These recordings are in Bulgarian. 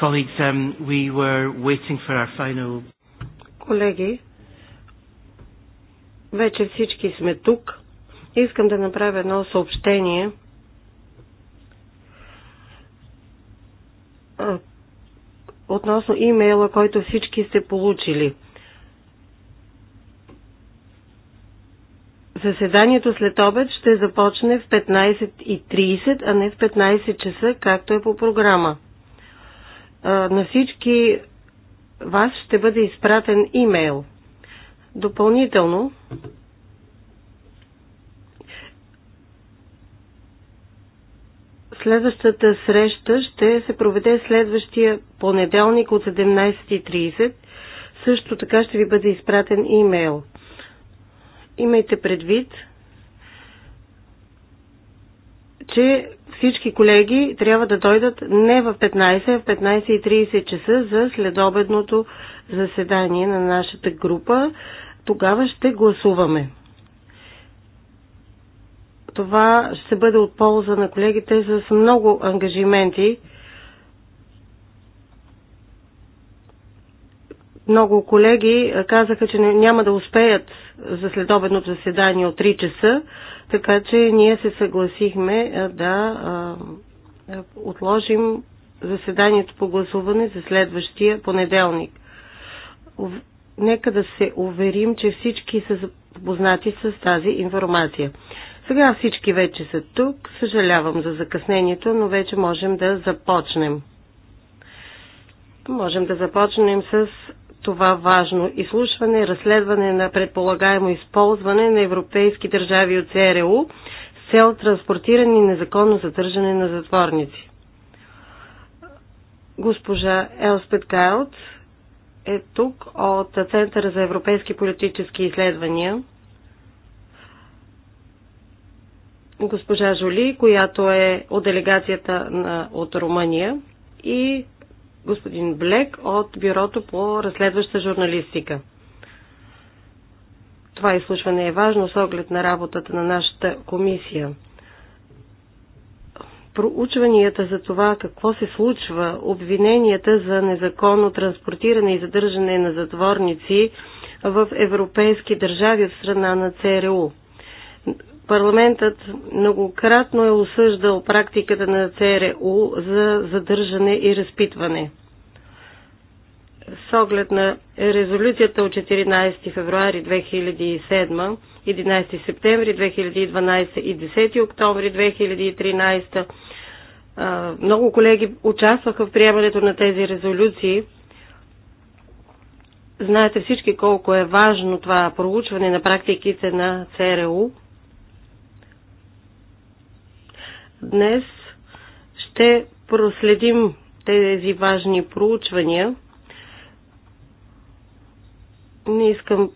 Colleagues, um, we were waiting for our final... Колеги, вече всички сме тук. Искам да направя едно съобщение. Относно имейла, който всички сте получили. Заседанието след обед ще започне в 15.30, а не в 15 часа, както е по програма на всички вас ще бъде изпратен имейл. Допълнително, следващата среща ще се проведе следващия понеделник от 17.30. Също така ще ви бъде изпратен имейл. Имайте предвид, че всички колеги трябва да дойдат не в 15, а в 15.30 часа за следобедното заседание на нашата група. Тогава ще гласуваме. Това ще бъде от полза на колегите с много ангажименти. Много колеги казаха, че няма да успеят за следобедното заседание от 3 часа, така че ние се съгласихме да отложим заседанието по гласуване за следващия понеделник. Нека да се уверим, че всички са запознати с тази информация. Сега всички вече са тук. Съжалявам за закъснението, но вече можем да започнем. Можем да започнем с това важно изслушване, разследване на предполагаемо използване на европейски държави от ЦРУ с цел транспортиране и незаконно задържане на затворници. Госпожа Елспет Гайлт е тук от Центъра за европейски политически изследвания. Госпожа Жоли, която е от делегацията на, от Румъния и господин Блек от Бюрото по разследваща журналистика. Това изслушване е важно с оглед на работата на нашата комисия. Проучванията за това какво се случва, обвиненията за незаконно транспортиране и задържане на затворници в европейски държави от страна на ЦРУ – Парламентът многократно е осъждал практиката на ЦРУ за задържане и разпитване. С оглед на резолюцията от 14 февруари 2007, 11 септември 2012 и 10 октомври 2013, много колеги участваха в приемането на тези резолюции. Знаете всички колко е важно това проучване на практиките на ЦРУ – Днес ще проследим тези важни проучвания. Не искам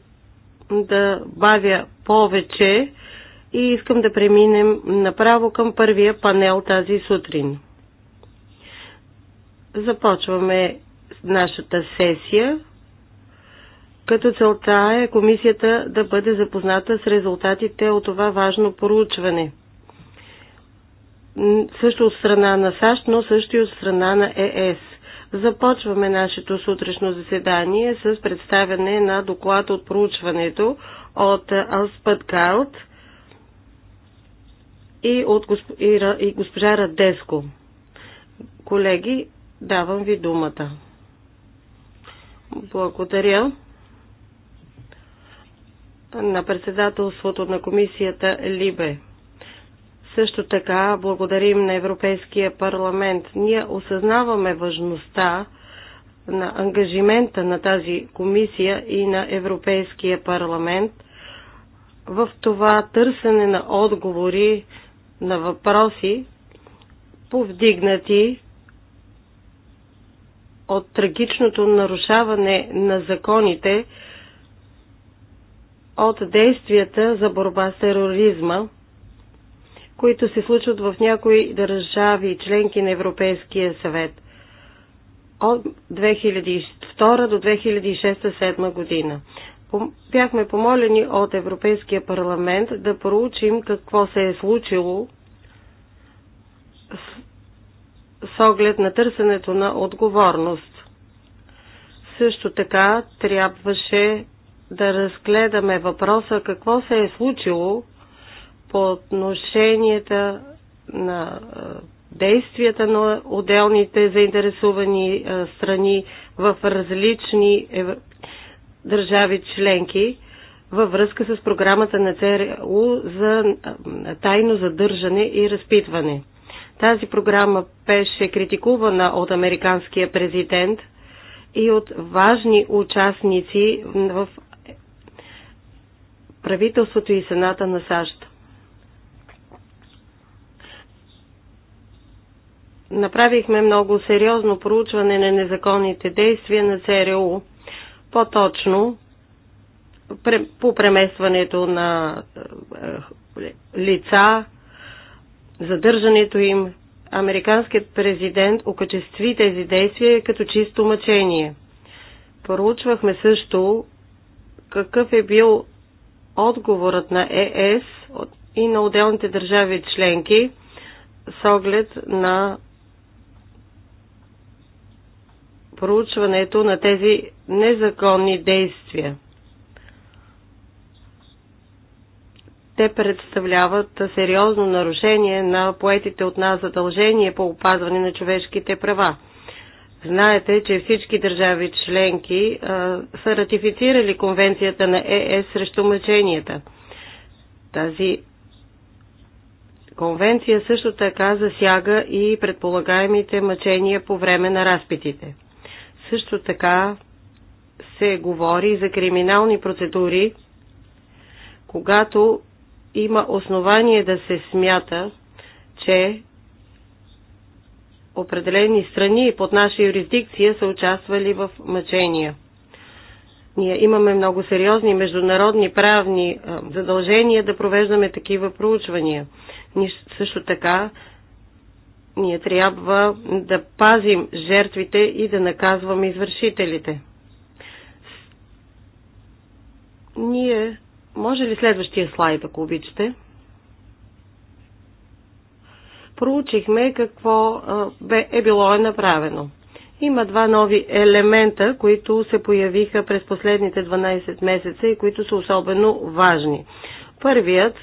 да бавя повече и искам да преминем направо към първия панел тази сутрин. Започваме нашата сесия, като целта е комисията да бъде запозната с резултатите от това важно проучване – също от страна на САЩ, но също и от страна на ЕС. Започваме нашето сутрешно заседание с представяне на доклад от проучването от Алспът Галт и, от госпожа Радеско. Колеги, давам ви думата. Благодаря на председателството на комисията Либе. Също така благодарим на Европейския парламент. Ние осъзнаваме важността на ангажимента на тази комисия и на Европейския парламент в това търсене на отговори на въпроси, повдигнати от трагичното нарушаване на законите от действията за борба с тероризма – които се случват в някои държави, членки на Европейския съвет от 2002 до 2006-2007 година. Бяхме помолени от Европейския парламент да проучим какво се е случило с оглед на търсенето на отговорност. Също така трябваше да разгледаме въпроса какво се е случило по отношенията на действията на отделните заинтересувани страни в различни е, държави членки във връзка с програмата на ЦРУ е за тайно задържане и разпитване. Тази програма беше критикувана от американския президент и от важни участници в правителството и Сената на САЩ. направихме много сериозно проучване на незаконните действия на ЦРУ. По-точно, по преместването на е, е, лица, задържането им, американският президент окачестви тези действия като чисто мъчение. Проучвахме също какъв е бил отговорът на ЕС и на отделните държави членки с оглед на проучването на тези незаконни действия. Те представляват сериозно нарушение на поетите от нас задължения по опазване на човешките права. Знаете, че всички държави членки а, са ратифицирали конвенцията на ЕС е срещу мъченията. Тази конвенция също така засяга и предполагаемите мъчения по време на разпитите. Също така се говори за криминални процедури, когато има основание да се смята, че определени страни под наша юрисдикция са участвали в мъчения. Ние имаме много сериозни международни правни задължения да провеждаме такива проучвания. Ние също така ние трябва да пазим жертвите и да наказваме извършителите. Ние. Може ли следващия слайд, ако обичате? проучихме какво е било е направено. Има два нови елемента, които се появиха през последните 12 месеца и които са особено важни. Първият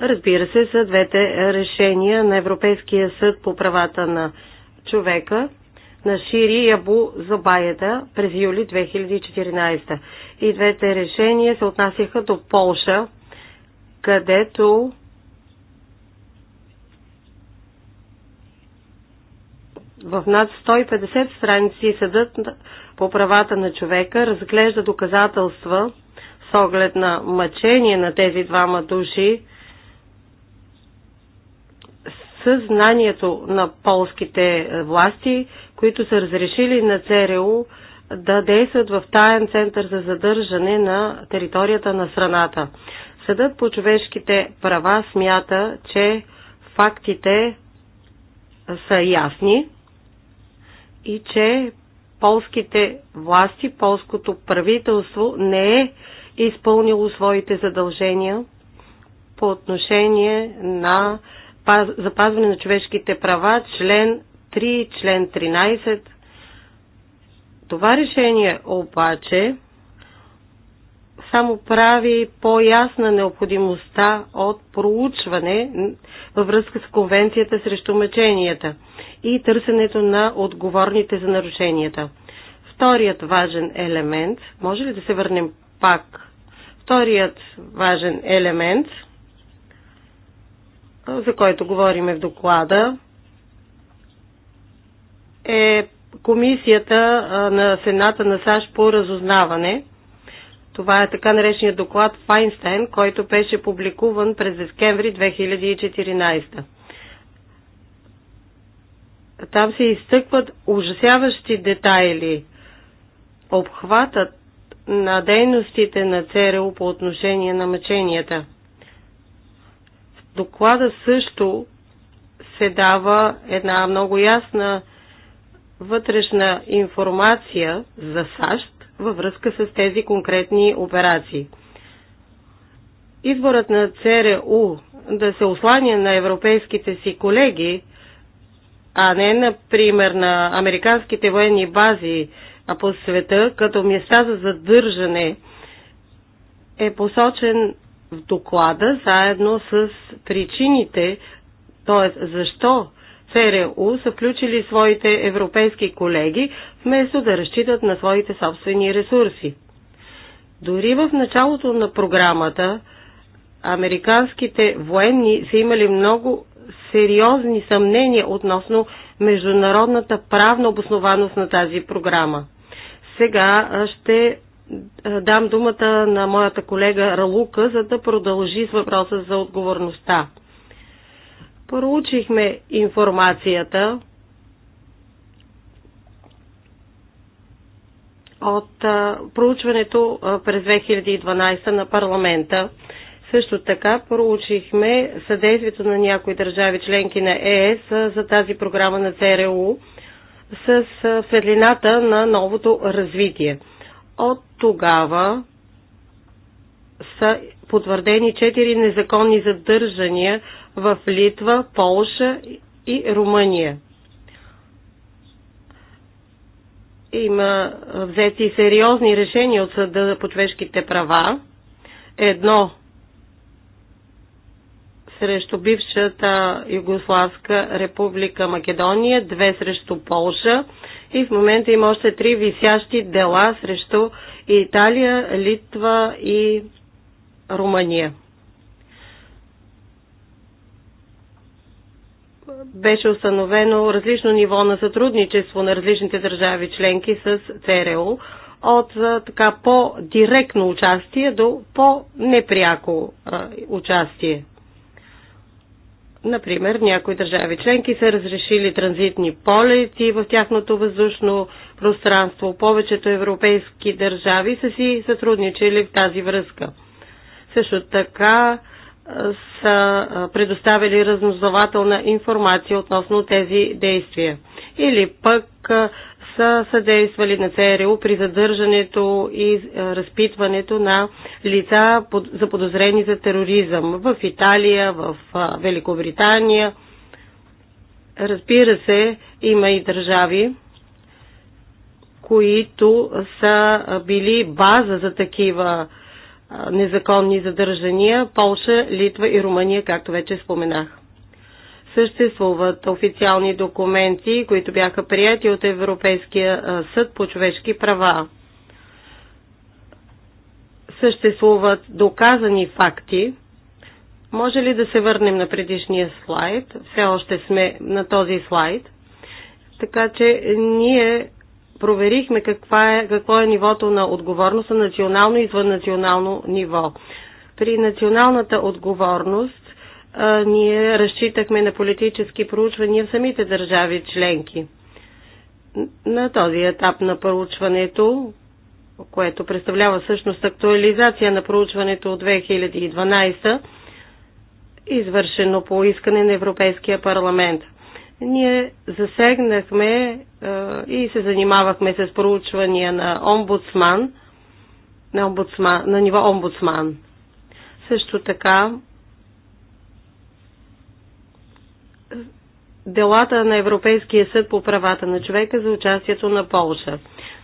Разбира се, са двете решения на Европейския съд по правата на човека на Шири Ябу Забаеда през юли 2014. И двете решения се отнасяха до Полша, където в над 150 страници съдът по правата на човека разглежда доказателства с оглед на мъчение на тези двама души, с знанието на полските е, власти, които са разрешили на ЦРУ да действат в таен център за задържане на територията на страната. Съдът по човешките права смята, че фактите са ясни и че полските власти, полското правителство не е изпълнило своите задължения по отношение на запазване на човешките права, член 3, член 13. Това решение обаче само прави по-ясна необходимостта от проучване във връзка с конвенцията срещу мъченията и търсенето на отговорните за нарушенията. Вторият важен елемент, може ли да се върнем пак? Вторият важен елемент – за който говориме в доклада, е комисията на Сената на САЩ по разузнаване. Това е така наречният доклад Файнстайн, който беше публикуван през декември 2014. Там се изтъкват ужасяващи детайли. Обхватът на дейностите на ЦРУ по отношение на мъченията – доклада също се дава една много ясна вътрешна информация за САЩ във връзка с тези конкретни операции. Изборът на ЦРУ да се осланя на европейските си колеги, а не, например, на американските военни бази а по света, като места за задържане, е посочен доклада заедно с причините, т.е. защо ЦРУ са включили своите европейски колеги, вместо да разчитат на своите собствени ресурси. Дори в началото на програмата, американските военни са имали много сериозни съмнения относно международната правна обоснованост на тази програма. Сега ще е, дам думата на моята колега Ралука, за да продължи с въпроса за отговорността. Проучихме информацията от е, проучването е, през 2012 на парламента. Също така проучихме съдействието на някои държави членки на ЕС за тази програма на ЦРУ с светлината на новото развитие. От тогава са потвърдени четири незаконни задържания в Литва, Полша и Румъния. Има взети сериозни решения от Съда по човешките права. Едно срещу бившата Югославска република Македония, две срещу Полша и в момента има още три висящи дела срещу Италия, Литва и Румъния. Беше установено различно ниво на сътрудничество на различните държави членки с ЦРУ от така по-директно участие до по-непряко участие. Например, някои държави членки са разрешили транзитни полети в тяхното въздушно пространство. Повечето европейски държави са си сътрудничили в тази връзка. Също така са предоставили разнозавателна информация относно тези действия. Или пък са съдействали на ЦРУ при задържането и е, разпитването на лица заподозрени за тероризъм в Италия, в е, Великобритания. Разбира се, има и държави, които са е, били база за такива незаконни задържания Полша, Литва и Румъния, както вече споменах. Съществуват официални документи, които бяха прияти от Европейския съд по човешки права. Съществуват доказани факти. Може ли да се върнем на предишния слайд? Все още сме на този слайд. Така че ние проверихме каква е, какво е нивото на отговорност на национално и извъннационално ниво. При националната отговорност ние разчитахме на политически проучвания в самите държави членки. На този етап на проучването, което представлява всъщност актуализация на проучването от 2012, извършено по искане на Европейския парламент. Ние засегнахме и се занимавахме с проучвания на омбудсман, на, омбудсман, на ниво омбудсман. Също така делата на Европейския съд по правата на човека за участието на Полша.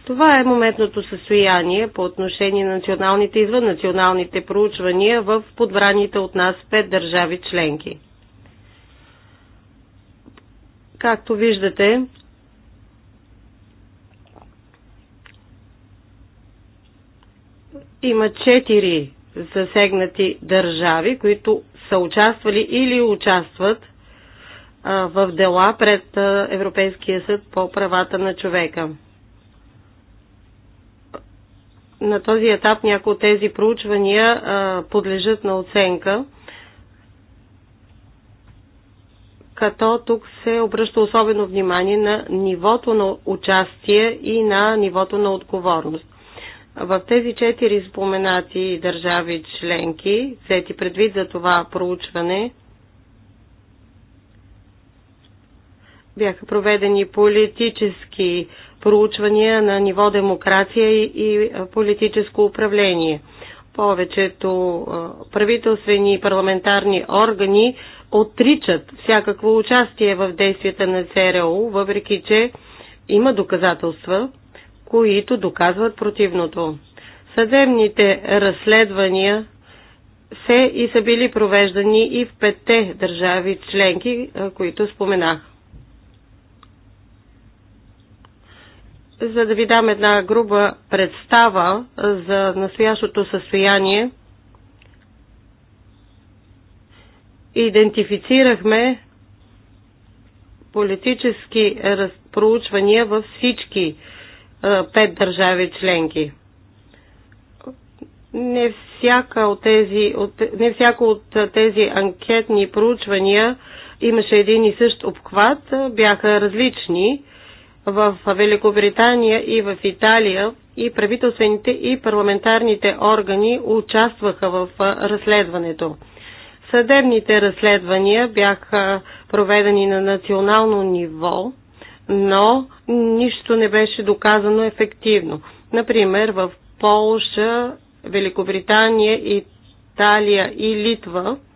Това е моментното състояние по отношение на националните и извъннационалните проучвания в подбраните от нас пет държави членки. Както виждате, има четири засегнати държави, които са участвали или участват в дела пред Европейския съд по правата на човека. На този етап някои от тези проучвания подлежат на оценка, като тук се обръща особено внимание на нивото на участие и на нивото на отговорност. В тези четири споменати държави членки, взети предвид за това проучване, бяха проведени политически проучвания на ниво демокрация и политическо управление. Повечето правителствени и парламентарни органи отричат всякакво участие в действията на ЦРУ, въпреки че има доказателства, които доказват противното. Съдебните разследвания се и са били провеждани и в петте държави членки, които споменах. за да ви дам една груба представа за настоящото състояние, идентифицирахме политически проучвания във всички пет държави членки. Не, всяка от тези, от, не всяко от тези анкетни проучвания имаше един и същ обхват, бяха различни в Великобритания и в Италия и правителствените и парламентарните органи участваха в разследването. Съдебните разследвания бяха проведени на национално ниво, но нищо не беше доказано ефективно. Например, в Полша, Великобритания, Италия и Литва –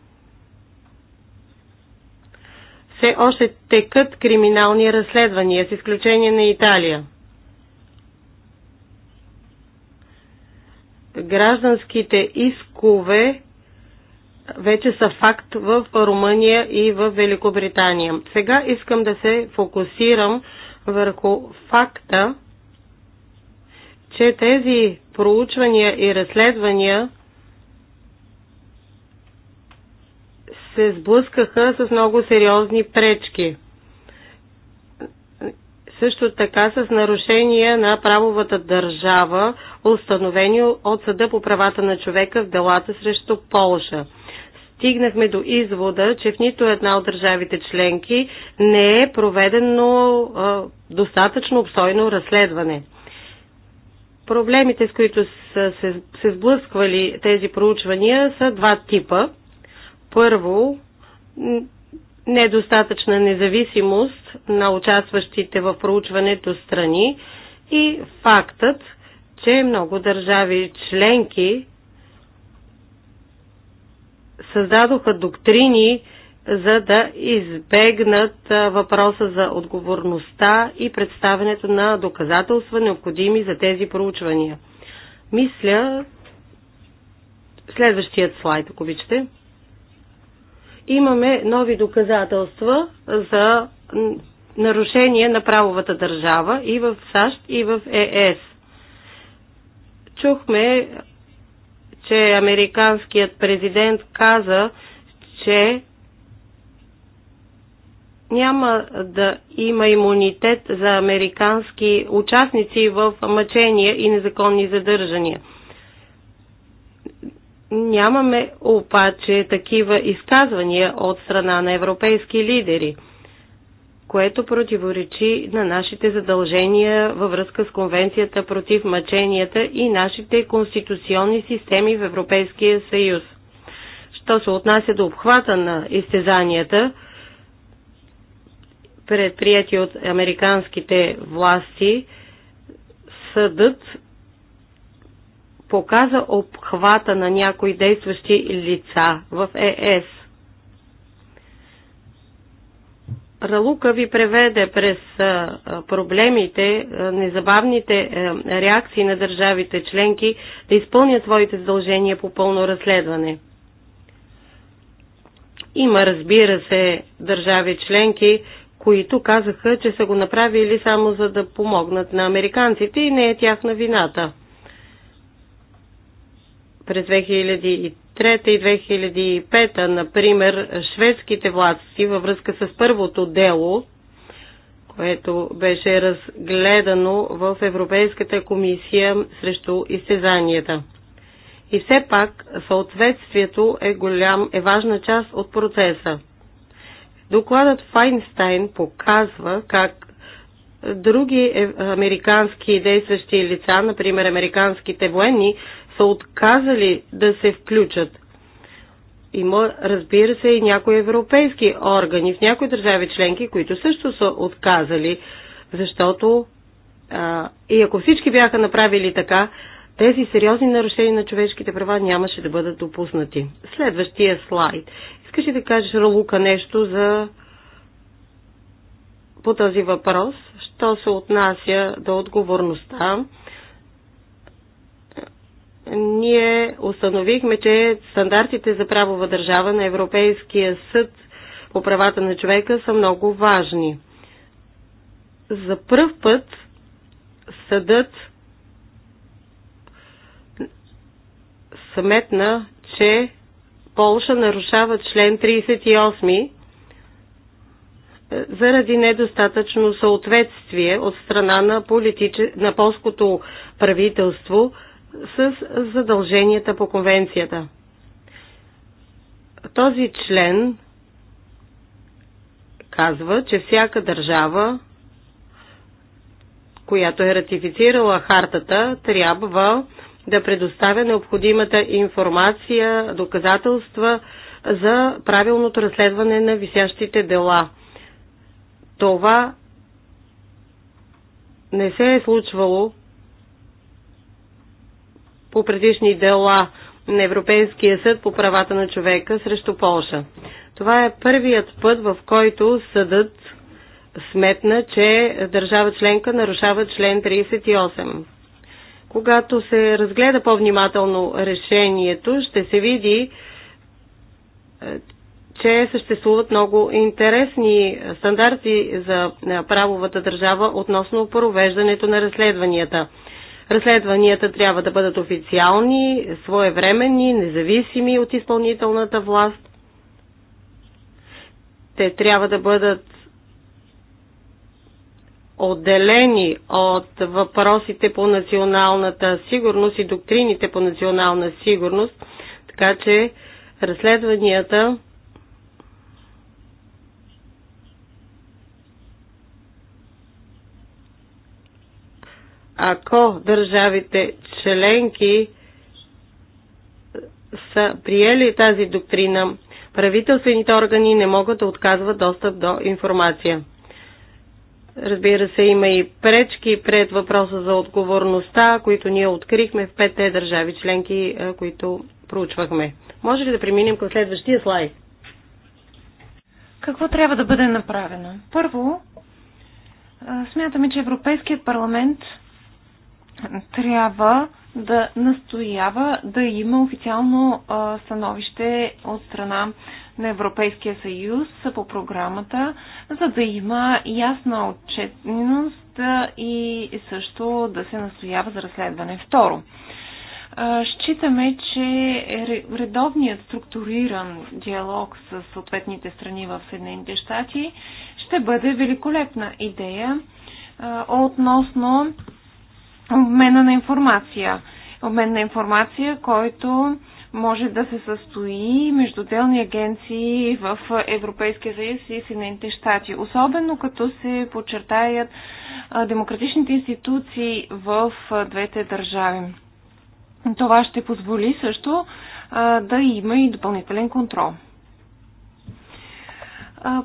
все още текат криминални разследвания, с изключение на Италия. Гражданските искове вече са факт в Румъния и в Великобритания. Сега искам да се фокусирам върху факта, че тези проучвания и разследвания се сблъскаха с много сериозни пречки. Също така с нарушения на правовата държава, установени от Съда по правата на човека в делата срещу Полша стигнахме до извода, че в нито една от държавите членки не е проведено а, достатъчно обстойно разследване. Проблемите, с които са се, се сблъсквали тези проучвания, са два типа. Първо, недостатъчна независимост на участващите в проучването страни и фактът, че много държави членки създадоха доктрини, за да избегнат въпроса за отговорността и представенето на доказателства, необходими за тези проучвания. Мисля, следващият слайд, ако обичате имаме нови доказателства за нарушение на правовата държава и в САЩ, и в ЕС. Е Чухме, че американският президент каза, че няма да има имунитет за американски участници в мъчения и незаконни задържания. Нямаме обаче такива изказвания от страна на европейски лидери, което противоречи на нашите задължения във връзка с Конвенцията против мъченията и нашите конституционни системи в Европейския съюз. Що се отнася до обхвата на изтезанията, предприяти от американските власти, съдът показа обхвата на някои действащи лица в ЕС. Ралука ви преведе през проблемите, незабавните реакции на държавите членки да изпълнят своите задължения по пълно разследване. Има, разбира се, държави членки, които казаха, че са го направили само за да помогнат на американците и не е тяхна вината – през 2003 и 2005, например, шведските власти във връзка с първото дело, което беше разгледано в Европейската комисия срещу изтезанията. И все пак съответствието е, голям, е важна част от процеса. Докладът Файнстайн показва как други е, американски действащи лица, например американските военни, са отказали да се включат. Има, разбира се, и някои европейски органи в някои държави членки, които също са отказали, защото а, и ако всички бяха направили така, тези сериозни нарушения на човешките права нямаше да бъдат допуснати. Следващия слайд. Искаш ли да кажеш, Ралука, нещо за по този въпрос, що се отнася до отговорността ние установихме, че стандартите за правова държава на Европейския съд по правата на човека са много важни. За първ път съдът съметна, че Полша нарушава член 38 е, заради недостатъчно съответствие от страна на, политиче... на полското правителство – с задълженията по конвенцията. Този член казва, че всяка държава, която е ратифицирала хартата, трябва да предоставя необходимата информация, доказателства за правилното разследване на висящите дела. Това не се е случвало по предишни дела на Европейския съд по правата на човека срещу Полша. Това е първият път, в който съдът сметна, че държава членка нарушава член 38. Когато се разгледа по-внимателно решението, ще се види, е, че съществуват много интересни стандарти за е, правовата държава относно провеждането на разследванията. Разследванията трябва да бъдат официални, своевременни, независими от изпълнителната власт. Те трябва да бъдат отделени от въпросите по националната сигурност и доктрините по национална сигурност, така че разследванията ако държавите членки са приели тази доктрина, правителствените органи не могат да отказват достъп до информация. Разбира се, има и пречки пред въпроса за отговорността, които ние открихме в петте държави членки, които проучвахме. Може ли да преминем към следващия слайд? Какво трябва да бъде направено? Първо, смятаме, че Европейският парламент трябва да настоява да има официално становище от страна на Европейския съюз по програмата, за да има ясна отчетност и също да се настоява за разследване. Второ, считаме, че редовният структуриран диалог с съответните страни в Съединените щати ще бъде великолепна идея относно обмена на информация. Обмен на информация, който може да се състои между отделни агенции в Европейския съюз и Съединените щати. Особено като се подчертаят демократичните институции в двете държави. Това ще позволи също да има и допълнителен контрол.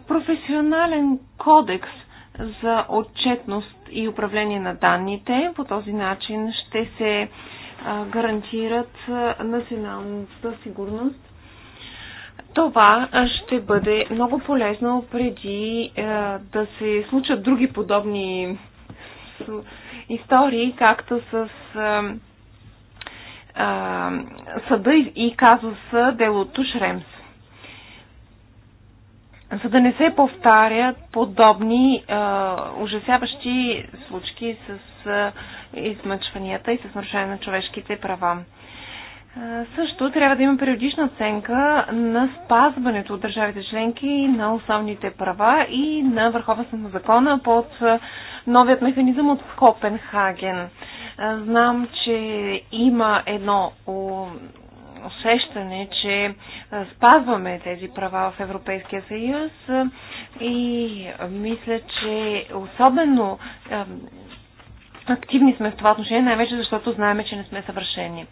Професионален кодекс – за отчетност и управление на данните. По този начин ще се гарантират националната сигурност. Това ще бъде много полезно преди да се случат други подобни истории, както с съда и казуса делото Шремс за да не се повтарят подобни а, ужасяващи случки с а, измъчванията и с нарушение на човешките права. А, също трябва да има периодична оценка на спазването от държавите членки на основните права и на върховност на закона под новият механизъм от Копенхаген. Знам, че има едно усещане, че спазваме тези права в Европейския съюз и мисля, че особено активни сме в това отношение, най-вече защото знаем, че не сме съвършени.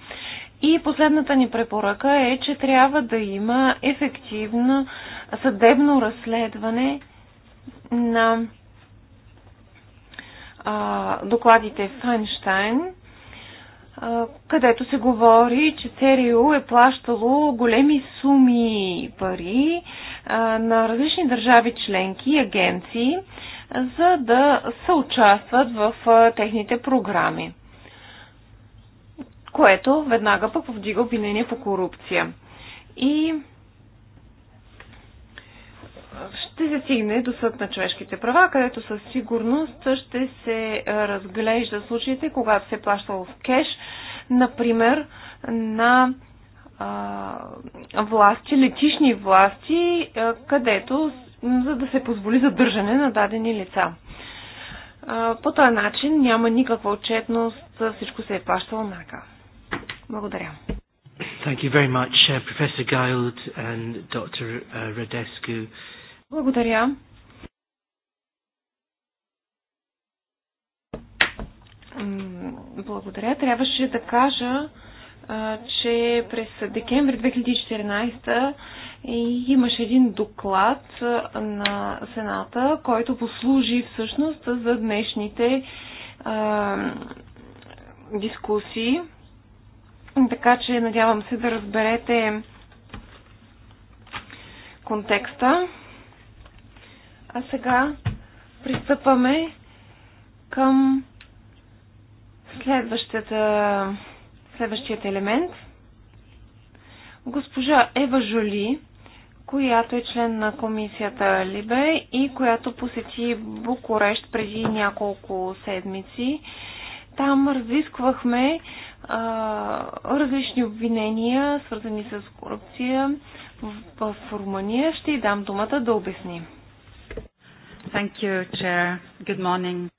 И последната ни препоръка е, че трябва да има ефективно съдебно разследване на а, докладите Файнштайн където се говори, че ЦРУ е плащало големи суми пари на различни държави членки и агенции, за да съучастват в техните програми, което веднага пък повдига обвинение по корупция. И ще се стигне до съд на човешките права, където със сигурност ще се е, разглежда случаите, когато се е плащало в кеш, например, на власти, летишни власти, е, където за да се позволи задържане на дадени лица. По този начин няма никаква отчетност, всичко се е плащало нака. Благодаря. Thank you very much, uh, Professor Gild and Dr. Uh, Radescu. Благодаря. Благодаря. Трябваше да кажа, че през декември 2014 имаше един доклад на Сената, който послужи всъщност за днешните дискусии. Така че надявам се да разберете контекста. А сега пристъпваме към следващата, следващият елемент. Госпожа Ева Жоли, която е член на комисията Либе и която посети Букурещ преди няколко седмици. Там разисквахме а, различни обвинения, свързани с корупция в, в Румъния. Ще й дам думата да обясним. Thank you, Chair. Good morning.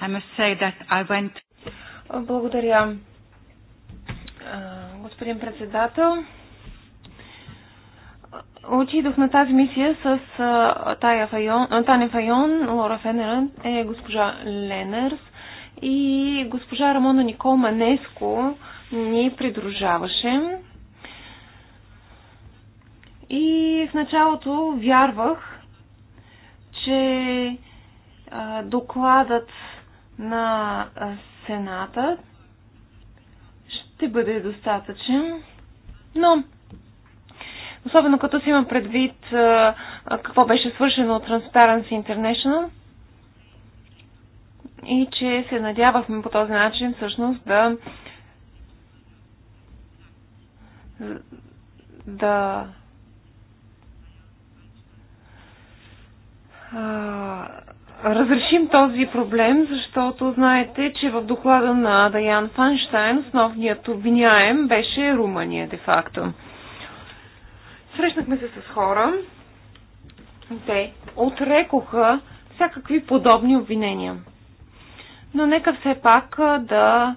I must say that I went... Благодаря, господин председател. Отидох на тази мисия с Тая Файон, Таня Файон, Лора Фенерен, е госпожа Ленерс и госпожа Рамона Никол Манеско ни придружаваше. И в началото вярвах, че докладът на Сената ще бъде достатъчен, но особено като си има предвид какво беше свършено от Transparency International и че се надявахме по този начин всъщност да да разрешим този проблем, защото знаете, че в доклада на Даян Фанштайн основният обвиняем беше Румъния, де-факто. Срещнахме се с хора. Те отрекоха всякакви подобни обвинения. Но нека все пак да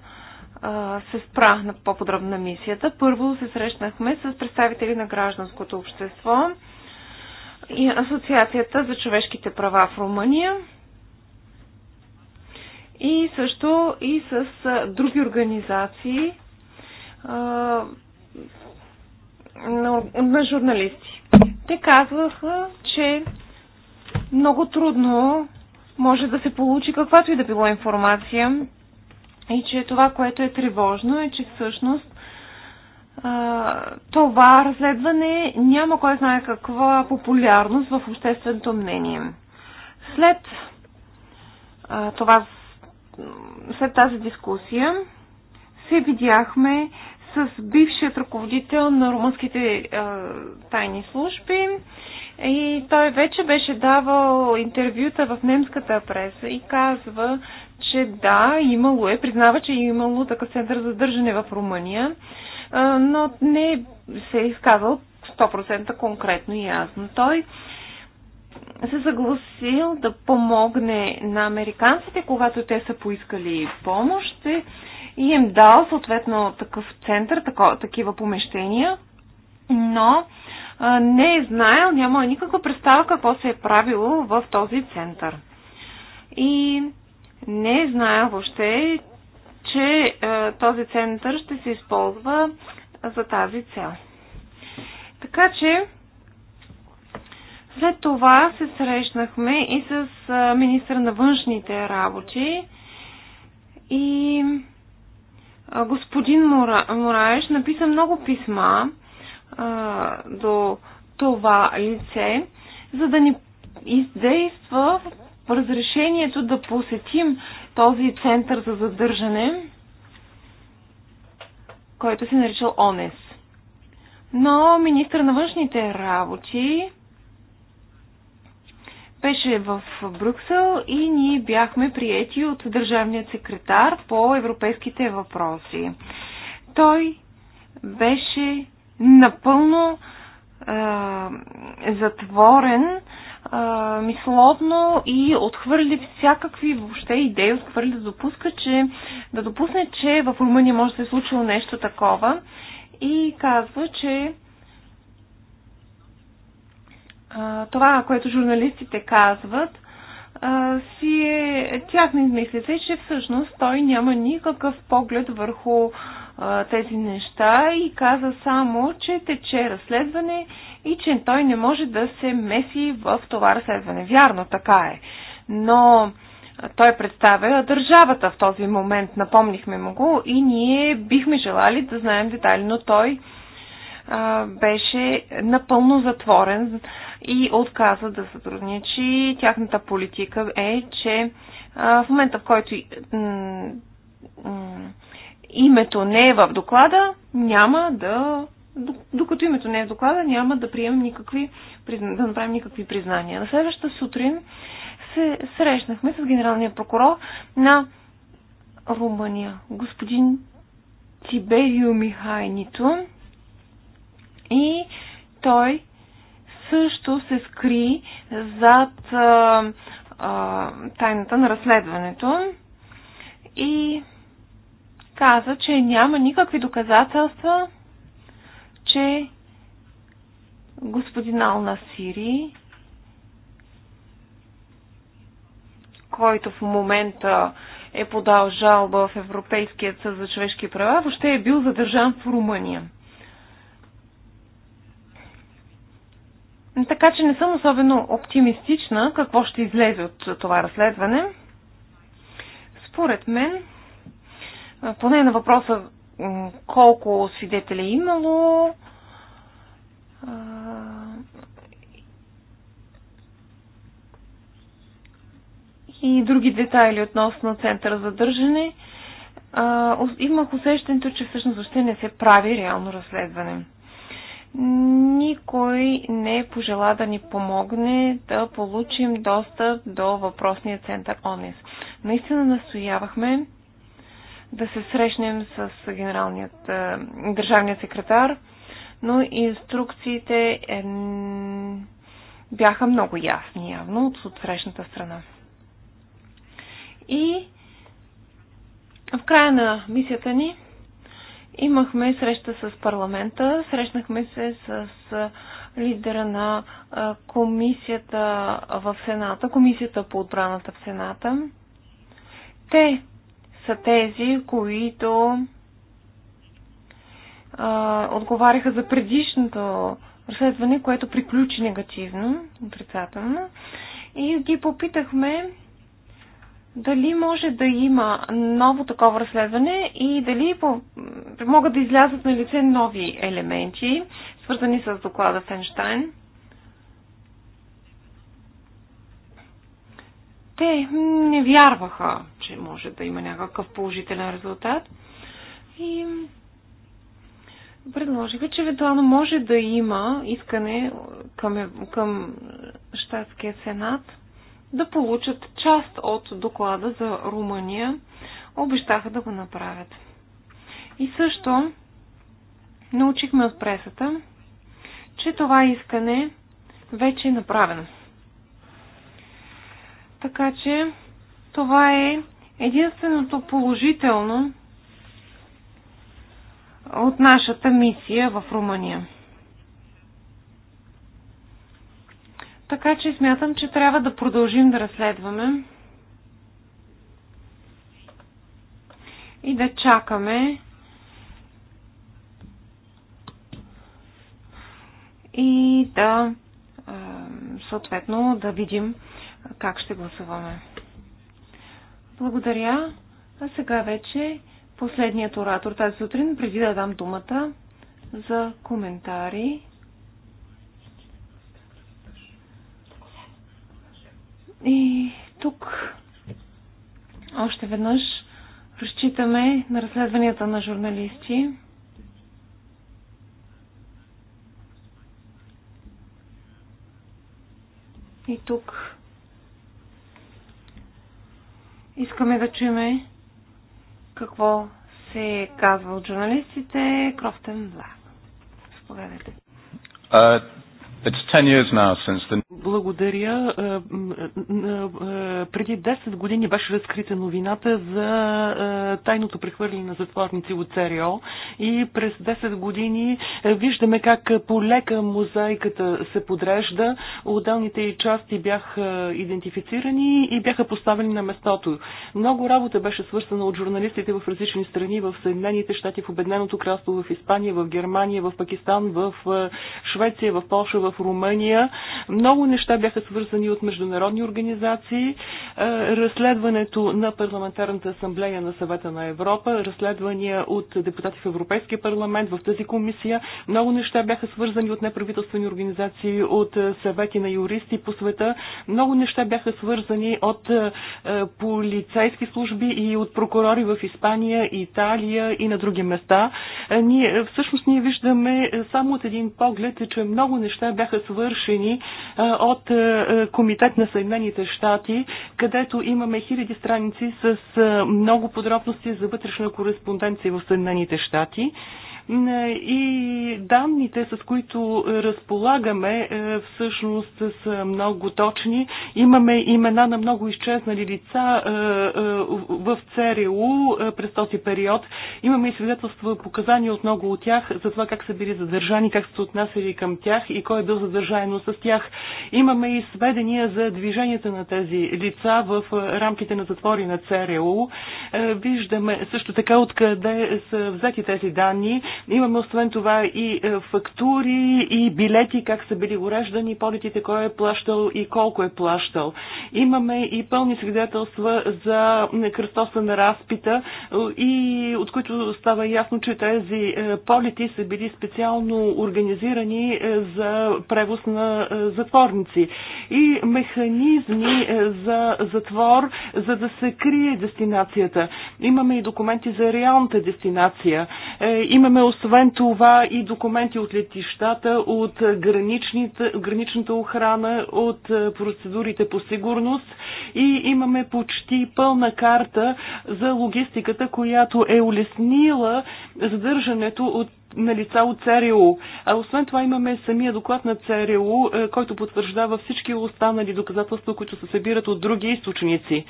се спра на по-подробно на мисията. Първо се срещнахме с представители на гражданското общество и Асоциацията за човешките права в Румъния и също и с други организации а, на, на журналисти. Те казваха, че много трудно може да се получи каквато и да било информация и че това, което е тревожно е, че всъщност това разследване няма кой знае каква популярност в общественото мнение. След това, след тази дискусия, се видяхме с бившият ръководител на румънските а, тайни служби и той вече беше давал интервюта в немската преса и казва, че да, имало е, признава, че е имало такъв център за задържане в Румъния но не се е изказал 100% конкретно и ясно. Той се съгласил да помогне на американците, когато те са поискали помощ и им дал съответно такъв център, такива помещения, но а, не е знаел, няма никаква представа какво се е правило в този център. И не е знаел въобще, че е, този център ще се използва за тази цел. Така че, след това се срещнахме и с е, министра на външните работи и е, господин Мораеш написа много писма е, до това лице, за да ни издейства разрешението да посетим този център за задържане, който се е наричал ОНЕС. Но министър на външните работи беше в Брюксел и ние бяхме приети от държавния секретар по европейските въпроси. Той беше напълно е, затворен а, мисловно и отхвърли всякакви въобще идеи, отхвърли да допуска, че да допусне, че в Румъния може да се е случило нещо такова и казва, че а, това, което журналистите казват, а, си е тяхна измислица и че всъщност той няма никакъв поглед върху а, тези неща и каза само, че тече разследване и че той не може да се меси в това разследване. Вярно, така е. Но той представя държавата в този момент, напомнихме му го и ние бихме желали да знаем детали, но той а, беше напълно затворен и отказа да сътрудничи. Тяхната политика е, че а, в момента, в който името не е в доклада, няма да. Докато името не е в доклада, няма да приемем никакви, да направим никакви признания. На следващата сутрин се срещнахме с генералния прокурор на Румъния, господин Тиберио Михайнито. И той също се скри зад а, а, тайната на разследването. И каза, че няма никакви доказателства, че господин ал Сири, който в момента е подал жалба в Европейския съд за човешки права, въобще е бил задържан в Румъния. Така че не съм особено оптимистична какво ще излезе от това разследване. Според мен, поне на въпроса колко свидетели е имало, и други детайли относно центъра за държане, имах усещането, че всъщност въобще не се прави реално разследване. Никой не пожела да ни помогне да получим достъп до въпросния център ОНЕС. Наистина настоявахме да се срещнем с генералният е, държавният секретар, но инструкциите е, бяха много ясни явно от отсрещната страна. И в края на мисията ни имахме среща с парламента, срещнахме се с лидера на е, комисията в Сената, комисията по отбраната в Сената. Те са тези, които а, отговаряха за предишното разследване, което приключи негативно, отрицателно. И ги попитахме дали може да има ново такова разследване и дали по... могат да излязат на лице нови елементи, свързани с доклада Фенштайн. Те не вярваха че може да има някакъв положителен резултат. И предложиха, че евентуално може да има искане към, към Штатския сенат да получат част от доклада за Румъния. Обещаха да го направят. И също научихме от пресата, че това искане вече е направено. Така че това е Единственото положително от нашата мисия в Румъния. Така че смятам, че трябва да продължим да разследваме и да чакаме и да съответно да видим как ще гласуваме. Благодаря. А сега вече последният оратор тази сутрин, преди да дам думата за коментари. И тук още веднъж разчитаме на разследванията на журналисти. И тук Искаме да чуем какво се казва от журналистите. Крофтен Блак. Споведете. The... Благодаря. Е, е, е, преди 10 години беше разкрита новината за тайното прехвърляне на затворници от ЦРО и през 10 години виждаме как полека мозайката се подрежда, отделните й части бяха идентифицирани и бяха поставени на местото. Много работа беше свързана от журналистите в различни страни, в Съединените щати, в Обедненото кралство, в Испания, в Германия, в Пакистан, в Швеция, в Польша, в Румъния. Много неща бяха свързани от международни организации. Е, разследването на Парламентарната асамблея на съвета на Европа, разследвания от депутати в Европейския парламент, в тази комисия. Много неща бяха свързани от неправителствени организации, от е, съвети на юристи по света. Много неща бяха свързани от е, полицейски служби и от прокурори в Испания, Италия и на други места. Ние, всъщност ние виждаме само от един поглед, че много неща бяха бяха свършени от Комитет на Съединените щати, където имаме хиляди страници с много подробности за вътрешна кореспонденция в Съединените щати. И данните, с които разполагаме, е, всъщност са много точни. Имаме имена на много изчезнали лица е, е, в ЦРУ през този период. Имаме и свидетелства, показания от много от тях за това как са били задържани, как са се отнасяли към тях и кой е бил задържаено с тях. Имаме и сведения за движенията на тези лица в рамките на затвори на ЦРУ. Виждаме също така откъде са взети тези данни Имаме освен това и е, фактури, и билети, как са били уреждани, полетите, кой е плащал и колко е плащал. Имаме и пълни свидетелства за кръстоса на разпита, и от които става ясно, че тези е, полети са били специално организирани е, за превоз на затворници. И механизми за затвор, за да се крие дестинацията. Имаме и документи за реалната дестинация. Имаме освен това и документи от летищата, от граничната охрана, от е, процедурите по сигурност и имаме почти пълна карта за логистиката, която е улеснила задържането от на лица от ЦРУ. А освен това имаме самия доклад на ЦРУ, е, който потвърждава всички останали доказателства, които се събират от други източници.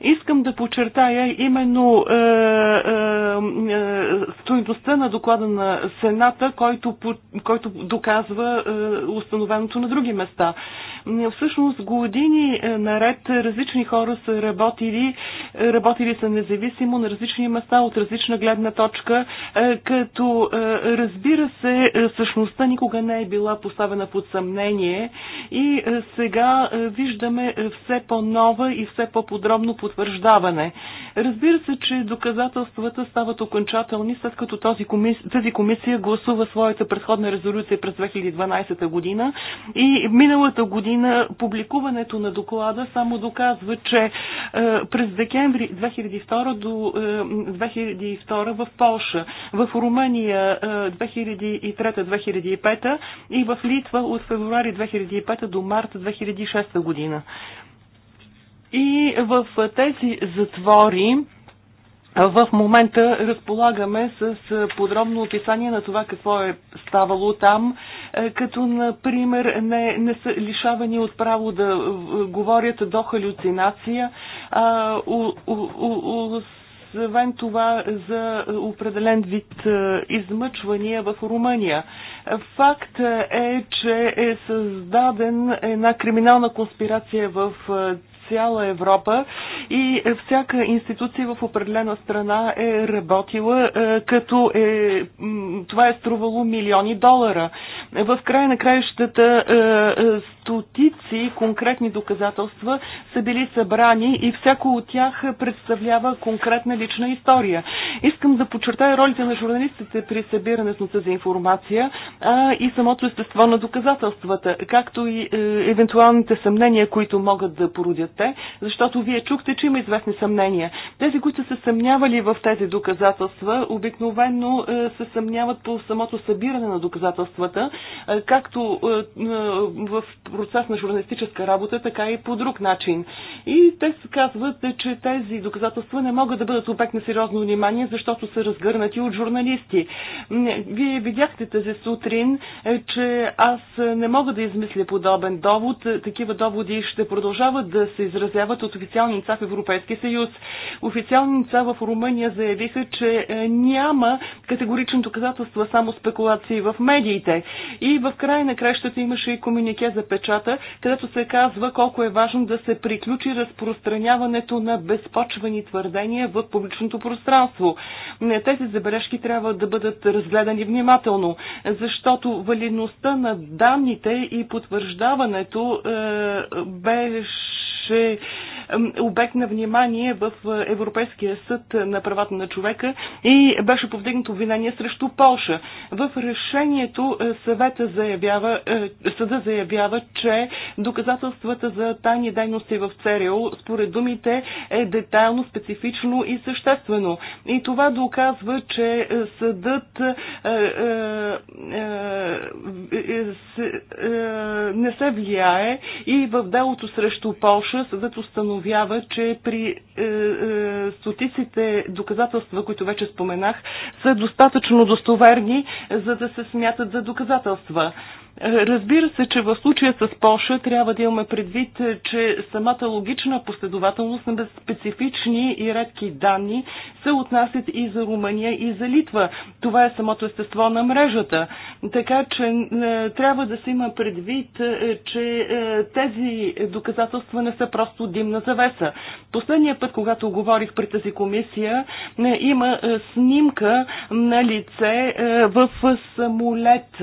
Искам да подчертая именно е, е, е, стоеността на доклада на Сената, който, който доказва е, установеното на други места. Всъщност години е, наред различни хора са работили, е, работили са независимо на различни места от различна гледна точка, е, като разбира се, същността никога не е била поставена под съмнение и сега виждаме все по-нова и все по-подробно потвърждаване. Разбира се, че доказателствата стават окончателни, след като този комисия, тази комисия гласува своята предходна резолюция през 2012 година и миналата година година публикуването на доклада само доказва, че е, през декември 2002 до 2002 е, в Польша, в Румъния 2003-2005 е, и в Литва от февруари 2005 до март 2006 година. И в тези затвори в момента разполагаме с подробно описание на това какво е ставало там, като, например, не, не са лишавани от право да говорят до халюцинация, а, у, у, у, освен това за определен вид измъчвания в Румъния. Факт е, че е създаден една криминална конспирация в цяла Европа и всяка институция в определена страна е работила е, като е, това е струвало милиони долара. В края на краищата е, е, стотици конкретни доказателства са били събрани и всяко от тях представлява конкретна лична история. Искам да подчертая ролите на журналистите при събирането на тази информация а, и самото естество на доказателствата, както и е, евентуалните съмнения, които могат да породят те, защото вие чухте, че има известни съмнения. Тези, които са съмнявали в тези доказателства, обикновено е, се съмняват по самото събиране на доказателствата, е, както е, е в процес на журналистическа работа, така и по друг начин. И те се казват, е, че тези доказателства не могат да бъдат обект на сериозно внимание, защото са разгърнати от журналисти. Вие видяхте тази сутрин, е, че аз не мога да измисля подобен довод. Такива доводи ще продължават да се изразяват от официални лица в Европейския съюз. Официални лица в Румъния заявиха, че е, няма категорични доказателства, само спекулации в медиите. И в края на кращата имаше и комунике за печ печата, където се казва колко е важно да се приключи разпространяването на безпочвани твърдения в публичното пространство. Тези забележки трябва да бъдат разгледани внимателно, защото валидността на данните и потвърждаването е, беше обект на внимание в е, Европейския съд на правата на човека и беше повдигнато обвинение срещу Полша. В решението е, съвета заявява, е, съда заявява, че доказателствата за тайни дейности в ЦРУ, според думите, е детайлно, специфично и съществено. И това доказва, че съдът не се влияе и в делото срещу Полша съдът установи, установява, че при е, е, стотиците доказателства, които вече споменах, са достатъчно достоверни, за да се смятат за доказателства. Разбира се, че в случая с Польша трябва да имаме предвид, че самата логична последователност на специфични и редки данни се отнасят и за Румъния, и за Литва. Това е самото естество на мрежата. Така че е, трябва да се има предвид, е, че е, тези доказателства не са просто димна завеса. Последния път, когато говорих при тази комисия, има снимка на лице в самолет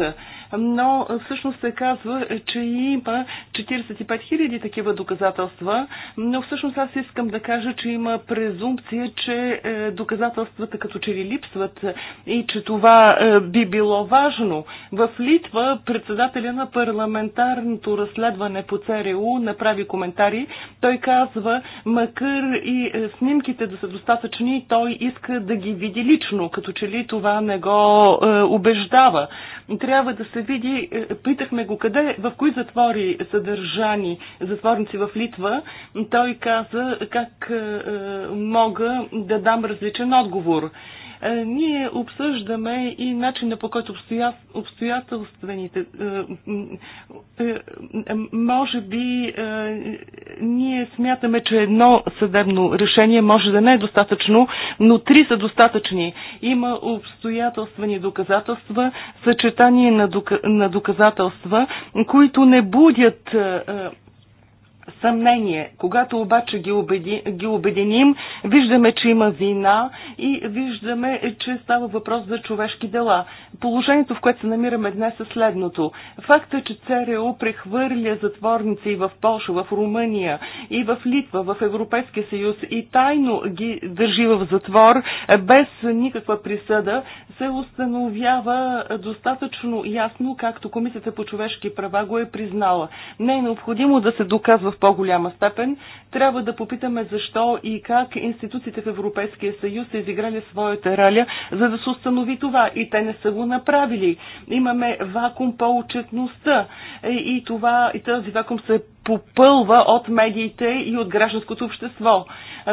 но всъщност се казва, че има 45 000 такива доказателства, но всъщност аз искам да кажа, че има презумпция, че е, доказателствата като че ли липсват и че това е, би било важно. В Литва председателя на парламентарното разследване по ЦРУ направи коментари. Той казва, макар и е, снимките да са достатъчни, той иска да ги види лично, като че ли това не го убеждава. Трябва да се се види, е, питахме го къде, в кои затвори са държани затворници в Литва, той каза как е, е, мога да дам различен отговор. Е, ние обсъждаме и начина по който обстоятелствените е, е, може би ние смятаме, че едно съдебно решение може да не е достатъчно, но три са достатъчни. Има обстоятелствени доказателства, съчетание на доказателства, които не будят съмнение. Когато обаче ги, обеди, ги обединим, виждаме, че има вина и виждаме, че става въпрос за човешки дела. Положението, в което се намираме днес е следното. Факта, е, че ЦРУ прехвърля затворници и в Польша, в Румъния, и в Литва, в Европейския съюз и тайно ги държи в затвор без никаква присъда, се установява достатъчно ясно, както Комисията по човешки права го е признала. Не е необходимо да се доказва в по-голяма степен, трябва да попитаме защо и как институциите в Европейския съюз са изиграли своята роля, за да се установи това. И те не са го направили. Имаме вакуум по отчетността и, това, и този вакуум се попълва от медиите и от гражданското общество.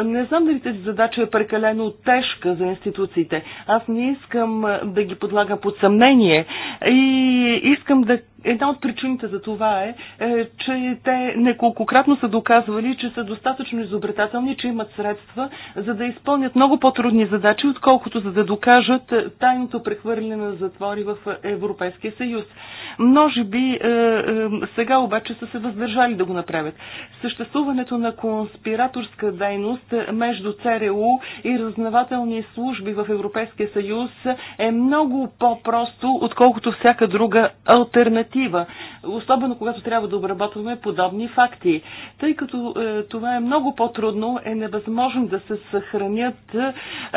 Не знам дали тази задача е прекалено тежка за институциите. Аз не искам да ги подлагам под съмнение и искам да Една от причините за това е, е, че те неколкократно са доказвали, че са достатъчно изобретателни, че имат средства, за да изпълнят много по-трудни задачи, отколкото за да докажат е, тайното прехвърляне на затвори в Европейския съюз. Може би е, е, сега обаче са се въздържали да го направят. Съществуването на конспираторска дейност между ЦРУ и разнавателни служби в Европейския съюз е много по-просто, отколкото всяка друга альтернатива. Особено когато трябва да обработваме подобни факти. Тъй като е, това е много по-трудно, е невъзможно да се съхранят е,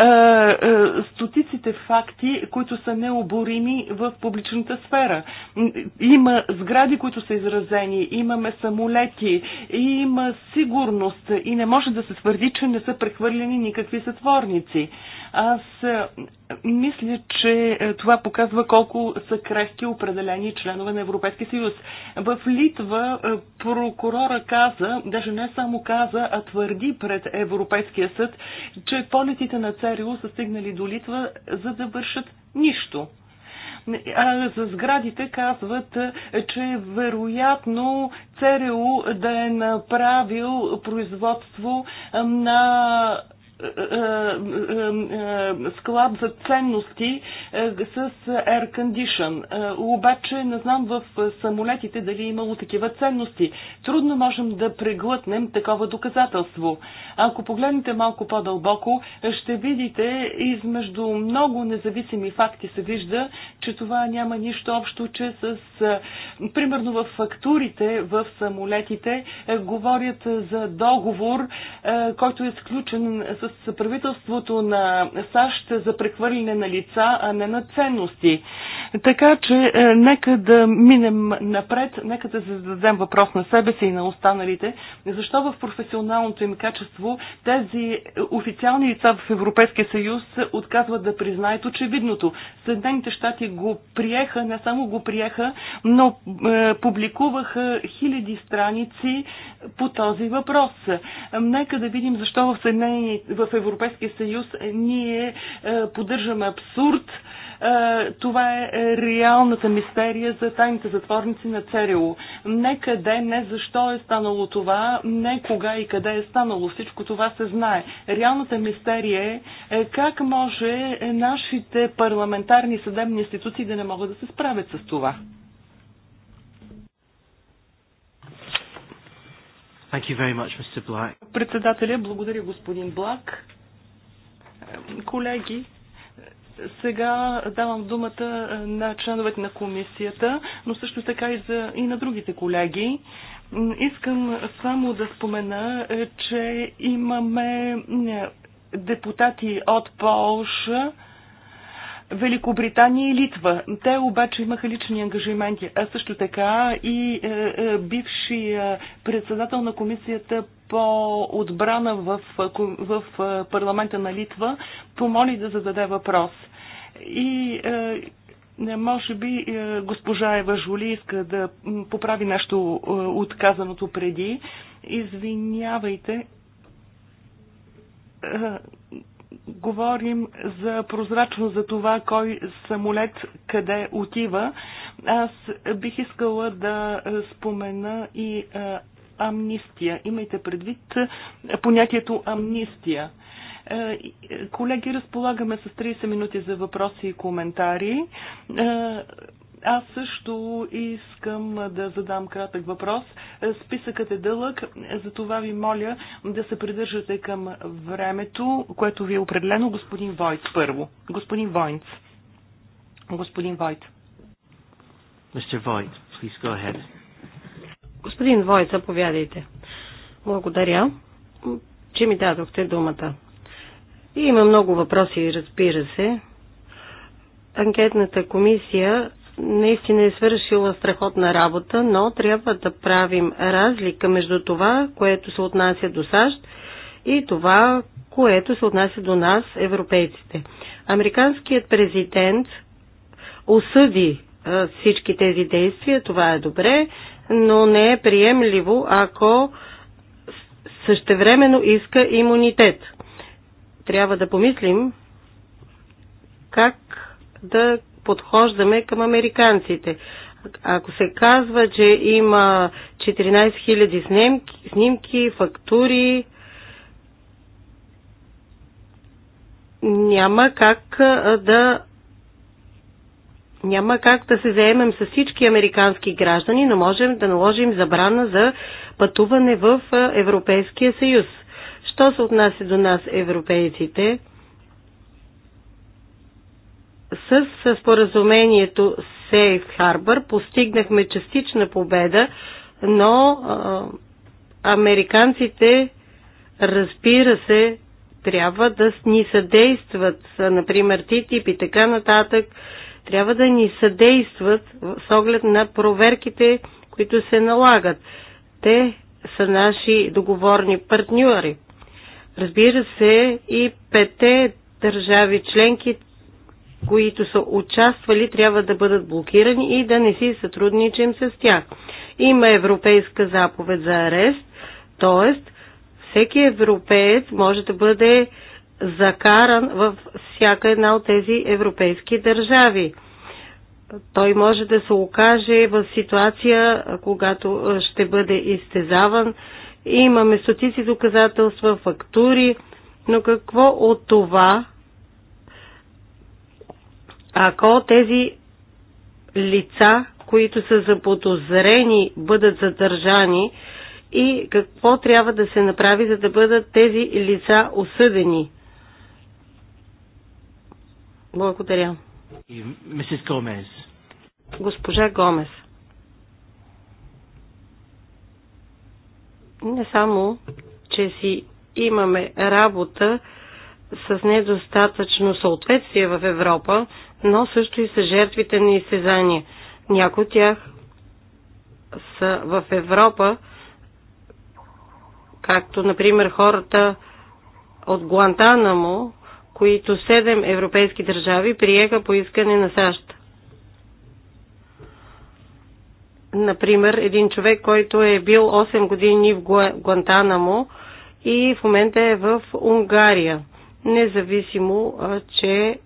е, стотиците факти, които са необорими в публичната сфера. Има сгради, които са изразени, имаме самолети, има сигурност и не може да се твърди, че не са прехвърлени никакви затворници. Аз е, мисля, че е, това показва колко са крехки определени членове на Европейския съюз. В Литва е, прокурора каза, даже не само каза, а твърди пред Европейския съд, че полетите на ЦРУ са стигнали до Литва, за да вършат нищо а за сградите казват, че вероятно ЦРУ да е направил производство на склад за ценности е, с air condition. Е, обаче не знам в самолетите дали е имало такива ценности. Трудно можем да преглътнем такова доказателство. Ако погледнете малко по-дълбоко, ще видите измежду много независими факти се вижда, че това няма нищо общо, че с е, примерно в фактурите в самолетите говорят за договор, който е сключен с с правителството на САЩ за прехвърляне на лица, а не на ценности. Така че е, нека да минем напред, нека да зададем въпрос на себе си и на останалите. Защо в професионалното им качество тези официални лица в Европейския съюз отказват да признаят очевидното? Съединените щати го приеха, не само го приеха, но е, публикуваха хиляди страници по този въпрос. Нека да видим защо в, Съединени, в Европейския съюз ние е, поддържаме абсурд. Е, това е реалната мистерия за тайните затворници на ЦРУ. Не къде, не защо е станало това, не кога и къде е станало. Всичко това се знае. Реалната мистерия е как може нашите парламентарни съдебни институции да не могат да се справят с това. Thank you very much, Mr. Black. Председателя, благодаря господин Блак. Колеги, сега давам думата е, на членовете на комисията, но също така и, за, и на другите колеги. Искам само да спомена, е, че имаме е, депутати от Полша, Великобритания и Литва. Те обаче имаха лични ангажименти, а също така и е, е, бившия председател на комисията по отбрана в, в е, парламента на Литва помоли да зададе въпрос. И е, може би е, госпожа Ева Жули иска да поправи нещо е, отказаното преди. Извинявайте говорим за прозрачно за това кой самолет къде отива. Аз бих искала да спомена и амнистия. Имайте предвид понятието амнистия. Колеги, разполагаме с 30 минути за въпроси и коментари. Аз също искам да задам кратък въпрос. Списъкът е дълъг, затова ви моля да се придържате към времето, което ви е определено. Господин Войт първо. Господин Войнц. Господин Войт. Мистер Войт, please go ahead. Господин Войт, заповядайте. Благодаря, че ми дадохте думата. И има много въпроси, разбира се. Анкетната комисия наистина е свършила страхотна работа, но трябва да правим разлика между това, което се отнася до САЩ и това, което се отнася до нас, европейците. Американският президент осъди всички тези действия, това е добре, но не е приемливо, ако същевременно иска имунитет. Трябва да помислим как да подхождаме към американците. Ако се казва, че има 14 000 снимки, снимки фактури, няма как да няма как да се заемем с всички американски граждани, но можем да наложим забрана за пътуване в Европейския съюз. Що се отнася до нас, европейците, с споразумението Safe Harbor постигнахме частична победа, но а, американците, разбира се, трябва да ни съдействат, например ТИТИП и така нататък, трябва да ни съдействат с оглед на проверките, които се налагат. Те са наши договорни партньори. Разбира се, и пете държави членки които са участвали, трябва да бъдат блокирани и да не си сътрудничим с тях. Има европейска заповед за арест, т.е. всеки европеец може да бъде закаран в всяка една от тези европейски държави. Той може да се окаже в ситуация, когато ще бъде изтезаван. Имаме стотици доказателства, фактури, но какво от това ако тези лица, които са заподозрени, бъдат задържани и какво трябва да се направи, за да бъдат тези лица осъдени? Благодаря. Мисис Гомес. Госпожа Гомес. Не само, че си имаме работа с недостатъчно съответствие в Европа, но също и са жертвите на изсезания. Някои от тях са в Европа, както, например, хората от Гуантанамо, които седем европейски държави приеха по искане на САЩ. Например, един човек, който е бил 8 години в Гуантанамо и в момента е в Унгария. Независимо, че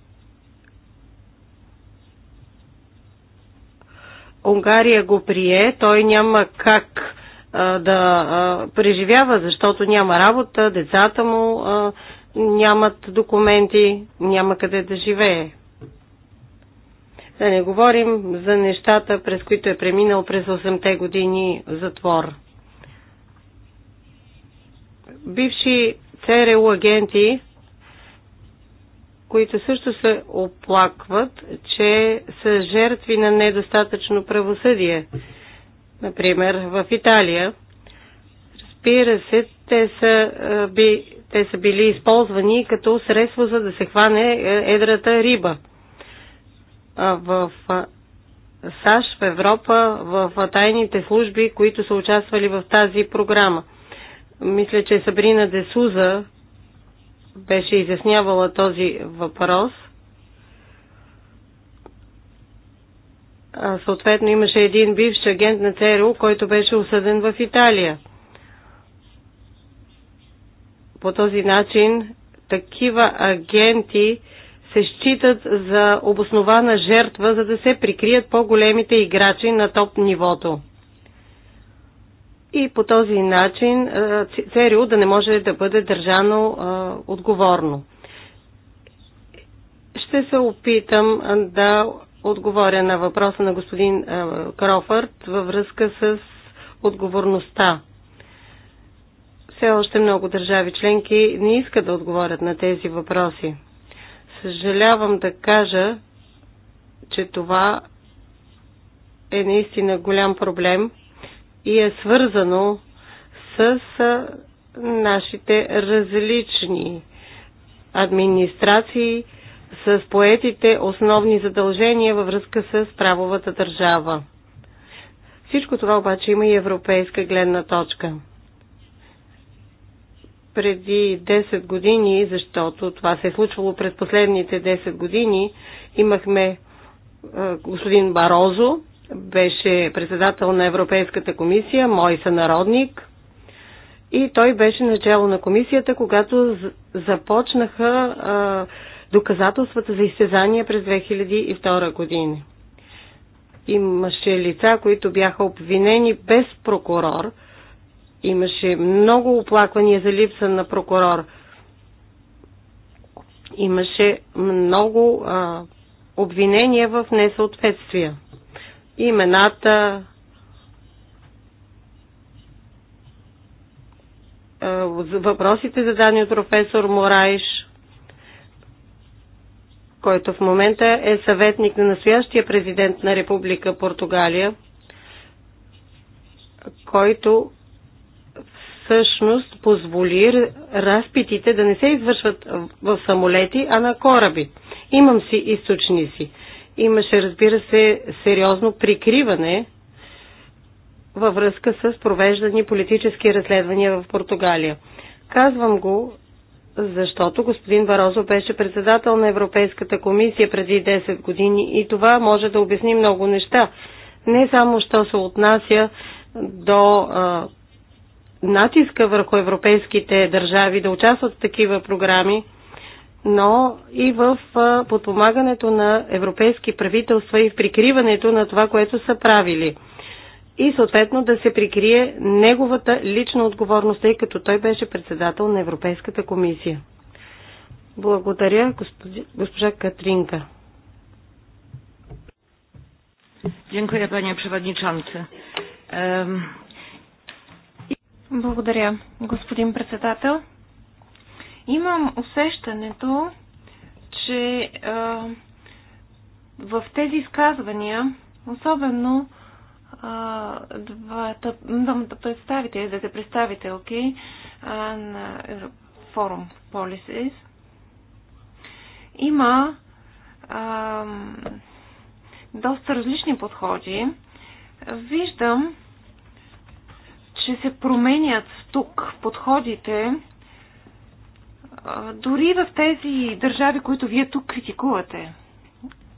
Унгария го прие, той няма как а, да а, преживява, защото няма работа, децата му а, нямат документи, няма къде да живее. Да не говорим за нещата, през които е преминал през 8-те години затвор. Бивши ЦРУ агенти които също се оплакват, че са жертви на недостатъчно правосъдие. Например, в Италия. Разбира се, те са, би, те са били използвани като средство за да се хване едрата риба. В САЩ, в Европа, в тайните служби, които са участвали в тази програма. Мисля, че Сабрина Десуза беше изяснявала този въпрос. А, съответно имаше един бивш агент на ЦРУ, който беше осъден в Италия. По този начин такива агенти се считат за обоснована жертва, за да се прикрият по-големите играчи на топ нивото и по този начин ЦРУ да не може да бъде държано отговорно. Ще се опитам да отговоря на въпроса на господин Крофърт във връзка с отговорността. Все още много държави членки не искат да отговорят на тези въпроси. Съжалявам да кажа, че това е наистина голям проблем – и е свързано с нашите различни администрации, с поетите основни задължения във връзка с правовата държава. Всичко това обаче има и европейска гледна точка. Преди 10 години, защото това се е случвало през последните 10 години, имахме господин Барозо, беше председател на Европейската комисия, мой сънародник. И той беше начало на комисията, когато започнаха а, доказателствата за изтезания през 2002 година. Имаше лица, които бяха обвинени без прокурор. Имаше много оплаквания за липса на прокурор. Имаше много а, обвинения в несъответствия имената, въпросите зададени от професор Морайш, който в момента е съветник на настоящия президент на Република Португалия, който всъщност позволи разпитите да не се извършват в самолети, а на кораби. Имам си източници. Имаше, разбира се, сериозно прикриване във връзка с провеждани политически разследвания в Португалия. Казвам го, защото господин Барозо беше председател на Европейската комисия преди 10 години и това може да обясни много неща. Не само, що се отнася до а, натиска върху европейските държави да участват в такива програми, но и в подпомагането на европейски правителства и в прикриването на това, което са правили. И съответно да се прикрие неговата лична отговорност, тъй като той беше председател на Европейската комисия. Благодаря, госпожа, госпожа Катринка. Dziękuję, panie przewodniczący. Благодаря, господин председател. Имам усещането, че а, в тези изказвания, особено двамата представители, двете представителки а, на форум Policies, има а, доста различни подходи. Виждам, че се променят тук подходите дори в тези държави, които вие тук критикувате,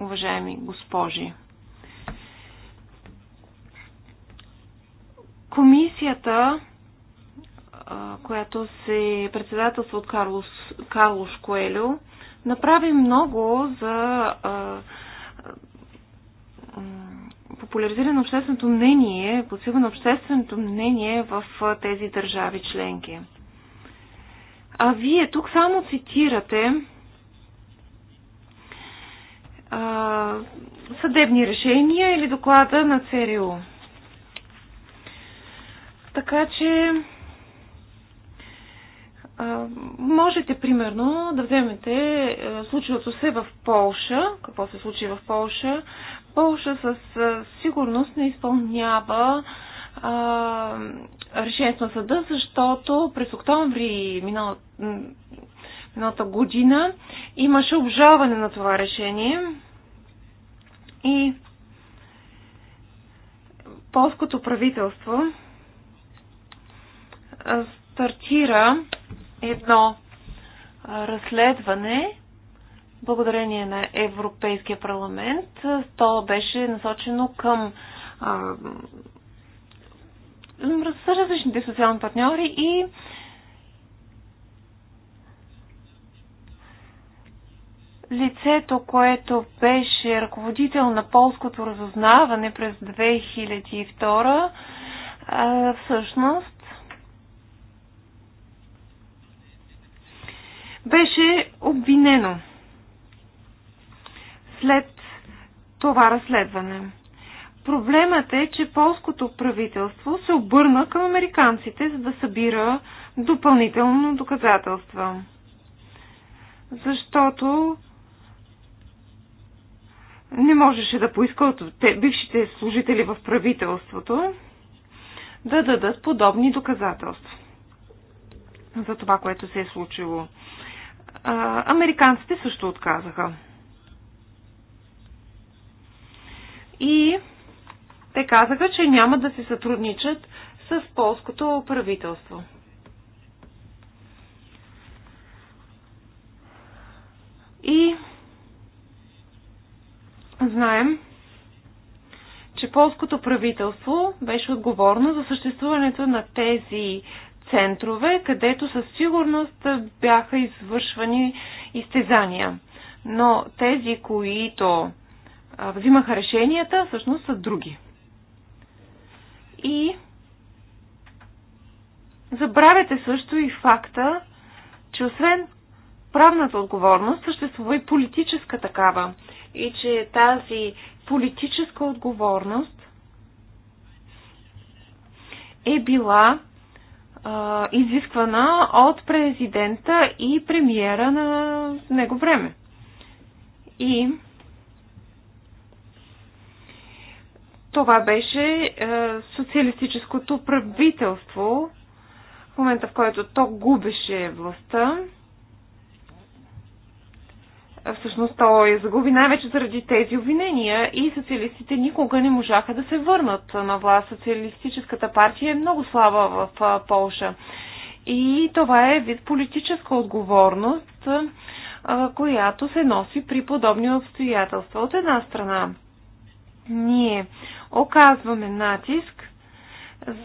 уважаеми госпожи, комисията, която се председателства от Карлос, Карлош Коелю, направи много за популяризиране на общественото мнение, подсилване на общественото мнение в тези държави членки. А вие тук само цитирате а, съдебни решения или доклада на ЦРУ. Така че можете, примерно, да вземете случилото се в Полша, какво се случи в Полша. Полша със сигурност не изпълнява решението на съда, защото през октомври миналата година имаше обжаване на това решение и полското правителство стартира едно разследване благодарение на Европейския парламент. То беше насочено към с различните социални партньори и лицето, което беше ръководител на полското разузнаване през 2002, всъщност беше обвинено след това разследване. Проблемът е, че полското правителство се обърна към американците, за да събира допълнително доказателства. Защото не можеше да поиска от те, бившите служители в правителството да дадат подобни доказателства за това, което се е случило. А, американците също отказаха. И те казаха, че няма да се сътрудничат с полското правителство. И знаем, че полското правителство беше отговорно за съществуването на тези центрове, където със сигурност бяха извършвани изтезания. Но тези, които взимаха решенията, всъщност са други. И забравяте също и факта, че освен правната отговорност съществува и политическа такава. И че тази политическа отговорност е била а, изисквана от президента и премиера на него време. И Това беше е, социалистическото правителство, в момента в който то губеше властта. Е, всъщност то я загуби най-вече заради тези обвинения и социалистите никога не можаха да се върнат на власт. Социалистическата партия е много слаба в е, Полша. И това е вид политическа отговорност, която се носи при подобни обстоятелства. От една страна ние оказваме натиск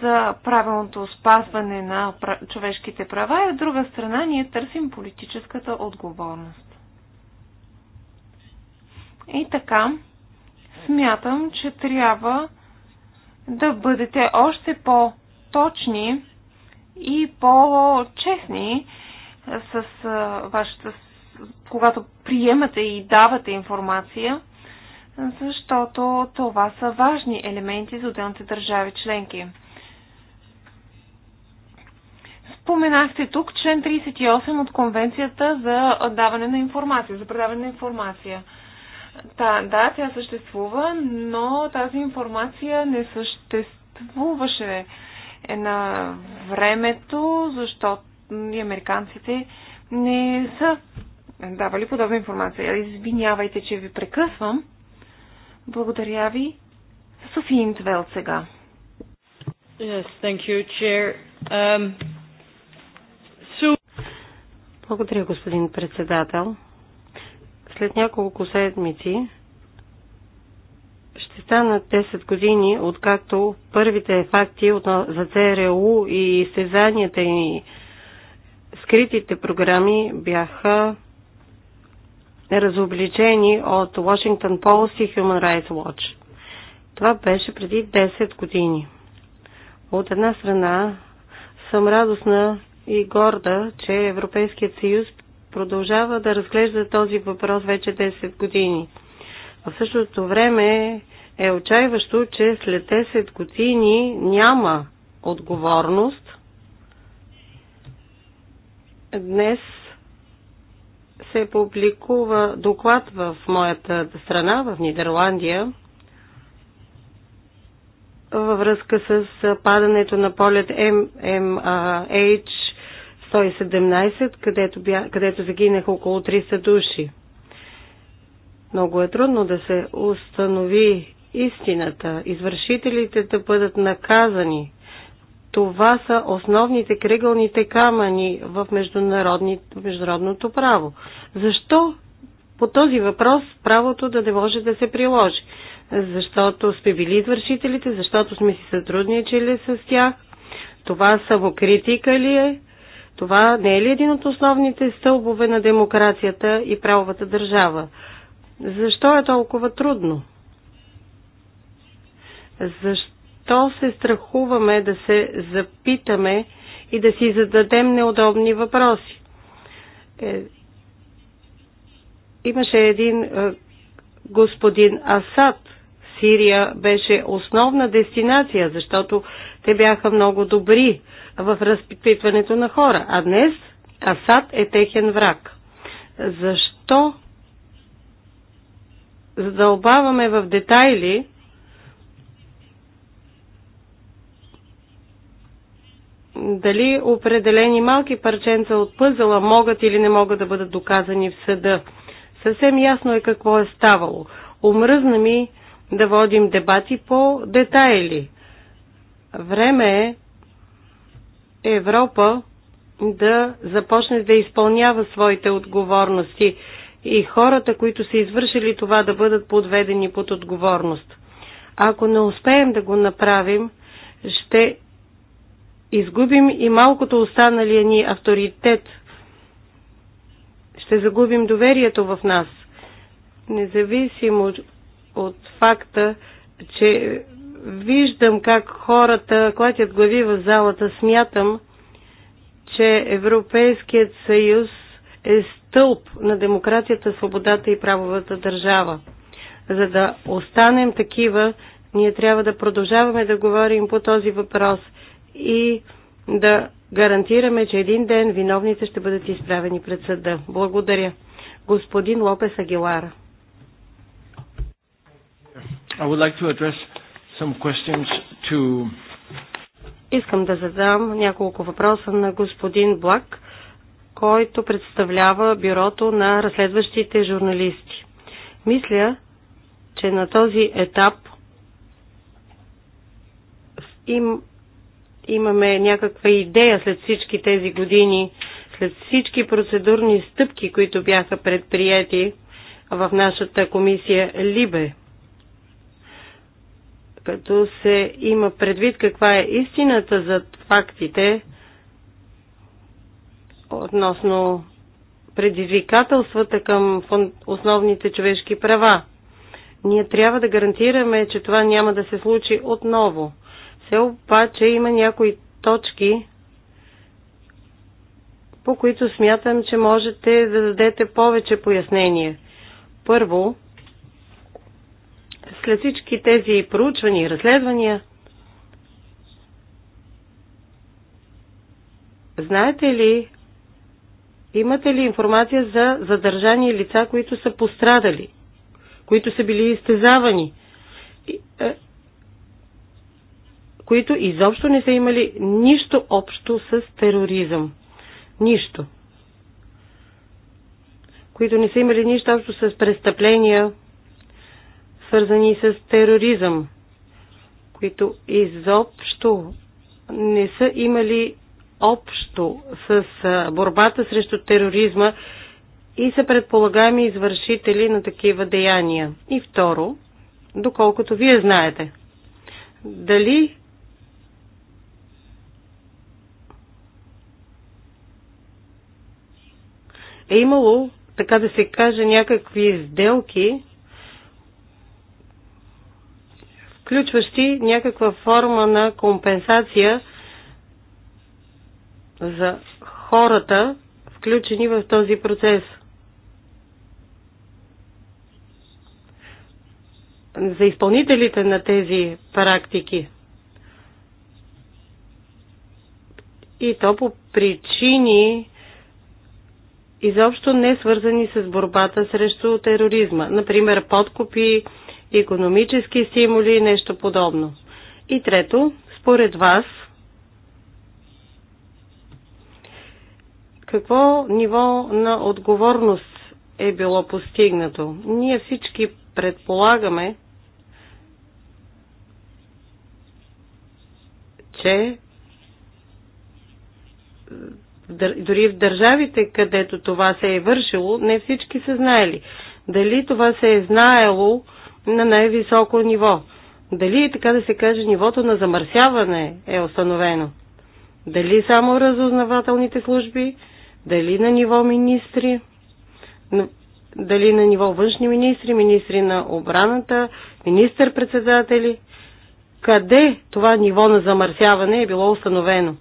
за правилното спазване на човешките права и от друга страна ние търсим политическата отговорност. И така, смятам, че трябва да бъдете още по-точни и по-честни с вашата, когато приемате и давате информация защото това са важни елементи за отделните държави членки. Споменахте тук член 38 от Конвенцията за даване на информация, за предаване на информация. Та, да, тя съществува, но тази информация не съществуваше на времето, защото и американците не са давали подобна информация. Извинявайте, че ви прекъсвам. Благодаря ви. Софи Интвел сега. Yes, thank you, chair. Um, so... Благодаря, господин председател. След няколко седмици ще станат 10 години, откакто първите факти за ЦРУ и стезанията и скритите програми бяха разобличени от Washington Post и Human Rights Watch. Това беше преди 10 години. От една страна съм радостна и горда, че Европейският съюз продължава да разглежда този въпрос вече 10 години. В същото време е отчаиващо, че след 10 години няма отговорност. Днес се публикува доклад в моята страна, в Нидерландия, във връзка с падането на полет MMH 117, където, бя, където загинаха около 300 души. Много е трудно да се установи истината, извършителите да бъдат наказани. Това са основните кръгълните камъни в, в международното право. Защо по този въпрос правото да не може да се приложи? Защото сме били извършителите, защото сме си сътрудничили с тях. Това самокритика ли е? Това не е ли един от основните стълбове на демокрацията и правовата държава? Защо е толкова трудно? Защо? Защо се страхуваме да се запитаме и да си зададем неудобни въпроси? Е, имаше един е, господин Асад. Сирия беше основна дестинация, защото те бяха много добри в разпитването на хора. А днес Асад е техен враг. Защо задълбаваме в детайли дали определени малки парченца от пъзела могат или не могат да бъдат доказани в съда. Съвсем ясно е какво е ставало. Омръзна ми да водим дебати по детайли. Време е Европа да започне да изпълнява своите отговорности и хората, които са извършили това, да бъдат подведени под отговорност. Ако не успеем да го направим, ще изгубим и малкото останалия ни авторитет. Ще загубим доверието в нас. Независимо от, от факта, че виждам как хората клатят глави в залата, смятам, че Европейският съюз е стълб на демокрацията, свободата и правовата държава. За да останем такива, ние трябва да продължаваме да говорим по този въпрос – и да гарантираме, че един ден виновните ще бъдат изправени пред съда. Благодаря. Господин Лопес Агилара. I would like to address some questions to... Искам да задам няколко въпроса на господин Блак, който представлява бюрото на разследващите журналисти. Мисля, че на този етап им имаме някаква идея след всички тези години, след всички процедурни стъпки, които бяха предприяти в нашата комисия Либе. Като се има предвид каква е истината за фактите относно предизвикателствата към основните човешки права. Ние трябва да гарантираме, че това няма да се случи отново – се, обаче има някои точки, по които смятам, че можете да дадете повече пояснение. Първо, след всички тези проучвания и разследвания, знаете ли, имате ли информация за задържани лица, които са пострадали, които са били изтезавани? Е, които изобщо не са имали нищо общо с тероризъм. Нищо. Които не са имали нищо общо с престъпления, свързани с тероризъм. Които изобщо не са имали общо с борбата срещу тероризма и са предполагаеми извършители на такива деяния. И второ, доколкото вие знаете, дали е имало, така да се каже, някакви сделки, включващи някаква форма на компенсация за хората, включени в този процес. За изпълнителите на тези практики. И то по причини, изобщо не свързани с борбата срещу тероризма. Например, подкупи, економически стимули и нещо подобно. И трето, според вас, какво ниво на отговорност е било постигнато? Ние всички предполагаме, че дори в държавите, където това се е вършило, не всички са знаели. Дали това се е знаело на най-високо ниво? Дали, така да се каже, нивото на замърсяване е установено? Дали само разузнавателните служби? Дали на ниво министри? Дали на ниво външни министри, министри на обраната, министър-председатели? Къде това ниво на замърсяване е било установено?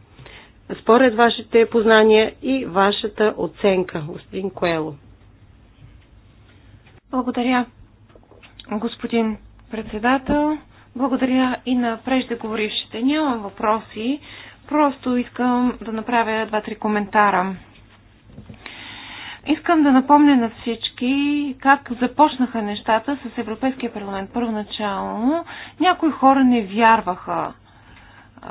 според вашите познания и вашата оценка, господин Коело? Благодаря, господин председател. Благодаря и на преждеговорившите. Нямам въпроси, просто искам да направя два-три коментара. Искам да напомня на всички как започнаха нещата с Европейския парламент първоначално. Някои хора не вярваха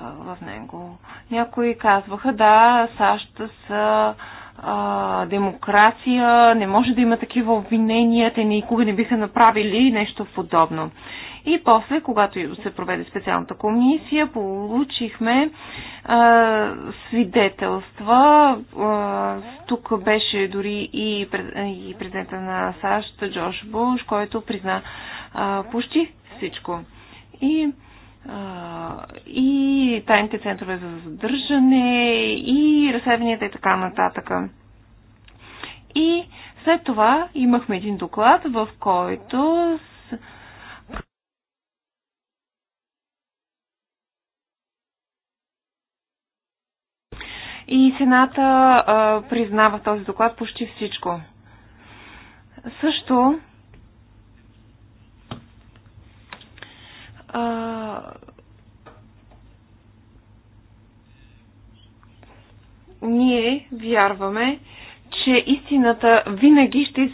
в него. Някои казваха, да, САЩ са а, демокрация, не може да има такива обвинения, те никога не биха направили нещо подобно. И после, когато се проведе специалната комисия, получихме а, свидетелства. А, тук беше дори и, и президента на САЩ Джош Буш, който призна а, почти всичко. И и тайните центрове за задържане и разследванията и така нататък. И след това имахме един доклад, в който с... и Сената а, признава този доклад почти всичко. Също А, ние вярваме, че истината винаги ще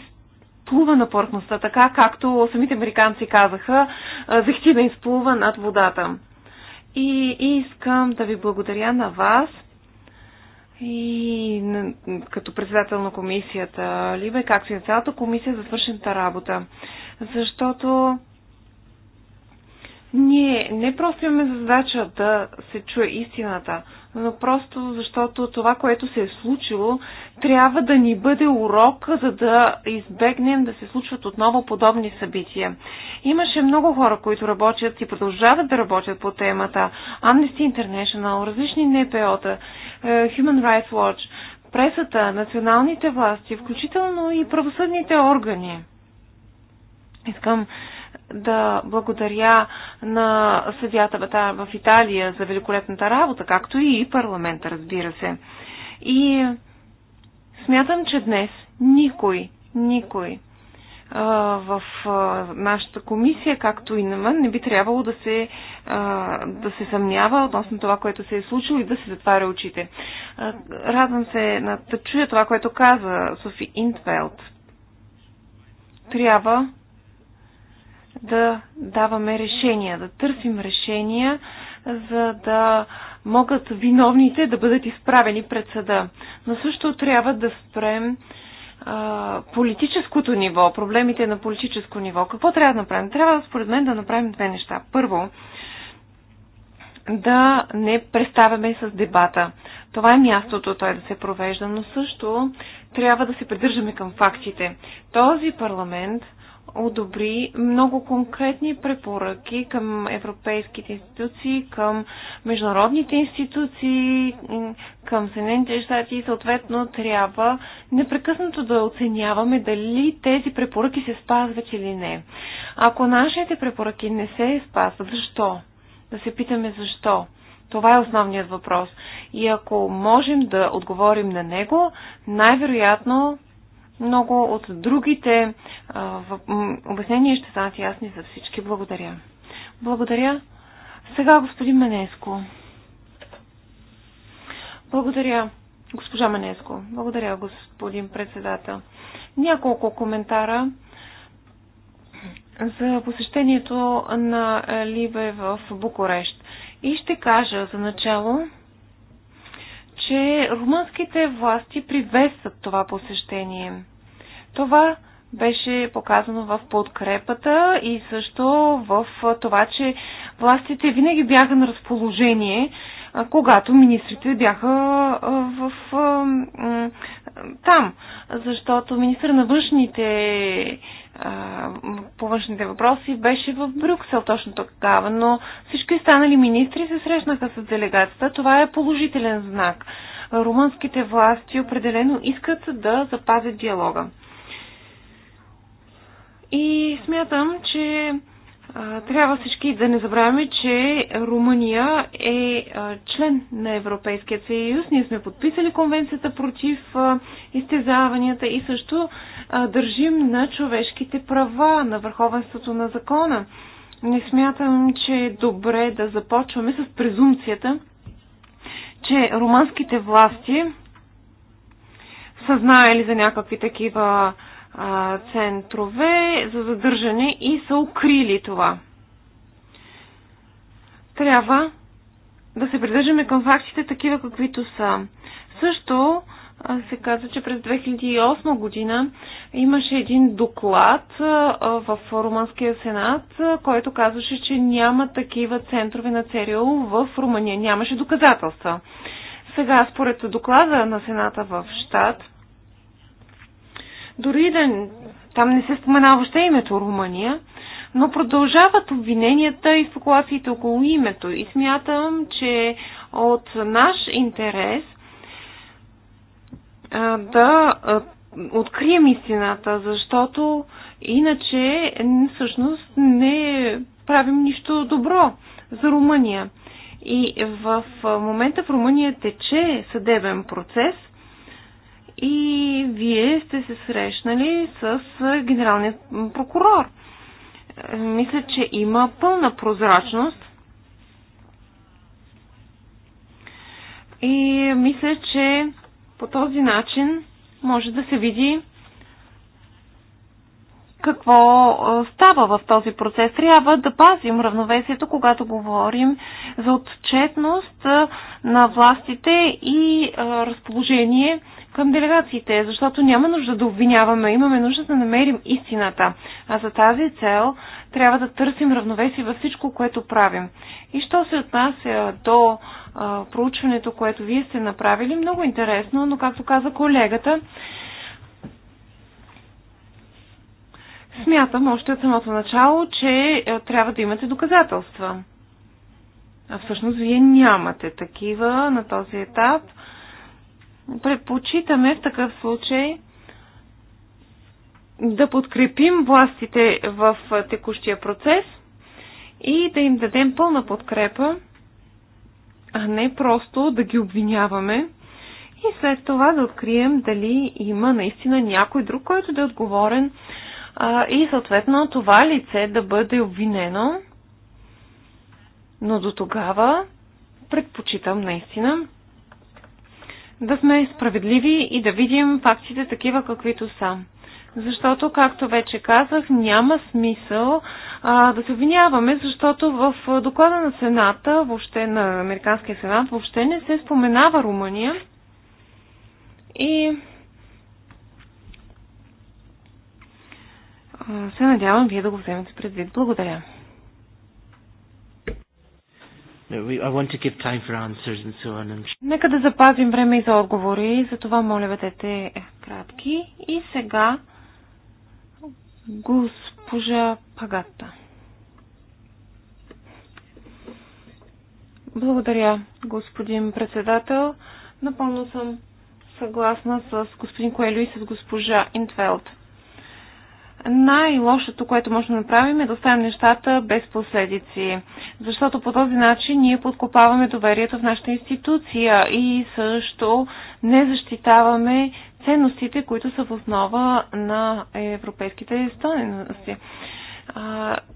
плува на повърхността, така както самите американци казаха, захтина изплува над водата. И искам да ви благодаря на вас и като председател на комисията и както и на цялата комисия за свършената работа. Защото ние не просто имаме задача да се чуе истината, но просто защото това, което се е случило, трябва да ни бъде урок, за да избегнем да се случват отново подобни събития. Имаше много хора, които работят и продължават да работят по темата. Amnesty International, различни НПО-та, е, Human Rights Watch, пресата, националните власти, включително и правосъдните органи. Искам да благодаря на съдята в Италия за великолепната работа, както и парламента, разбира се. И смятам, че днес никой, никой в нашата комисия, както и навън, не би трябвало да се, да се съмнява относно това, което се е случило и да се затваря очите. Радвам се на да чуя това, което каза Софи Интвелт. Трябва да даваме решения, да търсим решения, за да могат виновните да бъдат изправени пред съда. Но също трябва да спрем а, политическото ниво, проблемите на политическо ниво. Какво трябва да направим? Трябва, според мен, да направим две неща. Първо, да не представяме с дебата. Това е мястото той да се провежда, но също трябва да се придържаме към фактите. Този парламент одобри много конкретни препоръки към европейските институции, към международните институции, към Съединените щати и съответно трябва непрекъснато да оценяваме дали тези препоръки се спазват или не. Ако нашите препоръки не се спазват, защо? Да се питаме защо. Това е основният въпрос. И ако можем да отговорим на него, най-вероятно много от другите а, обяснения ще станат ясни за всички. Благодаря. Благодаря. Сега господин Менеско. Благодаря, госпожа Менеско. Благодаря, господин председател. Няколко коментара за посещението на Либе в Букурещ. И ще кажа за начало, румънските власти приветстват това посещение. Това беше показано в подкрепата и също в това, че властите винаги бяха на разположение, когато министрите бяха в, там. Защото министър на външните по външните въпроси беше в Брюксел точно тогава, но всички останали министри се срещнаха с делегацията. Това е положителен знак румънските власти определено искат да запазят диалога. И смятам, че трябва всички да не забравяме, че Румъния е член на Европейския съюз. Ние сме подписали конвенцията против изтезаванията и също държим на човешките права, на върховенството на закона. Не смятам, че е добре да започваме с презумцията, че румънските власти са знаели за някакви такива а, центрове за задържане и са укрили това. Трябва да се придържаме към фактите такива, каквито са. Също се каза, че през 2008 година имаше един доклад в Румънския сенат, който казваше, че няма такива центрове на ЦРУ в Румъния. Нямаше доказателства. Сега, според доклада на Сената в Штат, дори да там не се споменава въобще името Румъния, но продължават обвиненията и спекулациите около името. И смятам, че от наш интерес да открием истината, защото иначе всъщност не правим нищо добро за Румъния. И в момента в Румъния тече съдебен процес и вие сте се срещнали с генералният прокурор. Е, мисля, че има пълна прозрачност и мисля, че по този начин може да се види какво става в този процес. Трябва да пазим равновесието, когато говорим за отчетност на властите и разположение към делегациите, защото няма нужда да обвиняваме, имаме нужда да намерим истината. А за тази цел трябва да търсим равновесие във всичко, което правим. И що се отнася до а, проучването, което вие сте направили, много интересно, но както каза колегата, Смятам още от самото начало, че е, трябва да имате доказателства. А всъщност вие нямате такива на този етап. Предпочитаме в такъв случай да подкрепим властите в е, текущия процес и да им дадем пълна подкрепа, а не просто да ги обвиняваме и след това да открием дали има наистина някой друг, който да е отговорен а, и съответно това лице да бъде обвинено, но до тогава предпочитам наистина да сме справедливи и да видим фактите такива каквито са. Защото, както вече казах, няма смисъл а, да се обвиняваме, защото в доклада на Сената, въобще на Американския Сенат, въобще не се споменава Румъния. И се надявам вие да го вземете предвид. Благодаря. Нека да запазим време и за отговори, затова моля бъдете кратки. И сега госпожа Пагата. Благодаря, господин председател. Напълно съм съгласна с господин Коелю и с госпожа Интвелд най-лошото, което можем да направим е да оставим нещата без последици. Защото по този начин ние подкопаваме доверието в нашата институция и също не защитаваме ценностите, които са в основа на европейските стойности.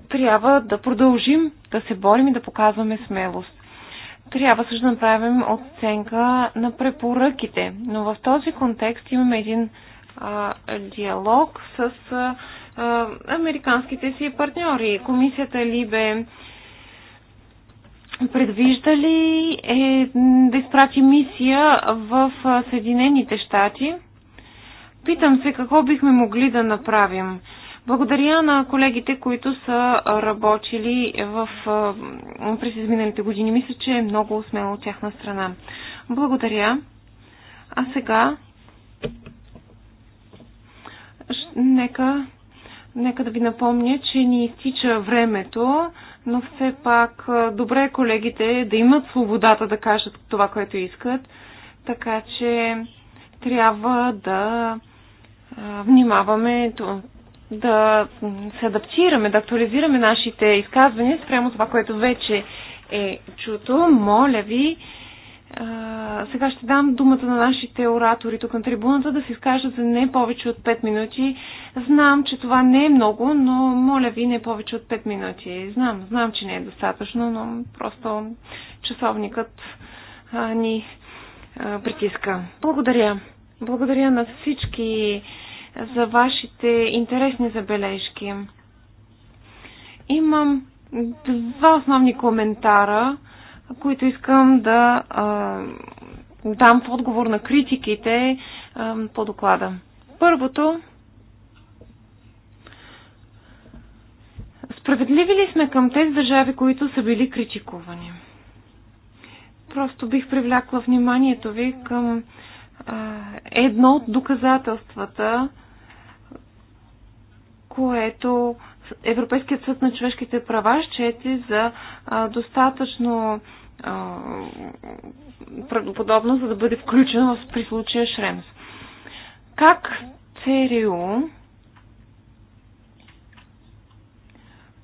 Трябва да продължим да се борим и да показваме смелост. Трябва също да направим оценка на препоръките, но в този контекст имаме един диалог с американските си партньори. Комисията Либе предвижда ли е да изпрати мисия в Съединените щати? Питам се какво бихме могли да направим. Благодаря на колегите, които са работили в, през изминалите години. Мисля, че е много смело от тяхна страна. Благодаря. А сега нека Нека да ви напомня, че ни изтича времето, но все пак добре е колегите да имат свободата да кажат това, което искат. Така че трябва да внимаваме, да се адаптираме, да актуализираме нашите изказвания спрямо това, което вече е чуто. Моля ви, а, сега ще дам думата на нашите оратори тук на трибуната да се изкажат за не повече от 5 минути. Знам, че това не е много, но моля ви не повече от 5 минути. Знам, знам, че не е достатъчно, но просто часовникът а, ни а, притиска. Благодаря. Благодаря на всички за вашите интересни забележки. Имам два основни коментара които искам да а, дам в отговор на критиките а, по доклада. Първото. Справедливи ли сме към тези държави, които са били критикувани? Просто бих привлякла вниманието ви към а, едно от доказателствата, което Европейският съд на човешките права щети за а, достатъчно а, правдоподобно, за да бъде включен в, при случая Шремс. Как ЦРУ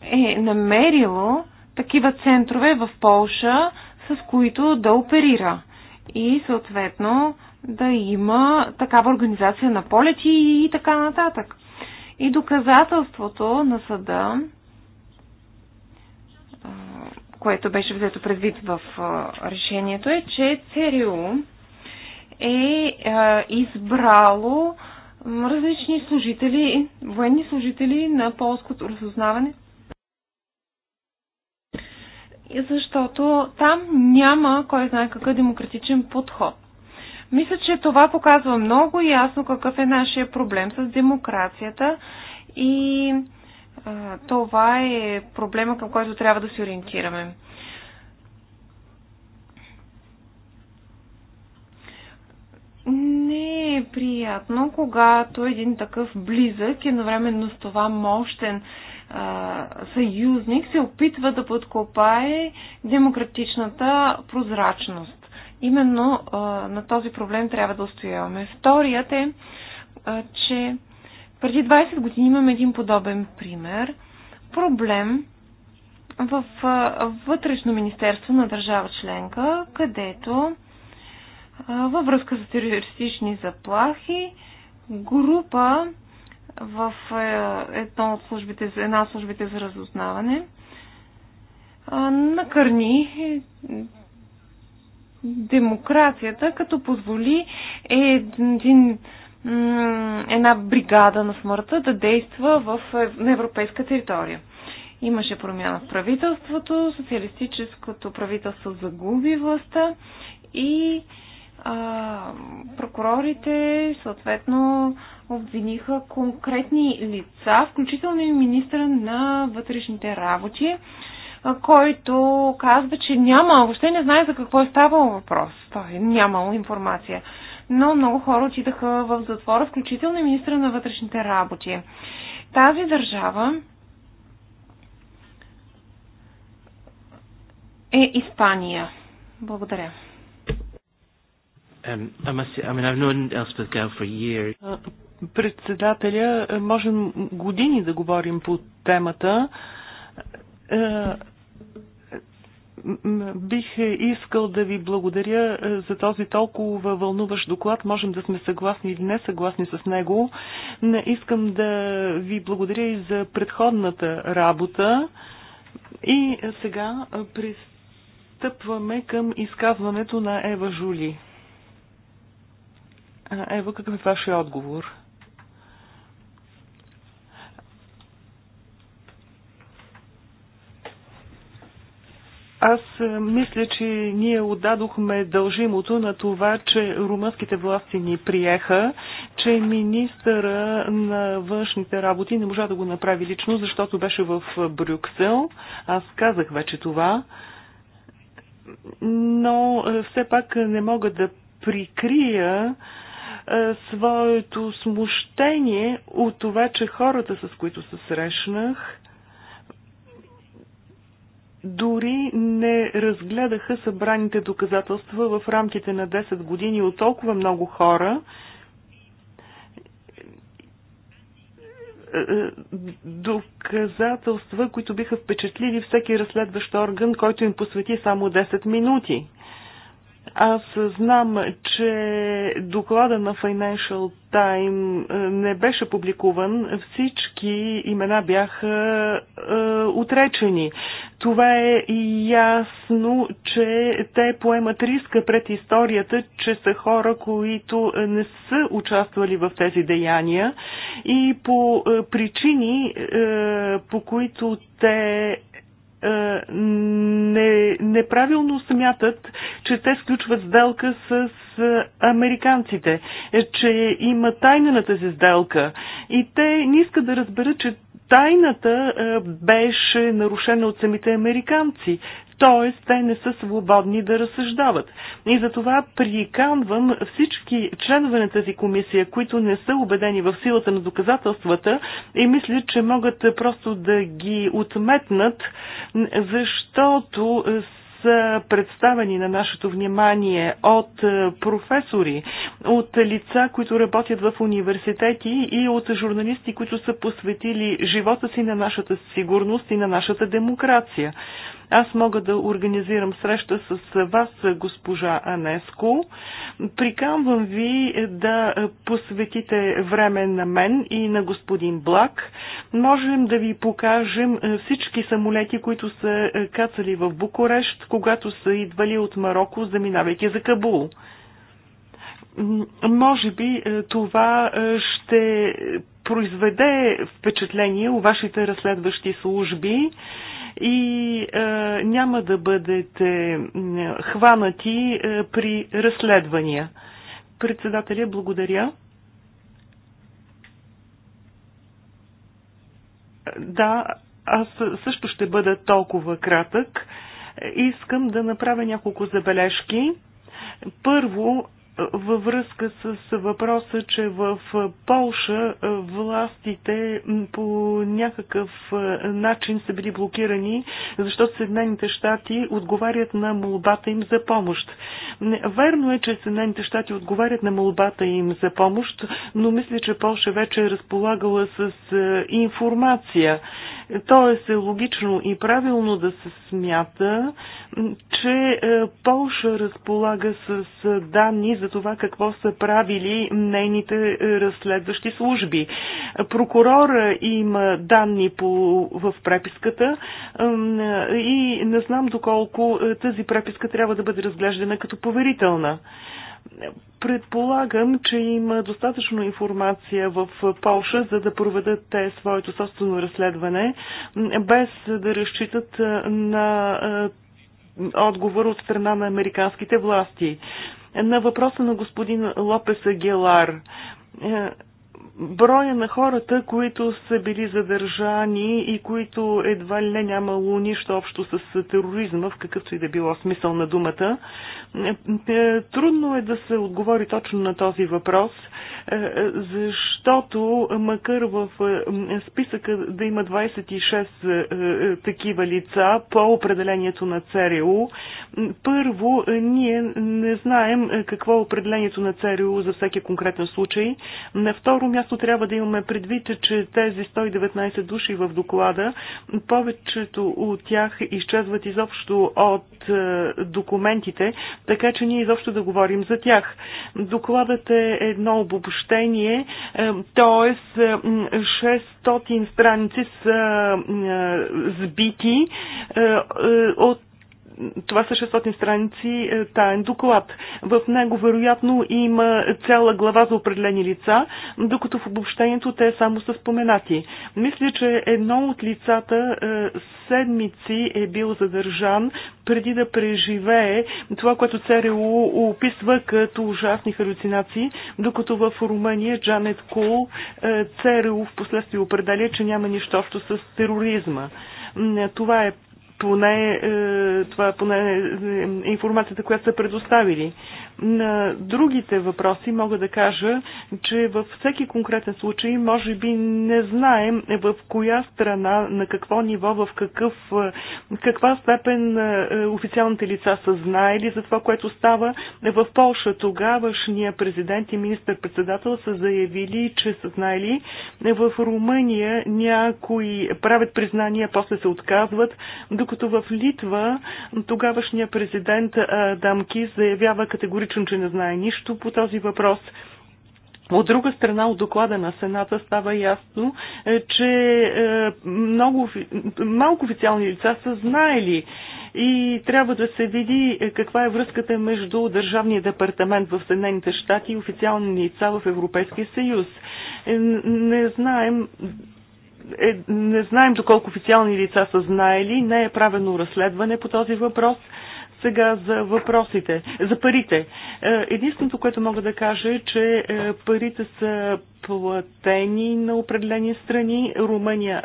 е намерило такива центрове в Полша, с които да оперира и съответно да има такава организация на полети и така нататък. И доказателството на съда, което беше взето предвид в решението е, че ЦРУ е избрало различни служители, военни служители на полското разузнаване, защото там няма кой знае какъв демократичен подход. Мисля, че това показва много ясно какъв е нашия проблем с демокрацията и а, това е проблема, към който трябва да се ориентираме. Не е приятно, когато един такъв близък, едновременно с това мощен а, съюзник се опитва да подкопае демократичната прозрачност именно а, на този проблем трябва да устояваме. Вторият е, а, че преди 20 години имам един подобен пример. Проблем в а, вътрешно министерство на държава членка, където а, във връзка с терористични заплахи група в е, едно от службите, една от службите за разузнаване накърни демокрацията, като позволи един, една бригада на смъртта да действа в, на европейска територия. Имаше промяна в правителството, социалистическото правителство загуби властта и а, прокурорите съответно обвиниха конкретни лица, включително и министра на вътрешните работи, който казва, че няма, въобще не знае за какво е ставал въпрос. Той е нямало информация. Но много хора отидаха в затвора, включително и министра на вътрешните работи. Тази държава е Испания. Благодаря. Um, I must say, I mean, I've known Elspeth for years. председателя, можем години да говорим по темата. Uh, Бих искал да ви благодаря е, за този толкова вълнуващ доклад. Можем да сме съгласни или не съгласни с него. Искам да ви благодаря и за предходната работа. И сега е, пристъпваме към изказването на Ева Жули. Е, Ева, какъв е вашия отговор? Аз е, мисля, че ние отдадохме дължимото на това, че румънските власти ни приеха, че министъра на външните работи не можа да го направи лично, защото беше в Брюксел. Аз казах вече това. Но е, все пак не мога да прикрия е, своето смущение от това, че хората, с които се срещнах, дори не разгледаха събраните доказателства в рамките на 10 години от толкова много хора. Е, е, доказателства, които биха впечатлили всеки разследващ орган, който им посвети само 10 минути. Аз знам, че доклада на Financial Time е, не беше публикуван. Всички имена бяха е, отречени. Това е ясно, че те поемат риска пред историята, че са хора, които не са участвали в тези деяния и по е, причини, е, по които те е, не, неправилно смятат, че те сключват сделка с е, американците, е, че има тайна на тази сделка. И те не искат да разберат, че тайната беше нарушена от самите американци. Т.е. те не са свободни да разсъждават. И затова приканвам всички членове на тази комисия, които не са убедени в силата на доказателствата и мислят, че могат просто да ги отметнат, защото са представени на нашето внимание от професори, от лица, които работят в университети и от журналисти, които са посветили живота си на нашата сигурност и на нашата демокрация. Аз мога да организирам среща с вас, госпожа Анеско. Приканвам ви да посветите време на мен и на господин Блак. Можем да ви покажем всички самолети, които са кацали в Букурещ, когато са идвали от Марокко, заминавайки за Кабул може би е, това е, ще произведе впечатление у вашите разследващи служби и е, няма да бъдете хванати е, при разследвания. Председателя, благодаря. Да, аз също ще бъда толкова кратък. Искам да направя няколко забележки. Първо, във връзка с въпроса, че в Полша властите по някакъв начин са били блокирани, защото Съединените щати отговарят на молбата им за помощ. Верно е, че Съединените щати отговарят на молбата им за помощ, но мисля, че Полша вече е разполагала с информация. Тоест е логично и правилно да се смята, че е, Полша разполага с е, данни за това какво са правили нейните е, разследващи служби. Прокурора има данни по, в преписката и не знам доколко тази преписка трябва да бъде разглеждана като поверителна. Предполагам, че има достатъчно информация в Полша, за да проведат те своето собствено разследване, без да разчитат на отговор от страна на американските власти. На въпроса на господин Лопес Агелар броя на хората, които са били задържани и които едва ли не нямало нищо общо с тероризма, в какъвто и да било смисъл на думата. Е, е, трудно е да се отговори точно на този въпрос. Е, е, защото макар в е, списъка да има 26 такива лица по определението на ЦРУ, първо ние не знаем какво е определението на ЦРУ за всеки конкретен случай. На второ място трябва да имаме предвид, че тези 119 души в доклада, повечето от тях изчезват изобщо от документите, така че ние изобщо да говорим за тях. Докладът е едно обобщение съобщение, т.е. 600 е, страници са е, е, сбити от това са 600 страници е, таен доклад. В него вероятно има цяла глава за определени лица, докато в обобщението те само са споменати. Мисля, че едно от лицата е, седмици е бил задържан преди да преживее това, което ЦРУ описва като ужасни халюцинации, докато в Румъния Джанет Кул е, ЦРУ в последствие определя, че няма нищо общо с тероризма. Това е поне, е, това, поне е, информацията, която са предоставили. На другите въпроси мога да кажа, че във всеки конкретен случай може би не знаем в коя страна, на какво ниво, в какъв, каква степен е, официалните лица са знаели за това, което става. В Польша тогавашния президент и министър-председател са заявили, че са знаели. В Румъния някои правят признания, после се отказват, докато в Литва тогавашния президент Дамки заявява категорично категоричен, че не знае нищо по този въпрос. От друга страна, от доклада на Сената става ясно, е, че е, много, малко официални лица са знаели и трябва да се види е, каква е връзката между Държавния департамент в Съединените щати и официални лица в Европейския съюз. Не знаем е, не знаем доколко официални лица са знаели, не е правено разследване по този въпрос. Сега за въпросите, за парите. Е, единственото, което мога да кажа е, че е, парите са платени на определени страни. Румъния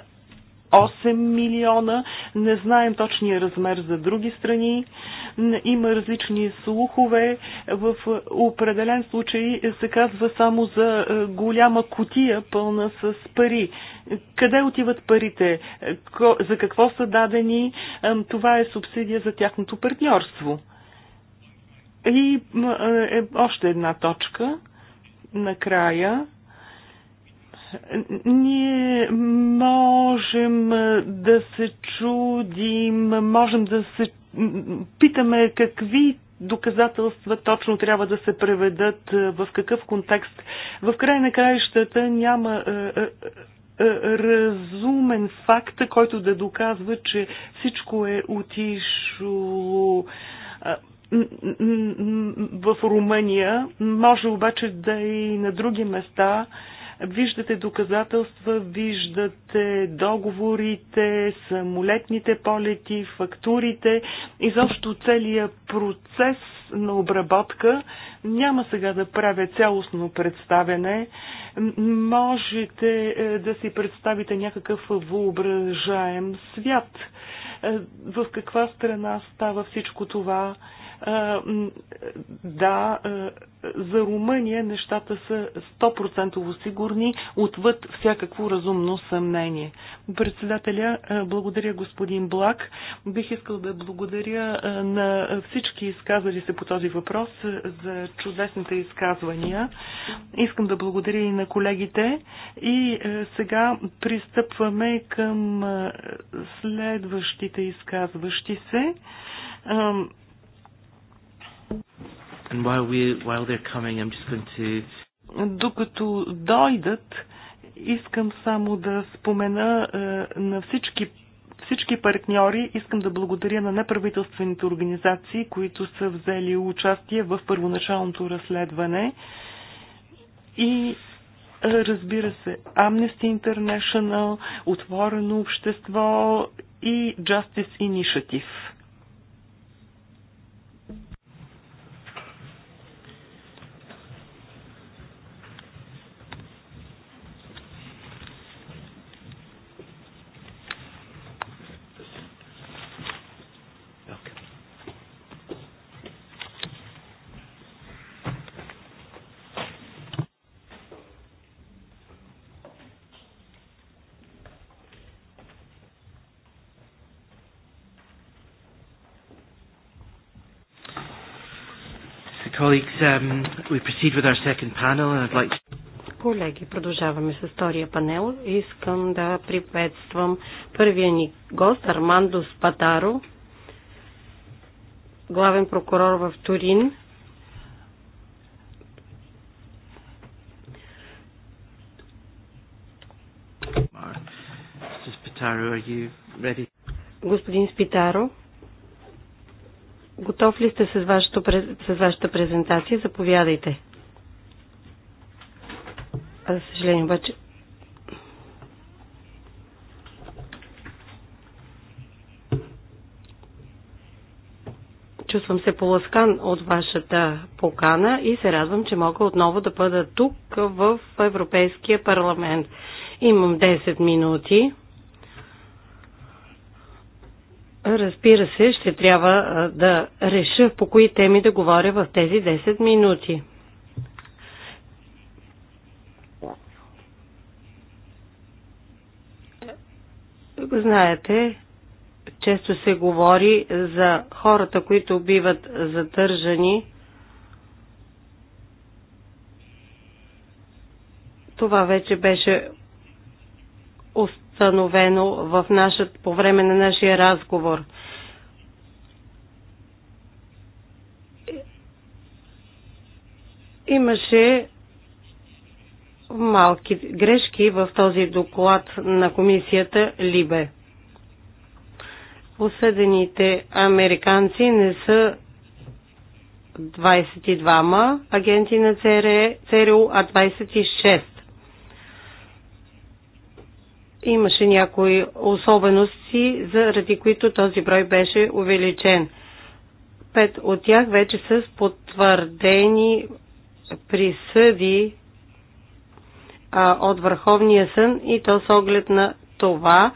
8 милиона. Не знаем точния размер за други страни. Има различни слухове. В определен случай се казва само за е, голяма котия пълна с пари. Къде отиват парите? За какво са дадени? Това е субсидия за тяхното партньорство. И е, е, още една точка. Накрая ние можем да се чудим, можем да се питаме какви доказателства точно трябва да се преведат, в какъв контекст. В край на краищата няма разумен факт, който да доказва, че всичко е отишло в Румъния, може обаче да е и на други места. Виждате доказателства, виждате договорите, самолетните полети, фактурите, изобщо целият процес на обработка. Няма сега да правя цялостно представене. Можете е, да си представите някакъв въображаем свят. Е, в каква страна става всичко това? Да, за Румъния нещата са 100% сигурни, отвъд всякакво разумно съмнение. Председателя, благодаря господин Блак. Бих искал да благодаря на всички изказали се по този въпрос за чудесните изказвания. Искам да благодаря и на колегите. И сега пристъпваме към следващите изказващи се. And while we, while they're coming, I'm just going to... Докато дойдат, искам само да спомена е, на всички всички партньори искам да благодаря на неправителствените организации, които са взели участие в първоначалното разследване и е, разбира се Amnesty International, Отворено общество и Justice Initiative. um, we proceed with our second panel and I'd like to... Колеги, продължаваме с втория панел. Искам да приветствам първия ни гост Армандо Спатаро, главен прокурор в Турин. Спитаро, Господин Спитаро, Готов ли сте с, вашето, с вашата презентация? Заповядайте. А, за съжаление, обаче. Чувствам се поласкан от вашата покана и се радвам, че мога отново да бъда тук в Европейския парламент. Имам 10 минути. Разбира се, ще трябва да реша по кои теми да говоря в тези 10 минути. Знаете, често се говори за хората, които биват задържани. Това вече беше установено в нашът, по време на нашия разговор. Имаше малки грешки в този доклад на комисията Либе. Осъдените американци не са 22 агенти на ЦРУ, а 26 имаше някои особености, заради които този брой беше увеличен. Пет от тях вече са с потвърдени присъди а, от Върховния сън и то с оглед на това,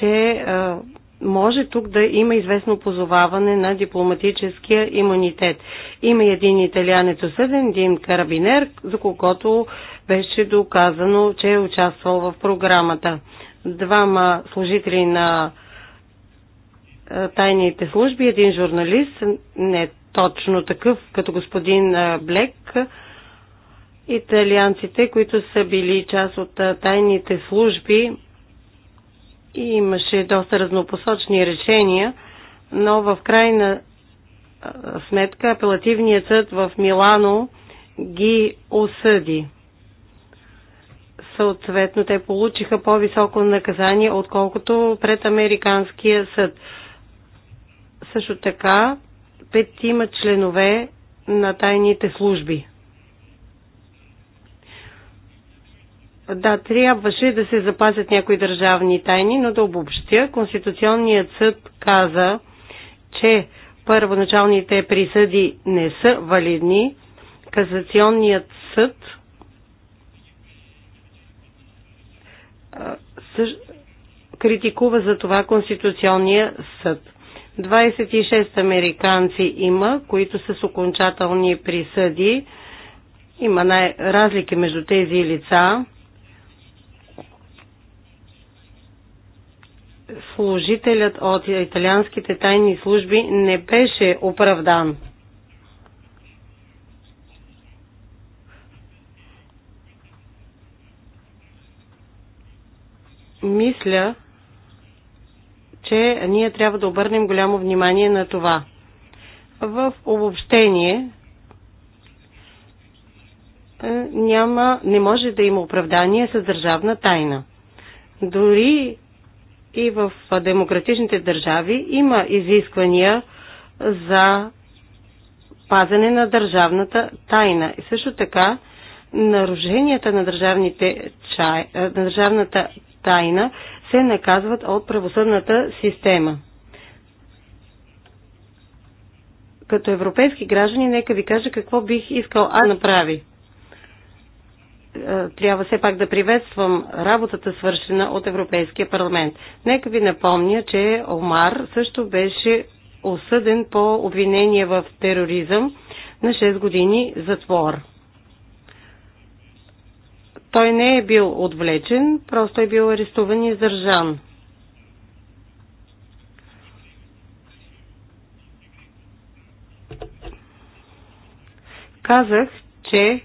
че а, може тук да има известно позоваване на дипломатическия имунитет. Има един италианец осъден, един карабинер, за когото беше доказано, че е участвал в програмата. Двама служители на е, тайните служби, един журналист, не точно такъв като господин е, Блек, италианците, които са били част от е, тайните служби, и имаше доста разнопосочни решения, но в крайна сметка апелативният съд в Милано ги осъди съответно те получиха по-високо наказание, отколкото пред Американския съд. Също така, петима членове на тайните служби. Да, трябваше да се запазят някои държавни тайни, но да обобщя, Конституционният съд каза, че първоначалните присъди не са валидни, Казационният съд критикува за това Конституционния съд. 26 американци има, които са с окончателни присъди. Има най- разлики между тези лица. Служителят от италианските тайни служби не беше оправдан. мисля, че ние трябва да обърнем голямо внимание на това. В обобщение е, няма, не може да има оправдание с държавна тайна. Дори и в демократичните държави има изисквания за пазане на държавната тайна. И също така нарушенията на, държавните чай, е, на държавната тайна, се наказват от правосъдната система. Като европейски граждани, нека ви кажа какво бих искал аз направи. Е, трябва все пак да приветствам работата свършена от Европейския парламент. Нека ви напомня, че Омар също беше осъден по обвинение в тероризъм на 6 години затвор. Той не е бил отвлечен, просто е бил арестуван и издържан. Казах, че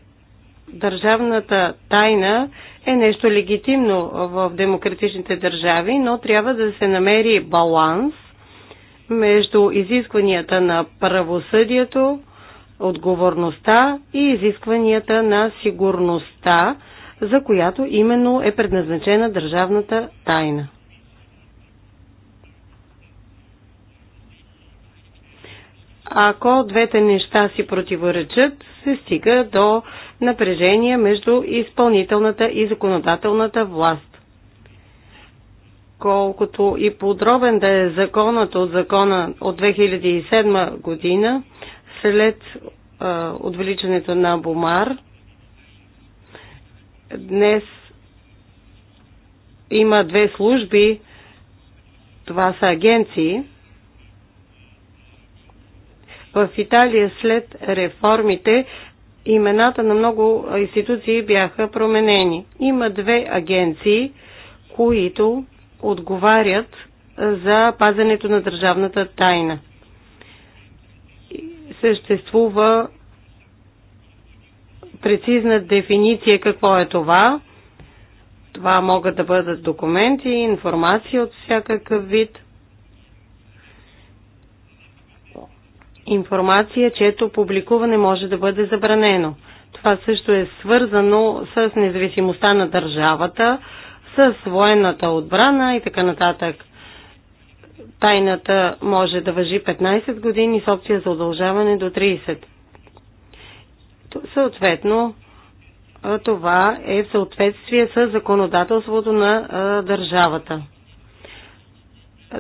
държавната тайна е нещо легитимно в демократичните държави, но трябва да се намери баланс между изискванията на правосъдието, отговорността и изискванията на сигурността за която именно е предназначена държавната тайна. Ако двете неща си противоречат, се стига до напрежение между изпълнителната и законодателната власт. Колкото и подробен да е законът от закона от 2007 година, след е, отвеличането на Бомар – Днес има две служби, това са агенции. В Италия след реформите имената на много институции бяха променени. Има две агенции, които отговарят за пазенето на държавната тайна. Съществува прецизна дефиниция какво е това. Това могат да бъдат документи, информация от всякакъв вид. Информация, чето публикуване може да бъде забранено. Това също е свързано с независимостта на държавата, с военната отбрана и така нататък. Тайната може да въжи 15 години с опция за удължаване до 30. Съответно, това е в съответствие с законодателството на държавата.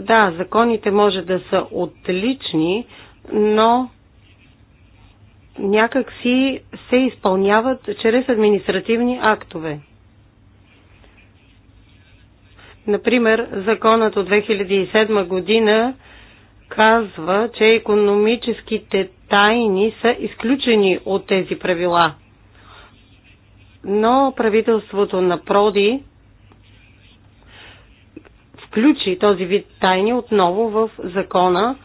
Да, законите може да са отлични, но някак си се изпълняват чрез административни актове. Например, законът от 2007 година казва, че економическите тайни са изключени от тези правила. Но правителството на Проди включи този вид тайни отново в закона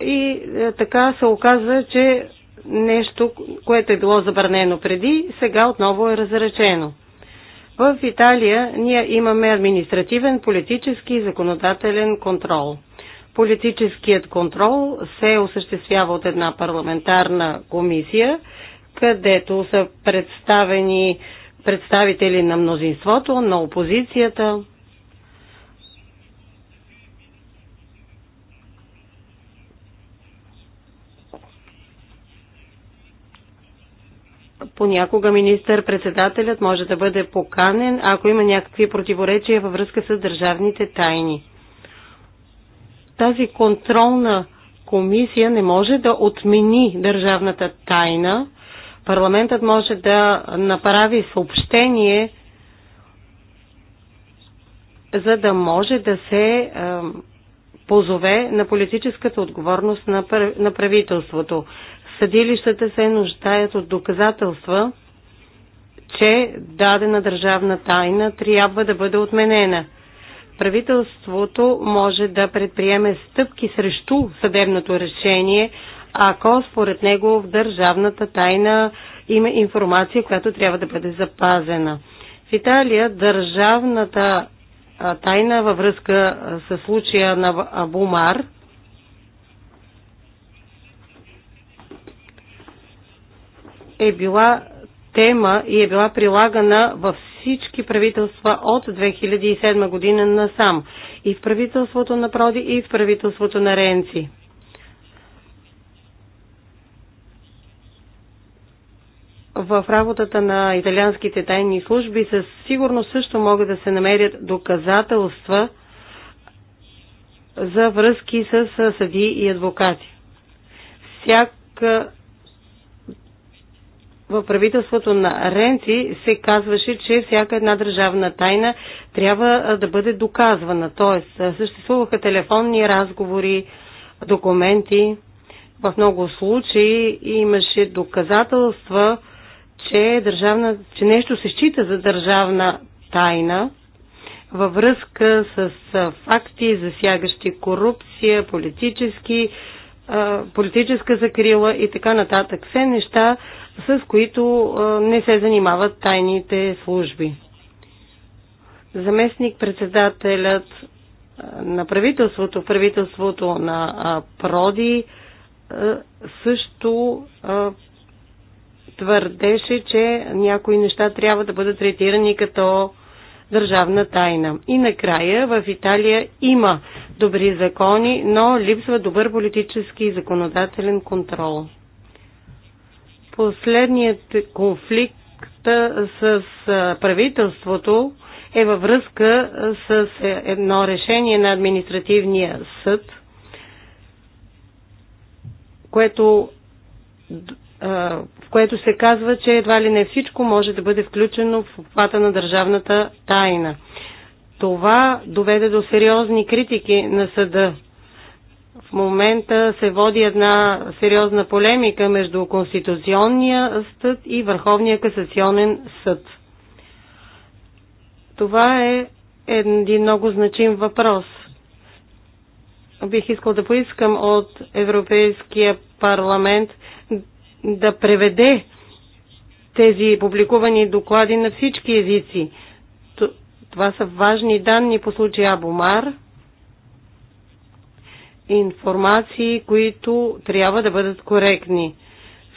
и е, така се оказа, че нещо, което е било забранено преди, сега отново е разречено. В Италия ние имаме административен, политически и законодателен контрол. Политическият контрол се осъществява от една парламентарна комисия, където са представени представители на мнозинството, на опозицията, понякога министър-председателят може да бъде поканен, ако има някакви противоречия във връзка с държавните тайни. Тази контролна комисия не може да отмени държавната тайна. Парламентът може да направи съобщение, за да може да се позове на политическата отговорност на правителството съдилищата се нуждаят от доказателства, че дадена държавна тайна трябва да бъде отменена. Правителството може да предприеме стъпки срещу съдебното решение, ако според него в държавната тайна има информация, която трябва да бъде запазена. В Италия държавната тайна във връзка с случая на Абумар – е била тема и е била прилагана във всички правителства от 2007 година насам. И в правителството на Проди, и в правителството на Ренци. в работата на италианските тайни служби със сигурност също могат да се намерят доказателства за връзки с съди и адвокати. Всяка в правителството на Ренци се казваше, че всяка една държавна тайна трябва да бъде доказвана. Тоест, съществуваха телефонни разговори, документи. В много случаи имаше доказателства, че, държавна, че нещо се счита за държавна тайна във връзка с факти, засягащи корупция, политически, политическа закрила и така нататък. Все неща, с които не се занимават тайните служби. Заместник председателят на правителството, правителството на Проди също твърдеше, че някои неща трябва да бъдат третирани като държавна тайна. И накрая в Италия има добри закони, но липсва добър политически и законодателен контрол. Последният конфликт с правителството е във връзка с е, едно решение на административния съд, което, в което се казва, че едва ли не всичко може да бъде включено в обхвата на държавната тайна. Това доведе до сериозни критики на съда. В момента се води една сериозна полемика между Конституционния съд и Върховния касационен съд. Това е един много значим въпрос. Бих искал да поискам от Европейския парламент да преведе тези публикувани доклади на всички езици. Това са важни данни по случая Абумар – информации, които трябва да бъдат коректни.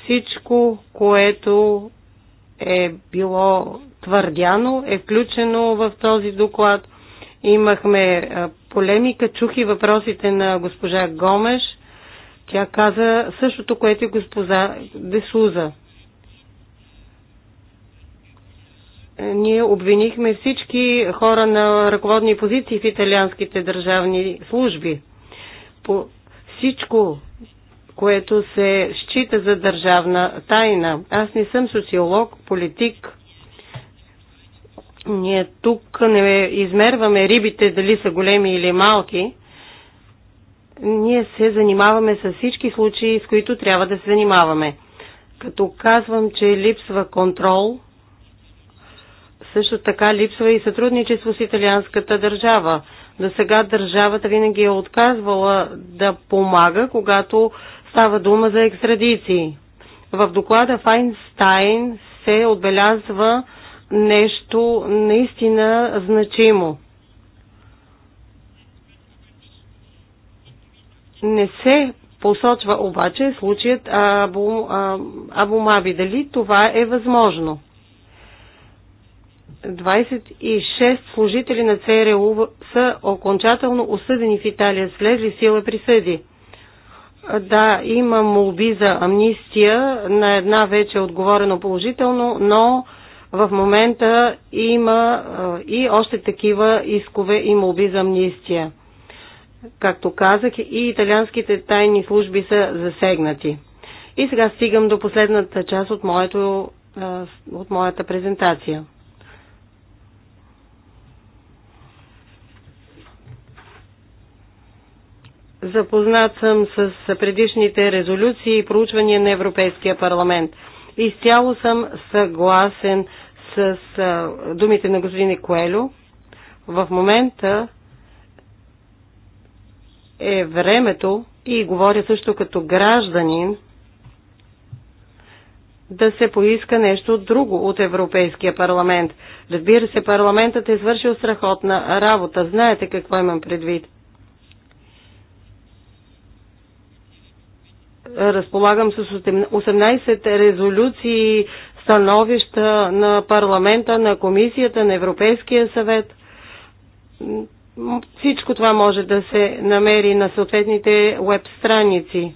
Всичко, което е било твърдяно, е включено в този доклад. Имахме полемика, чух и въпросите на госпожа Гомеш. Тя каза същото, което и госпожа Десуза. Ние обвинихме всички хора на ръководни позиции в италианските държавни служби – по всичко, което се счита за държавна тайна. Аз не съм социолог, политик. Ние тук не измерваме рибите дали са големи или малки. Ние се занимаваме с всички случаи, с които трябва да се занимаваме. Като казвам, че липсва контрол, също така липсва и сътрудничество с италианската държава. До сега държавата винаги е отказвала да помага, когато става дума за екстрадиции. В доклада Файнстайн се отбелязва нещо наистина значимо. Не се посочва обаче случаят Абу, Абу Маби. Дали това е възможно? 26 служители на ЦРУ са окончателно осъдени в Италия след ли сила присъди. Да, има молби за амнистия, на една вече е отговорено положително, но в момента има и още такива искове и молби за амнистия. Както казах, и италианските тайни служби са засегнати. И сега стигам до последната част от, моето, от моята презентация. Запознат съм с предишните резолюции и проучвания на Европейския парламент. Изцяло съм съгласен с думите на господин Коелю. В момента е времето, и говоря също като гражданин, да се поиска нещо друго от Европейския парламент. Разбира се, парламентът е свършил страхотна работа. Знаете какво имам предвид. разполагам с 18 резолюции, становища на парламента, на комисията, на Европейския съвет. Всичко това може да се намери на съответните веб страници.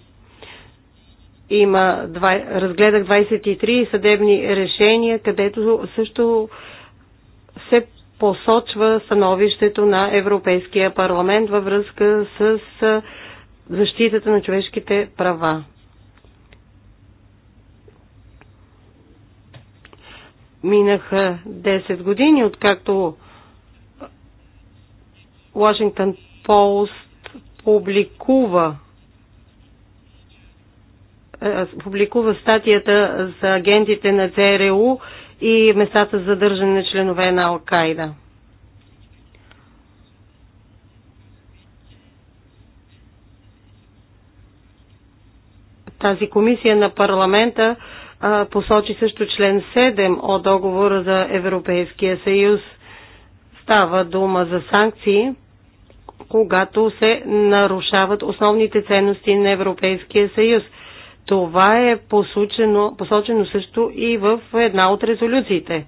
Има, разгледах 23 съдебни решения, където също се посочва становището на Европейския парламент във връзка с защитата на човешките права. Минаха 10 години, откакто Washington Post публикува е, публикува статията за агентите на ЦРУ и местата за държане на членове на Алкайда. Тази комисия на парламента а, посочи също член 7 от договора за Европейския съюз. Става дума за санкции, когато се нарушават основните ценности на Европейския съюз. Това е посочено, посочено също и в една от резолюциите,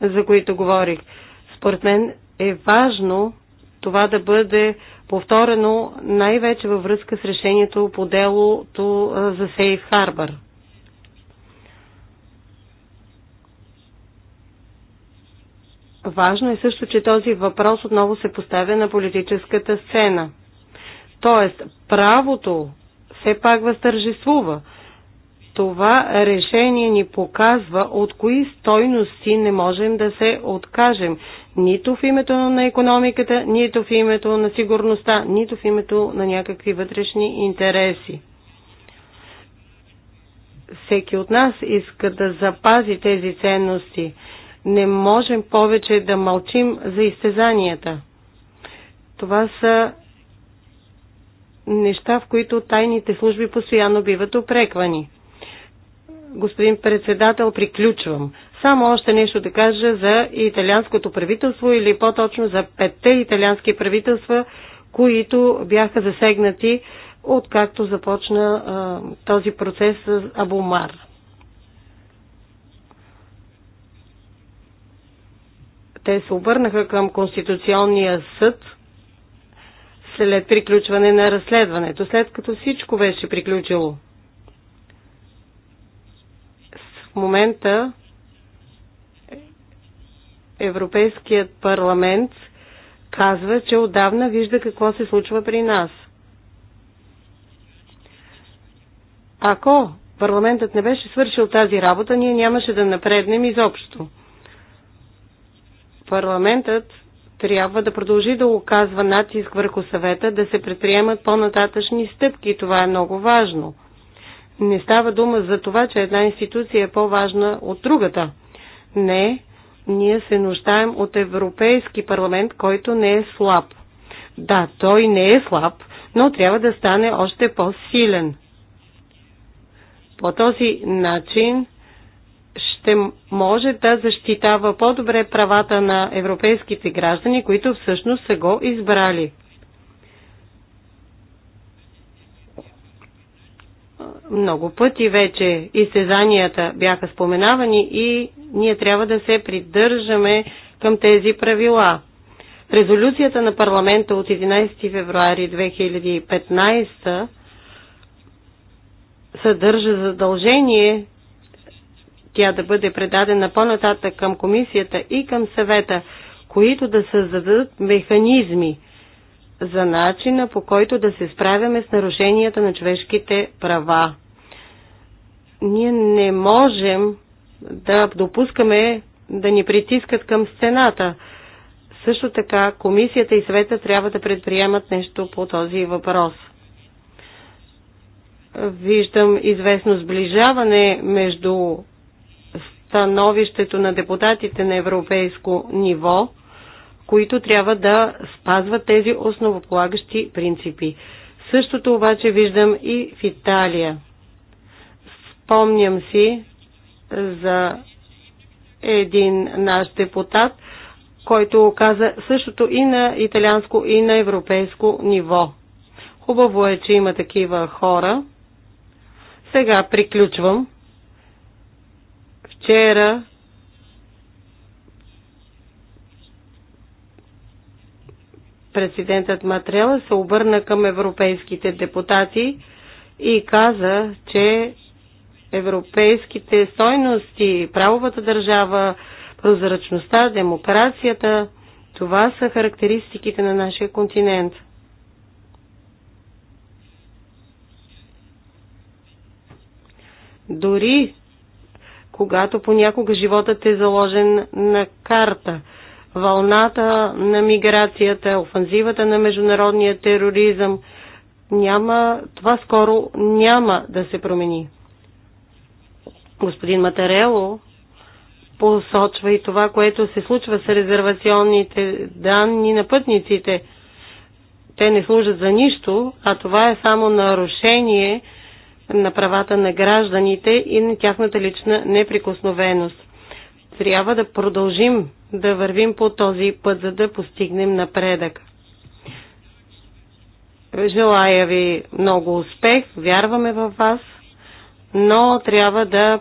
за които говорих. Според мен е важно това да бъде повторено най-вече във връзка с решението по делото за Сейф Харбър. Важно е също, че този въпрос отново се поставя на политическата сцена. Тоест, правото все пак възтържествува. Това решение ни показва от кои стойности не можем да се откажем. Нито в името на економиката, нито в името на сигурността, нито в името на някакви вътрешни интереси. Всеки от нас иска да запази тези ценности. Не можем повече да мълчим за изтезанията. Това са неща, в които тайните служби постоянно биват опреквани господин председател, приключвам. Само още нещо да кажа за италианското правителство или по-точно за петте италиански правителства, които бяха засегнати откакто започна а, този процес с Абумар. Те се обърнаха към Конституционния съд след приключване на разследването, след като всичко беше приключило. В момента Европейският парламент казва, че отдавна вижда какво се случва при нас. Ако парламентът не беше свършил тази работа, ние нямаше да напреднем изобщо. Парламентът трябва да продължи да оказва натиск върху съвета да се предприемат по-нататъчни стъпки. Това е много важно. Не става дума за това, че една институция е по-важна от другата. Не, ние се нуждаем от Европейски парламент, който не е слаб. Да, той не е слаб, но трябва да стане още по-силен. По този начин ще може да защитава по-добре правата на европейските граждани, които всъщност са го избрали. много пъти вече изтезанията бяха споменавани и ние трябва да се придържаме към тези правила. Резолюцията на парламента от 11 февруари 2015 съдържа задължение тя да бъде предадена по-нататък към комисията и към съвета, които да създадат механизми – за начина по който да се справяме с нарушенията на човешките права. Ние не можем да допускаме да ни притискат към стената. Също така комисията и света трябва да предприемат нещо по този въпрос. Виждам известно сближаване между становището на депутатите на европейско ниво – които трябва да спазват тези основополагащи принципи. Същото обаче виждам и в Италия. Спомням си за един наш депутат, който каза същото и на италианско, и на европейско ниво. Хубаво е, че има такива хора. Сега приключвам. Вчера президентът Матрела се обърна към европейските депутати и каза, че европейските стойности, правовата държава, прозрачността, демокрацията, това са характеристиките на нашия континент. Дори когато понякога животът е заложен на карта – вълната на миграцията, офанзивата на международния тероризъм. Няма, това скоро няма да се промени. Господин Матарело посочва и това, което се случва с резервационните данни на пътниците. Те не служат за нищо, а това е само нарушение на правата на гражданите и на тяхната лична неприкосновеност трябва да продължим да вървим по този път, за да постигнем напредък. Желая ви много успех, вярваме в вас, но трябва да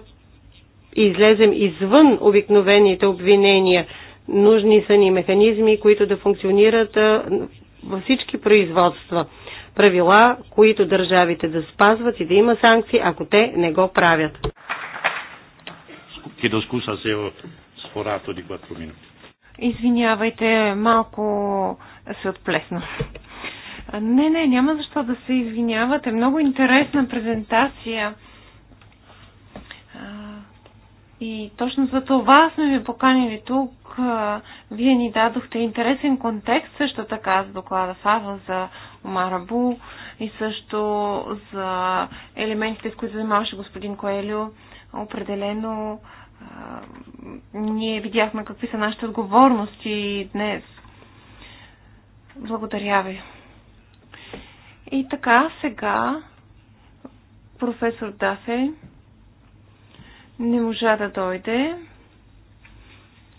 излезем извън обикновените обвинения. Нужни са ни механизми, които да функционират във всички производства. Правила, които държавите да спазват и да има санкции, ако те не го правят chiedo scusa se ho sforato di quattro minuti. Извинявайте, малко се отплесна. Не, не, няма защо да се извинявате. Много интересна презентация. И точно за това сме ви поканили тук. Вие ни дадохте интересен контекст също така с доклада Фава за Омарабу и също за елементите, с които занимаваше господин Коелио. Определено а, ние видяхме какви са нашите отговорности днес. Благодаря ви. И така, сега професор Дафе не можа да дойде,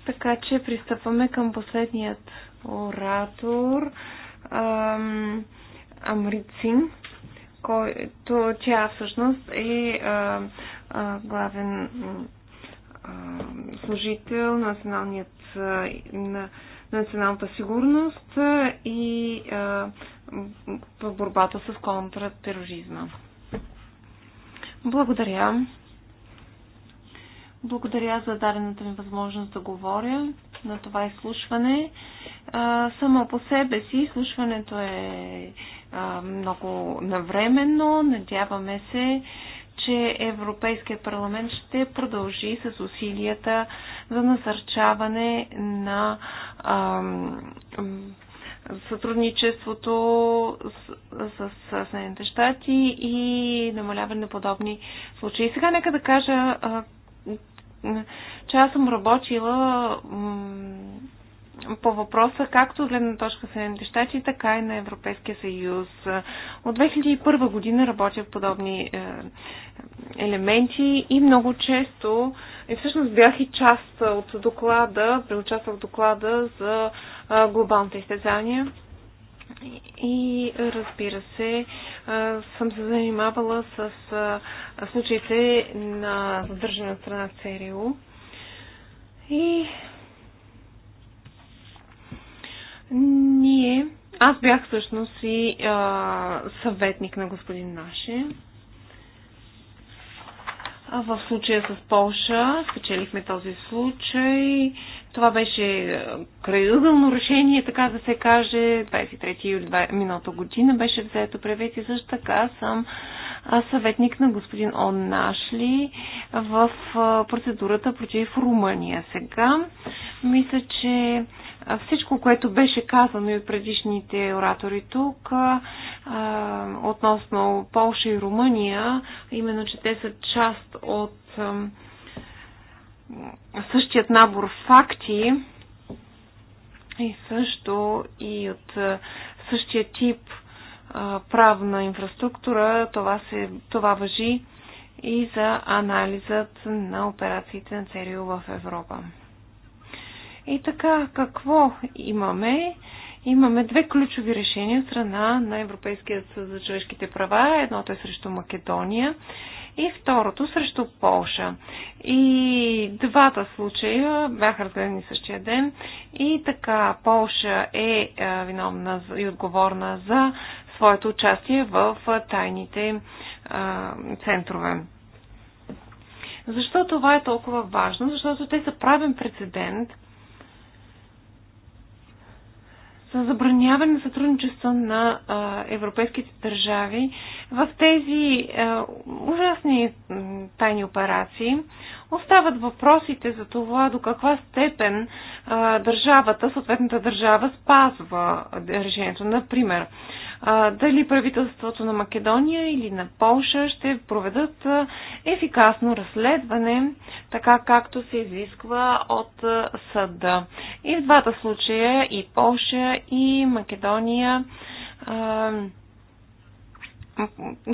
така че пристъпваме към последният оратор Амрицин, който тя всъщност е а, главен служител на, националният, на националната сигурност и в борбата с контратероризма. Благодаря. Благодаря за дадената ми възможност да говоря на това изслушване. Само по себе си изслушването е много навременно. Надяваме се че Европейския парламент ще продължи с усилията за насърчаване на ам, сътрудничеството с, с Съединените щати и намаляване на подобни случаи. Сега нека да кажа, а, че аз съм работила по въпроса както от гледна точка Съединените щати, така и на Европейския съюз. От 2001 година работя в подобни е, елементи и много често, и всъщност бях и част от доклада, преучаствах в доклада за е, глобалните изтезания. И разбира се, е, съм се занимавала с случаите на задържане от страна ЦРУ. И ние, аз бях всъщност и а, съветник на господин Наше. А в случая с Полша спечелихме този случай. Това беше крайъгълно решение, така да се каже. 23 юли миналата година беше взето превети. и също така съм съветник на господин Он Нашли в процедурата против Румъния сега. Мисля, че всичко, което беше казано и от предишните оратори тук относно Полша и Румъния, именно, че те са част от същият набор факти и също и от същия тип правна инфраструктура, това, се, това въжи и за анализът на операциите на ЦРУ в Европа. И така, какво имаме? Имаме две ключови решения от страна на Европейския съд за човешките права. Едното е срещу Македония и второто срещу Полша. И двата случая бяха разгледани същия ден и така Полша е, е виновна и отговорна за своето участие в е, тайните е, центрове. Защо това е толкова важно? Защото те са правен прецедент – за забраняване на сътрудничество на а, европейските държави в тези а, ужасни тайни операции. Остават въпросите за това до каква степен а, държавата, съответната държава, спазва решението. Например, а, дали правителството на Македония или на Полша ще проведат ефикасно разследване, така както се изисква от съда. И в двата случая, и Полша, и Македония, а,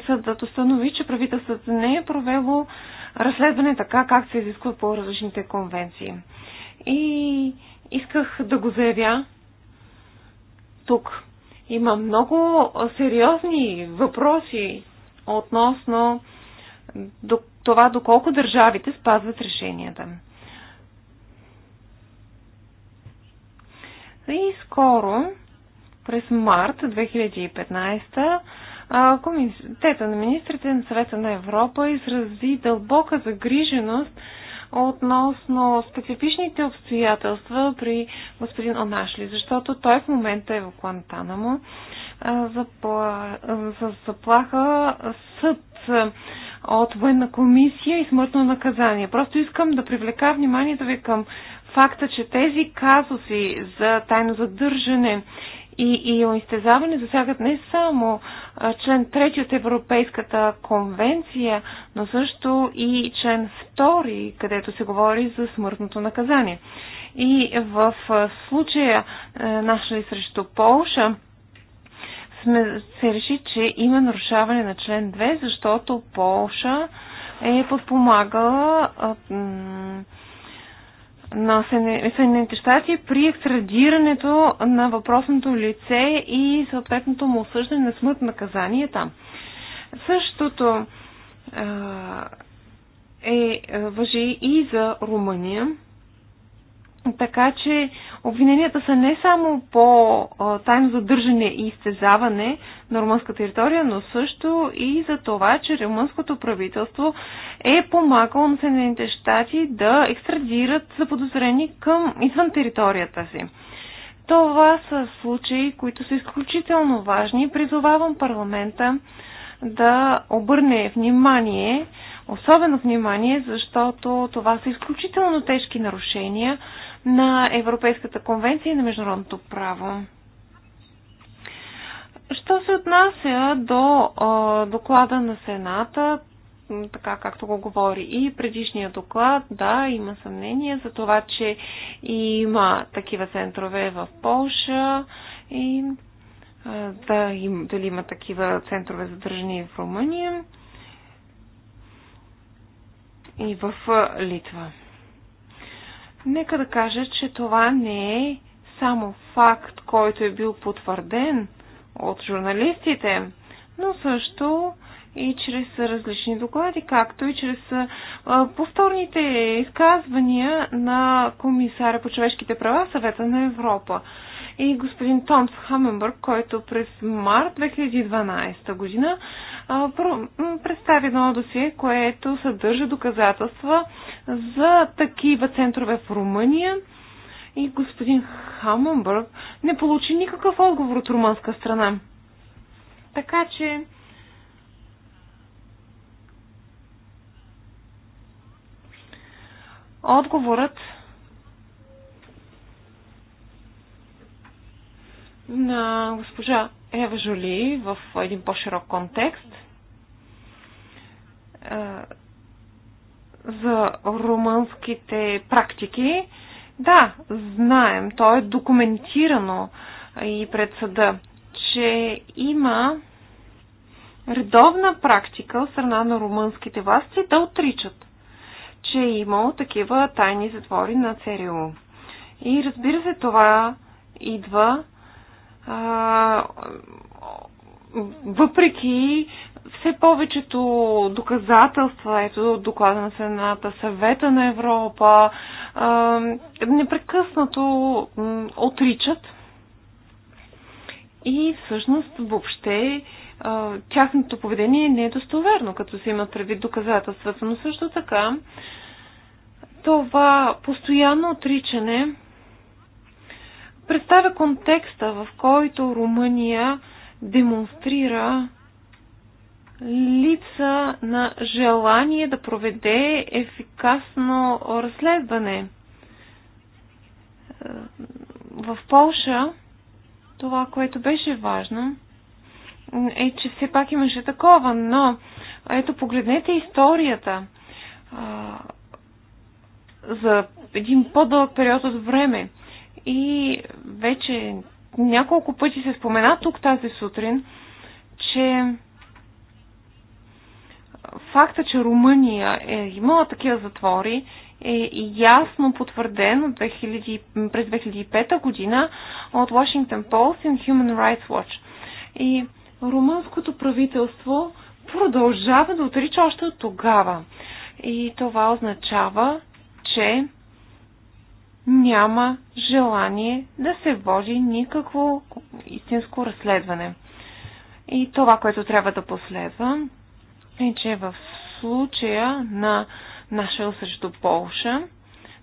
съдът установи, че правителството не е провело разследване така, както се изисква по различните конвенции. И исках да го заявя тук. Има много сериозни въпроси относно това доколко държавите спазват решенията. И скоро, през март 2015, Комитета на министрите на съвета на Европа изрази дълбока загриженост относно специфичните обстоятелства при господин Онашли, защото той в момента е в Куантанамо за заплаха съд от военна комисия и смъртно наказание. Просто искам да привлека вниманието ви към факта, че тези казуси за тайно задържане и, и изтезаване засягат не само член 3 от Европейската конвенция, но също и член 2, където се говори за смъртното наказание. И в случая нашли срещу Полша сме, се реши, че има нарушаване на член 2, защото Полша е подпомагала на Съединените щати при екстрадирането на въпросното лице и съответното му осъждане на смърт наказание там. Същото е, въжи и за Румъния. Така че обвиненията са не само по тайно задържане и изтезаване на румънска територия, но също и за това, че румънското правителство е помагало на Съединените щати да екстрадират заподозрени към извън територията си. Това са случаи, които са изключително важни. Призовавам парламента да обърне внимание, особено внимание, защото това са изключително тежки нарушения на Европейската конвенция на международното право. Що се отнася до а, доклада на Сената, така както го говори и предишния доклад, да, има съмнение за това, че има такива центрове в Полша и а, да, им, дали има такива центрове задържани в Румъния и в Литва. Нека да кажа, че това не е само факт, който е бил потвърден от журналистите, но също и чрез различни доклади, както и чрез повторните изказвания на комисаря по човешките права в Съвета на Европа. И господин Томс Хаменбърг, който през март 2012 година представи едно досие, което съдържа доказателства за такива центрове в Румъния. И господин Хамънбърг не получи никакъв отговор от румънска страна. Така че отговорът на госпожа Ева Жоли в един по-широк контекст за румънските практики. Да, знаем, то е документирано и пред съда, че има редовна практика от страна на румънските власти да отричат, че е имало такива тайни затвори на ЦРУ. И разбира се, това идва въпреки все повечето доказателства, ето доклада на Сената, съвета на Европа, а, непрекъснато отричат и всъщност въобще а, тяхното поведение не е достоверно, като се имат предвид доказателствата, но също така това постоянно отричане представя контекста, в който Румъния демонстрира липса на желание да проведе ефикасно разследване. В Полша това, което беше важно, е, че все пак имаше такова, но ето погледнете историята за един по-дълъг период от време. И вече няколко пъти се спомена тук тази сутрин, че факта, че Румъния е имала такива затвори, е ясно потвърден от 2000, през 2005 година от Washington Post и Human Rights Watch. И румънското правителство продължава да отрича още от тогава. И това означава, че няма желание да се води никакво истинско разследване. И това, което трябва да последва, е, че в случая на нашел срещу Полша,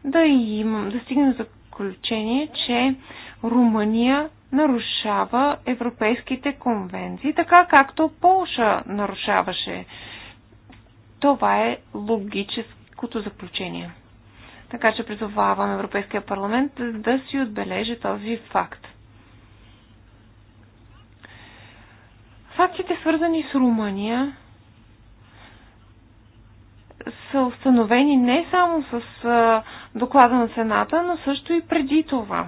да, имам да стигнем до заключение, че Румъния нарушава европейските конвенции, така както Полша нарушаваше. Това е логическото заключение. Така че призовавам Европейския парламент да си отбележи този факт. Фактите, свързани с Румъния, са установени не само с доклада на Сената, но също и преди това.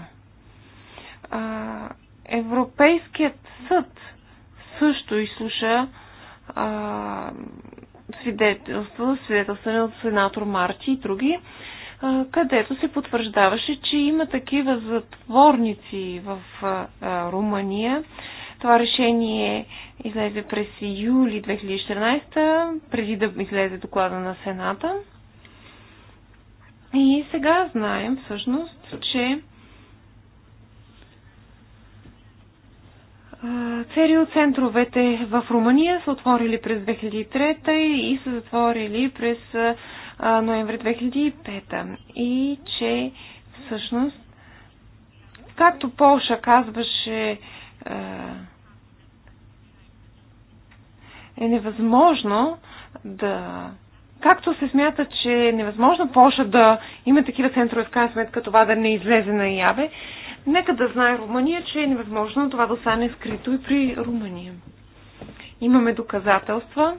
Европейският съд също изслуша свидетелства, свидетелствани от сенатор Марти и други, където се потвърждаваше, че има такива затворници в Румъния. Това решение излезе през юли 2014, преди да излезе доклада на Сената. И сега знаем всъщност, че Цели от центровете в Румъния са отворили през 2003 и са затворили през ноември 2005 и че всъщност, както Полша казваше, е невъзможно да. Както се смята, че е невъзможно Польша да има такива центрове, в крайна сметка това да не излезе наяве, нека да знае Румъния, че е невъзможно това да стане скрито и при Румъния. Имаме доказателства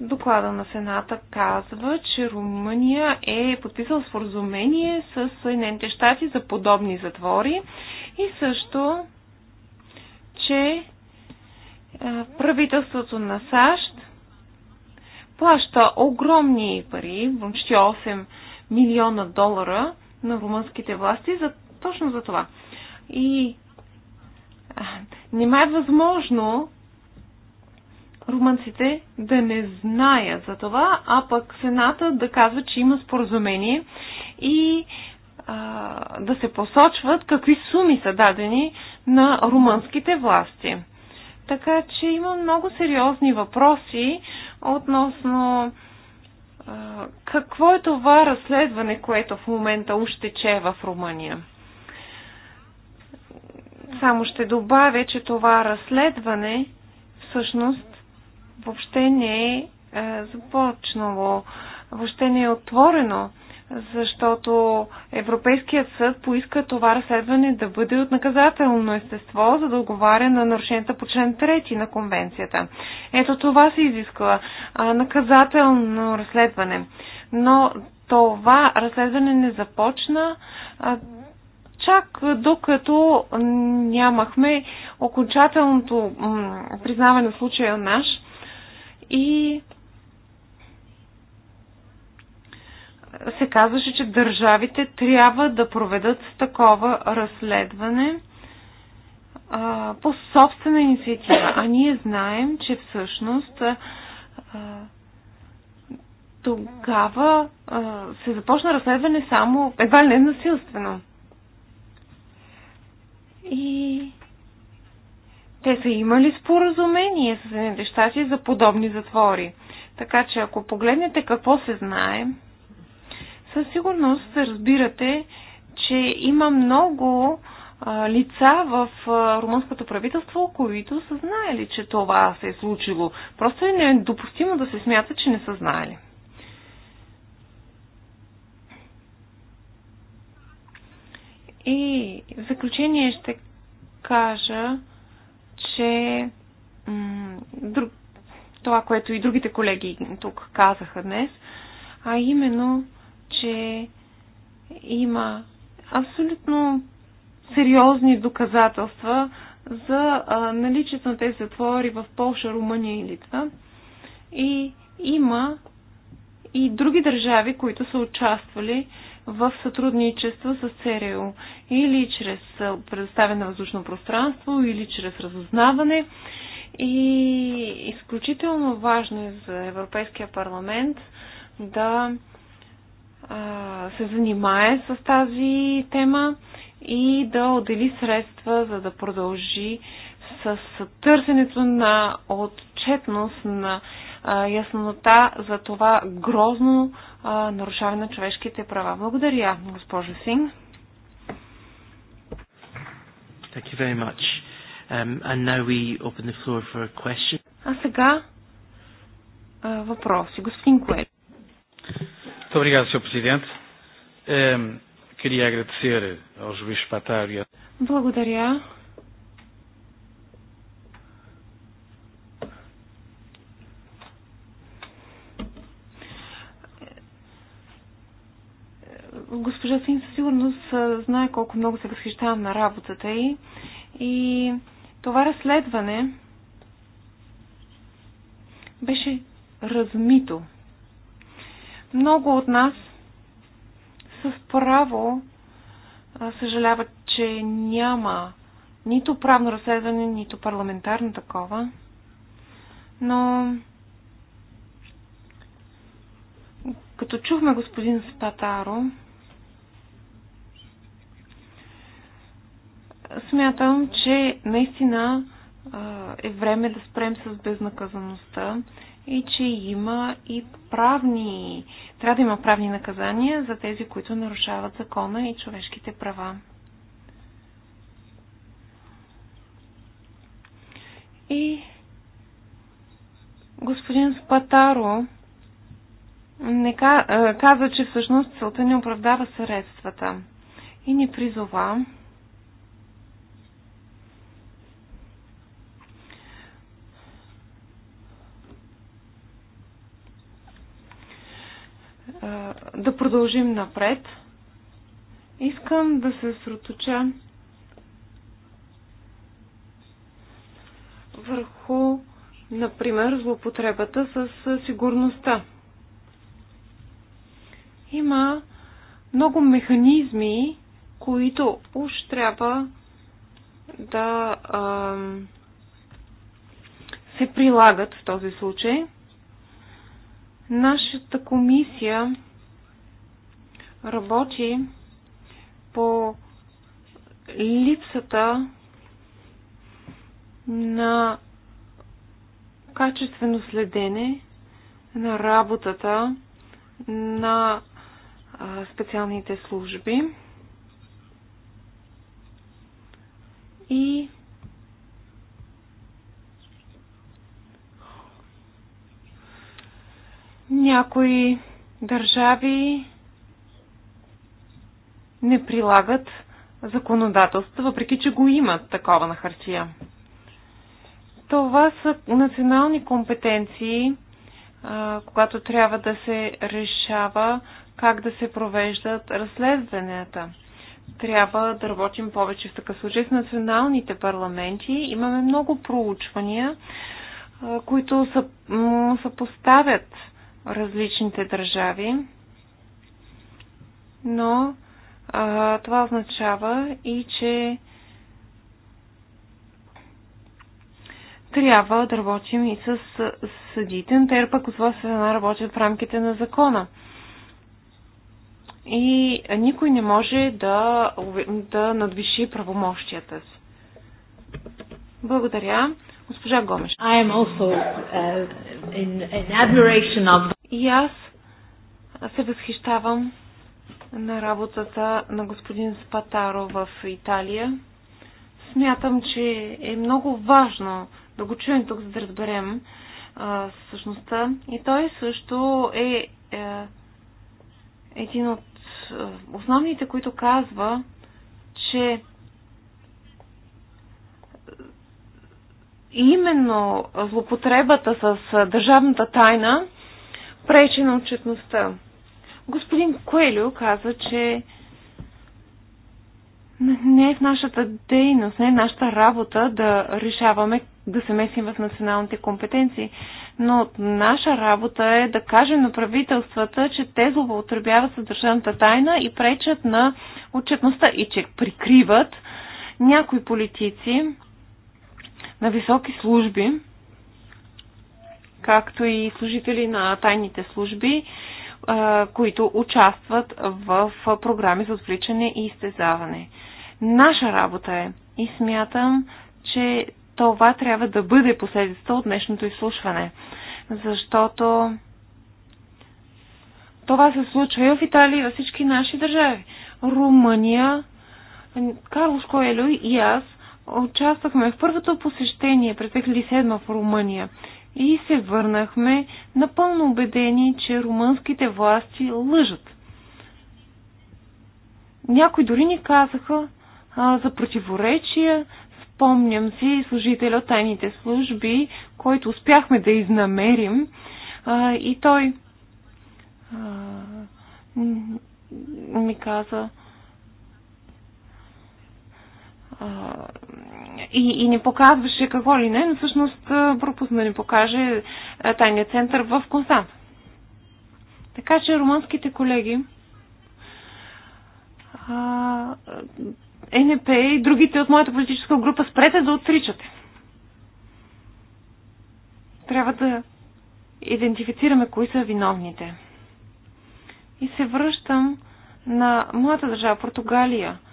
доклада на Сената казва, че Румъния е подписал споразумение с Съединените щати за подобни затвори и също, че правителството на САЩ плаща огромни пари, въобще 8 милиона долара на румънските власти за, точно за това. И а, нема е възможно румънците да не знаят за това, а пък Сената да казва, че има споразумение и а, да се посочват какви суми са дадени на румънските власти. Така че има много сериозни въпроси относно а, какво е това разследване, което в момента още тече в Румъния. Само ще добавя, че това разследване всъщност въобще не е, е започнало, въобще не е отворено, защото Европейският съд поиска това разследване да бъде от наказателно естество, за да отговаря на нарушенията по член 3 на конвенцията. Ето това се изисква наказателно разследване. Но това разследване не започна чак докато нямахме окончателното признаване на случая наш – и се казваше, че държавите трябва да проведат такова разследване а, по собствена инициатива. А ние знаем, че всъщност а, тогава а, се започна разследване само едва ли не насилствено. И те са имали споразумение с неща щати за подобни затвори. Така че ако погледнете какво се знае, със сигурност разбирате, че има много а, лица в а, румънското правителство, които са знаели, че това се е случило. Просто е недопустимо да се смята, че не са знаели. И в заключение ще кажа, че друг, това, което и другите колеги тук казаха днес, а именно, че има абсолютно сериозни доказателства за наличието на тези затвори в Польша, Румъния и Литва. И има и други държави, които са участвали в сътрудничество с ЦРУ или чрез предоставяне на въздушно пространство, или чрез разузнаване. И изключително важно е за Европейския парламент да се занимае с тази тема и да отдели средства, за да продължи с търсенето на отчетност на а, яснота за това грозно а, нарушаване на човешките права. Благодаря, госпожо Син. Thank you very much. Um, and now we open the floor for questions. А сега а, въпроси. Господин Куел. Obrigado, Sr. Presidente. Um, queria agradecer ao Juiz Patário. Благодаря, Госпожа Син със сигурност знае колко много се възхищавам на работата й и това разследване беше размито. Много от нас с право съжаляват, че няма нито правно разследване, нито парламентарно такова. Но като чухме господин Спатаро, смятам, че наистина е време да спрем с безнаказаността и че има и правни, трябва да има правни наказания за тези, които нарушават закона и човешките права. И господин Спатаро не каза, че всъщност целта не оправдава средствата и ни призова да продължим напред. Искам да се сроточа върху, например, злоупотребата с сигурността. Има много механизми, които уж трябва да а, се прилагат в този случай – Нашата комисия работи по липсата на качествено следене на работата на специалните служби и Някои държави не прилагат законодателство, въпреки че го имат такова на хартия. Това са национални компетенции, когато трябва да се решава как да се провеждат разследванията. Трябва да работим повече в такъв случай с националните парламенти. Имаме много проучвания, които съпоставят различните държави, но а, това означава и, че трябва да работим и с съдите, но те пък от своя страна работят в рамките на закона. И никой не може да, да надвиши правомощията си. Благодаря. Госпожа Гомеш. I am also, uh, in, in admiration of... И аз се възхищавам на работата на господин Спатаро в Италия. Смятам, че е много важно да го чуем тук, за да разберем а, същността. И той също е, е един от основните, които казва, че именно злопотребата с държавната тайна пречи на отчетността. Господин Куелю каза, че не е в нашата дейност, не е в нашата работа да решаваме да се месим в националните компетенции, но наша работа е да кажем на правителствата, че те злоупотребяват държавната тайна и пречат на отчетността и че прикриват някои политици, на високи служби, както и служители на тайните служби, които участват в програми за отвличане и изтезаване. Наша работа е и смятам, че това трябва да бъде последицата от днешното изслушване, защото това се случва и в Италия, и във всички наши държави. Румъния, Карлос Коелю и аз участвахме в първото посещение през 2007 в Румъния и се върнахме напълно убедени, че румънските власти лъжат. Някои дори ни казаха а, за противоречия. Спомням си служителя от тайните служби, който успяхме да изнамерим. А, и той а, ми каза, и, и ни показваше какво ли не, но всъщност пропусна да ни покаже тайния център в Констант. Така че румънските колеги НП и другите от моята политическа група спрете да отричате. Трябва да идентифицираме кои са виновните. И се връщам на моята държава, Португалия –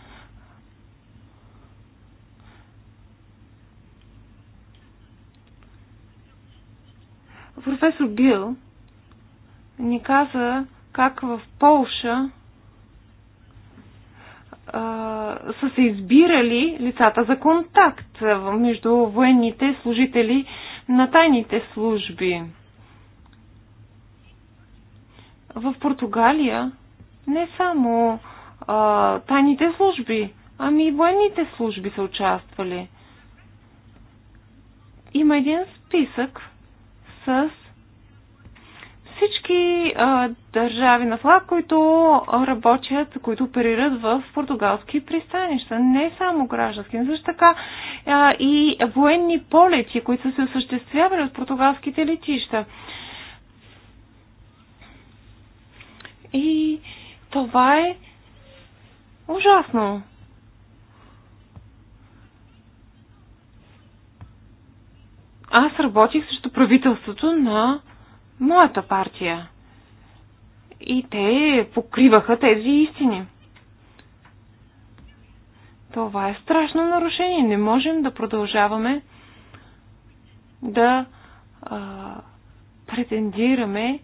Професор Бил ни каза как в Полша са се избирали лицата за контакт между военните служители на тайните служби. В Португалия не само а, тайните служби, ами и военните служби са участвали. Има един списък с всички а, държави на флаг, които работят, които оперират в португалски пристанища. Не само граждански, но също така а, и военни полети, които са се осъществявали от португалските летища. И това е ужасно. Аз работих срещу правителството на моята партия. И те покриваха тези истини. Това е страшно нарушение. Не можем да продължаваме да а, претендираме,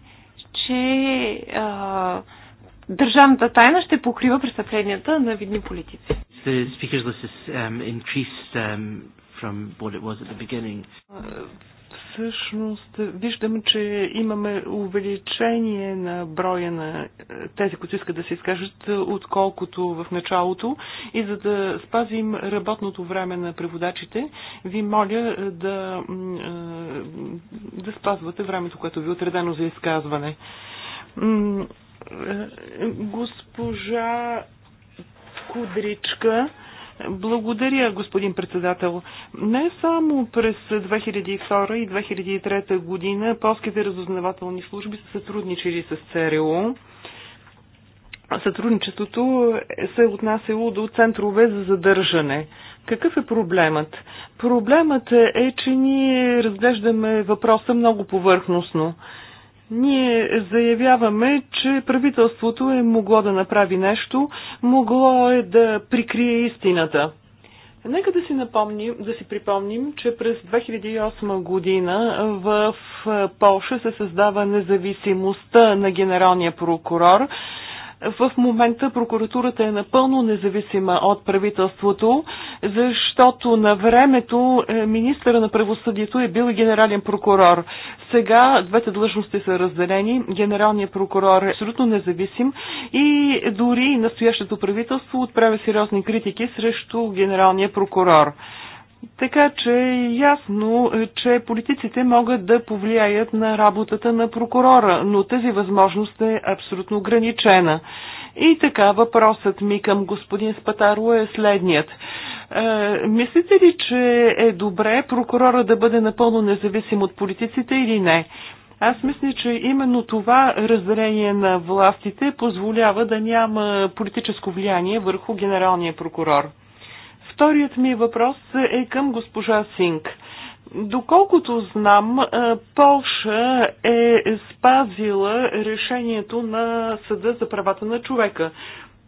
че а, държавната тайна ще покрива престъпленията на видни политици. Is, um, increased, um, всъщност виждам, че имаме увеличение на броя на е, тези, които искат да се изкажат, е, отколкото в началото. И за да спазим работното време на преводачите, ви моля е, да, да спазвате времето, което ви е отредено за изказване. Госпожа Кудричка благодаря, господин председател. Не само през 2002 и 2003 година полските разузнавателни служби са сътрудничили с ЦРУ. Сътрудничеството се е отнасяло до центрове за задържане. Какъв е проблемът? Проблемът е, че ние разглеждаме въпроса много повърхностно. Ние заявяваме, че правителството е могло да направи нещо, могло е да прикрие истината. Нека да си, напомним, да си припомним, че през 2008 година в Полша се създава независимостта на генералния прокурор в момента прокуратурата е напълно независима от правителството, защото на времето е, министъра на правосъдието е бил генерален прокурор. Сега двете длъжности са разделени. Генералният прокурор е абсолютно независим и дори настоящото правителство отправя сериозни критики срещу генералния прокурор. Така че е ясно, че политиците могат да повлияят на работата на прокурора, но тази възможност е абсолютно ограничена. И така въпросът ми към господин Спатаро е следният. Е, мислите ли, че е добре прокурора да бъде напълно независим от политиците или не? Аз мисля, че именно това разделение на властите позволява да няма политическо влияние върху генералния прокурор. Вторият ми въпрос е към госпожа Синг. Доколкото знам, е, Полша е спазила решението на Съда за правата на човека.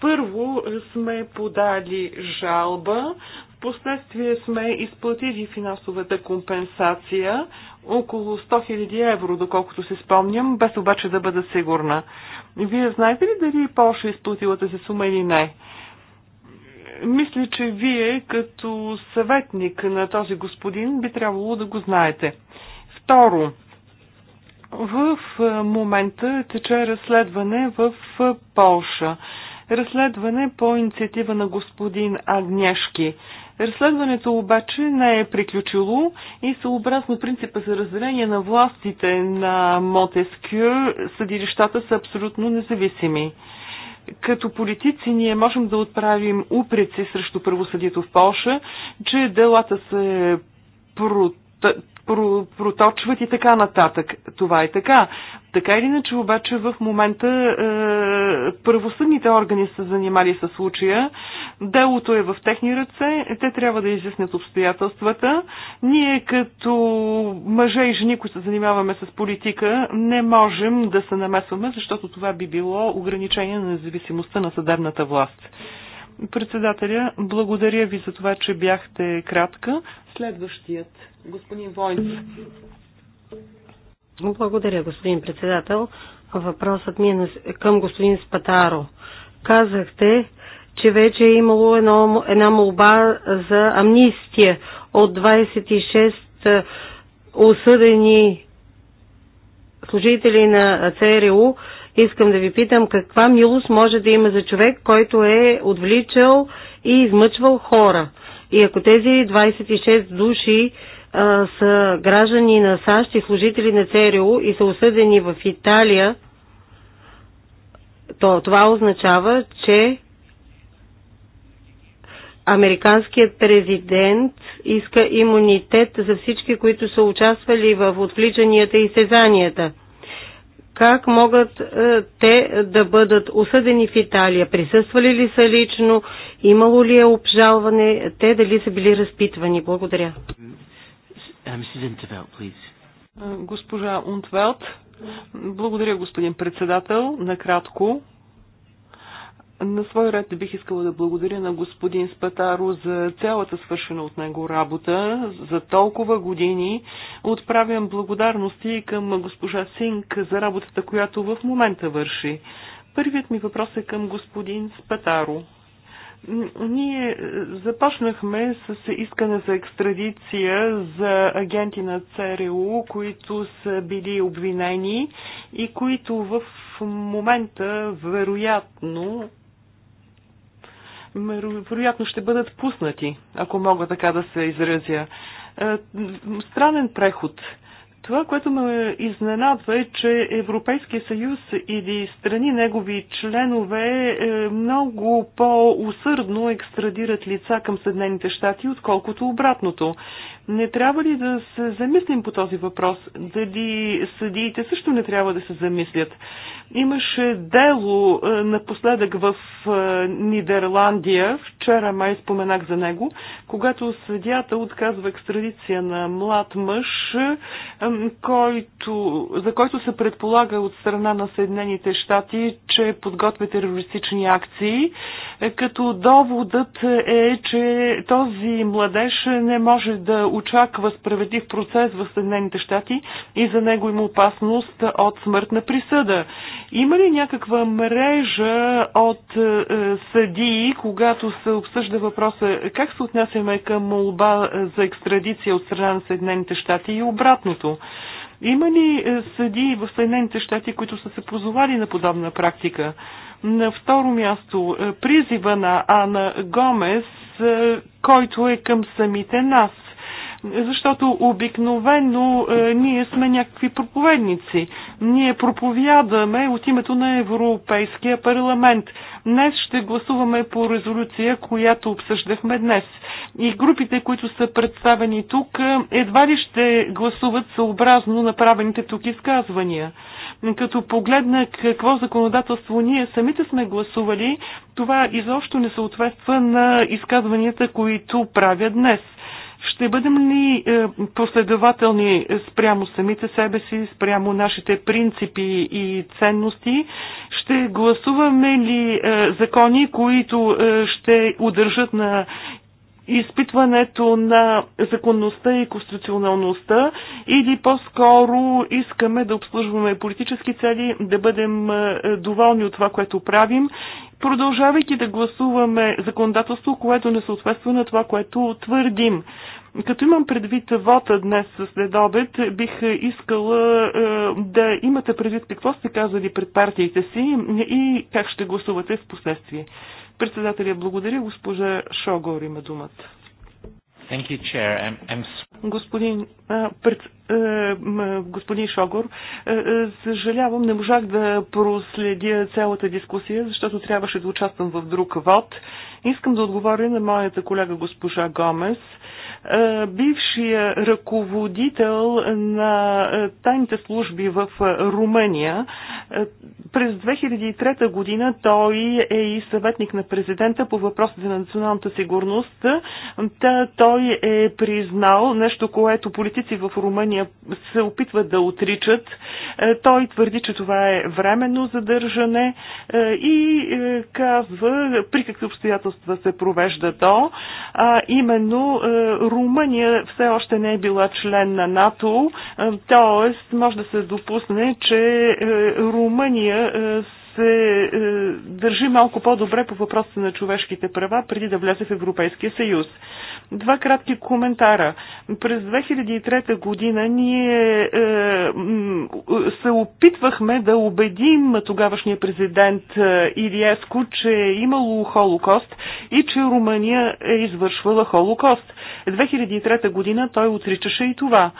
Първо сме подали жалба, в последствие сме изплатили финансовата компенсация, около 100 000 евро, доколкото се спомням, без обаче да бъда сигурна. Вие знаете ли дали Полша е изплатила тази сума или не? Мисля, че вие като съветник на този господин би трябвало да го знаете. Второ, в е, момента тече разследване в е, Полша. Разследване по инициатива на господин Агнешки. Разследването обаче не е приключило и съобразно принципа за разделение на властите на Мотескю, съдилищата са абсолютно независими. Като политици ние можем да отправим упреци срещу правосъдието в Польша, че делата се протъкват проточват и така нататък. Това е така. Така или иначе, обаче в момента е, правосъдните органи са занимали с случая. Делото е в техни ръце. Те трябва да изяснят обстоятелствата. Ние като мъже и жени, които се занимаваме с политика, не можем да се намесваме, защото това би било ограничение на независимостта на съдебната власт. Председателя, благодаря ви за това, че бяхте кратка. Следващият, господин Войнц. Благодаря, господин председател. Въпросът ми е към господин Спатаро. Казахте, че вече е имало едно, една молба за амнистия от 26 е, осъдени служители на ЦРУ Искам да ви питам каква милост може да има за човек, който е отвличал и измъчвал хора. И ако тези 26 души а, са граждани на САЩ и служители на ЦРУ и са осъдени в Италия, то това означава, че американският президент иска имунитет за всички, които са участвали в отвличанията и сезанията – как могат е, те да бъдат осъдени в Италия? Присъствали ли са лично? Имало ли е обжалване? Те дали са били разпитвани? Благодаря. Е, Госпожа Унтвелт, благодаря господин председател. Накратко, на свой ред бих искала да благодаря на господин Спатаро за цялата свършена от него работа за толкова години. Отправям благодарности към госпожа Синк за работата, която в момента върши. Първият ми въпрос е към господин Спатаро. Ние започнахме с искане за екстрадиция за агенти на ЦРУ, които са били обвинени и които в момента вероятно вероятно ще бъдат пуснати, ако мога така да се изразя. Е, странен преход. Това, което ме изненадва е, че Европейския съюз или страни негови членове е, много по-усърдно екстрадират лица към Съединените щати, отколкото обратното. Не трябва ли да се замислим по този въпрос? Дали съдиите също не трябва да се замислят? Имаше дело е, напоследък в е, Нидерландия, вчера май споменах за него, когато съдята отказва екстрадиция на млад мъж, който, за който се предполага от страна на Съединените щати, че подготвя терористични акции, е, като доводът е, че този младеж не може да очаква справедлив процес в Съединените щати и за него има опасност от смъртна присъда. Има ли някаква мрежа от е, съдии, когато се обсъжда въпроса как се отнасяме към молба е, за екстрадиция от страна на Съединените щати и обратното? Има ли е, съдии в Съединените щати, които са се позовали на подобна практика? На второ място, призива на Ана Гомес, който е към самите нас – защото обикновено е, ние сме някакви проповедници. Ние проповядаме от името на Европейския парламент. Днес ще гласуваме по резолюция, която обсъждахме днес. И групите, които са представени тук, едва ли ще гласуват съобразно направените тук изказвания. Като погледна какво законодателство ние самите сме гласували, това изобщо не съответства на изказванията, които правя днес. Ще бъдем ли е, последователни спрямо самите себе си, спрямо нашите принципи и ценности? Ще гласуваме ли е, закони, които е, ще удържат на изпитването на законността и конституционалността или по-скоро искаме да обслужваме политически цели, да бъдем е, доволни от това, което правим, продължавайки да гласуваме законодателство, което не съответства на това, което твърдим. Като имам предвид вота днес след обед, бих искала е, да имате предвид какво сте казали пред партиите си и как ще гласувате в последствие. Председателя, благодаря. Госпожа Шогор има думата. Thank you, Chair. I'm, I'm... Господин, а, пред, а, господин Шогор, а, а, съжалявам, не можах да проследя цялата дискусия, защото трябваше да участвам в друг вод. Искам да отговоря на моята колега госпожа Гомес. А, е, бившия ръководител на е, тайните служби в е, Румъния. През 2003 година той е и съветник на президента по въпросите на националната сигурност. той е признал нещо, което политици в Румъния се опитват да отричат. Той твърди, че това е временно задържане и казва при какви обстоятелства се провежда то, а именно Румъния все още не е била член на НАТО, т.е. може да се допусне, че е, Румъния е, се е, държи малко по-добре по въпроса на човешките права, преди да влезе в Европейския съюз. Два кратки коментара. През 2003 година ние е, се опитвахме да убедим тогавашния президент е, Ириеско, че е имало Холокост и че Румъния е извършвала Холокост. 2003 година той отричаше и това.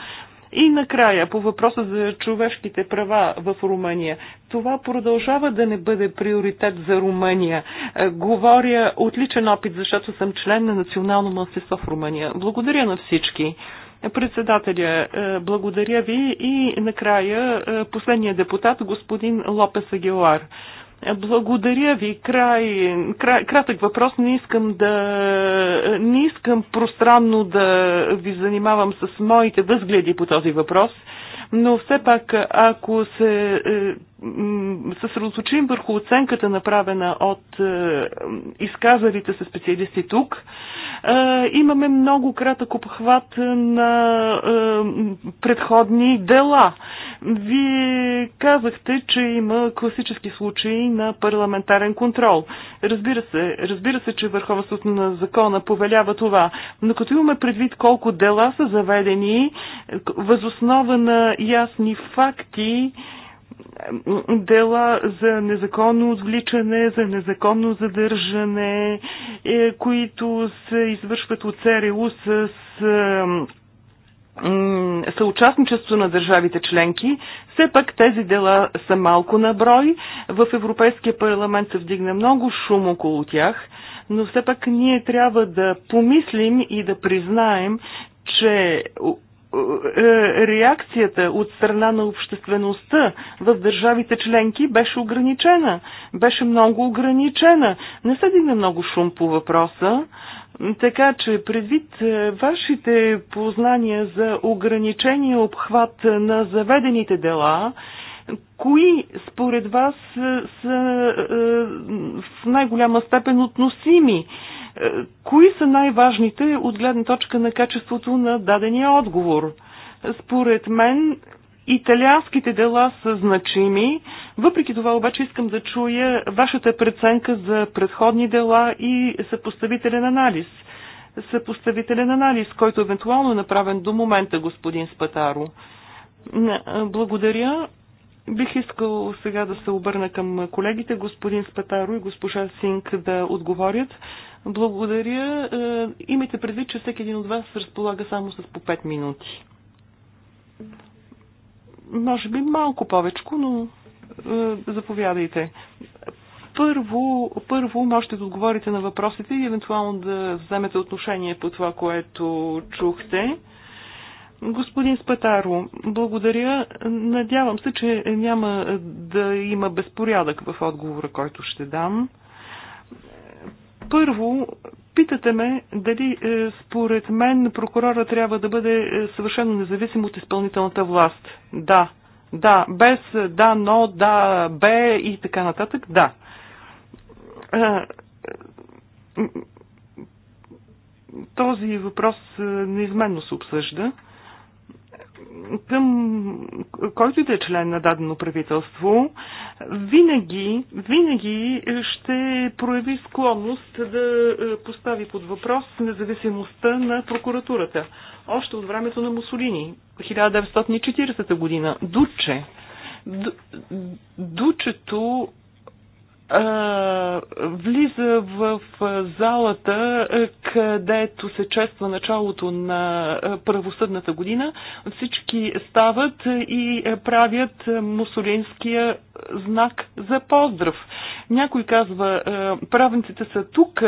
И накрая, по въпроса за човешките права в Румъния. Това продължава да не бъде приоритет за Румъния. Е, говоря отличен опит, защото съм член на национално мълсество в Румъния. Благодаря на всички. Председателя, е, благодаря ви и накрая е, последният депутат, господин Лопес Агилар. Благодаря ви. Край, край, кратък въпрос. Не искам да не искам пространно да ви занимавам с моите възгледи по този въпрос, но все пак ако се е, съсредоточим върху оценката направена от е, изказалите се специалисти тук, имаме много кратък обхват на предходни дела. Вие казахте, че има класически случаи на парламентарен контрол. Разбира се, разбира се, че върховенството на закона повелява това, но като имаме предвид колко дела са заведени, възоснова на ясни факти, дела за незаконно отвличане, за незаконно задържане, е, които се извършват от ЦРУ с е, съучастничество на държавите членки. Все пак тези дела са малко на брой. В Европейския парламент се вдигна много шум около тях, но все пак ние трябва да помислим и да признаем, че е, реакцията от страна на обществеността в държавите членки беше ограничена. Беше много ограничена. Не се дигна много шум по въпроса. Така че предвид е, вашите познания за ограничения обхват на заведените дела, кои според вас е, са в най-голяма степен относими? Е, кои са най-важните от гледна точка на качеството на дадения отговор? Според мен италианските дела са значими. Въпреки това обаче искам да чуя вашата преценка за предходни дела и съпоставителен анализ. Съпоставителен анализ, който евентуално е направен до момента, господин Спатаро. Благодаря. Бих искал сега да се обърна към колегите, господин Спатаро и госпожа Синк, да отговорят. Благодаря. Е, имайте предвид, че всеки един от вас разполага само с по 5 минути. Може би малко повече, но е, заповядайте. Първо, първо можете да отговорите на въпросите и евентуално да вземете отношение по това, което чухте. Господин Спатаро, благодаря. Надявам се, че няма да има безпорядък в отговора, който ще дам. Първо, питате ме дали е, според мен прокурора трябва да бъде е, съвършено независим от изпълнителната власт. Да. Да, без е, да, но, да, бе и така нататък, да. Този въпрос неизменно се обсъжда към който и да е член на дадено правителство, винаги, винаги ще прояви склонност да е, постави под въпрос независимостта на прокуратурата. Още от времето на Мусолини, 1940 година, Дуче. Дучето влиза в залата, където се чества началото на правосъдната година. Всички стават и правят мусулинския знак за поздрав. Някой казва, правниците са тук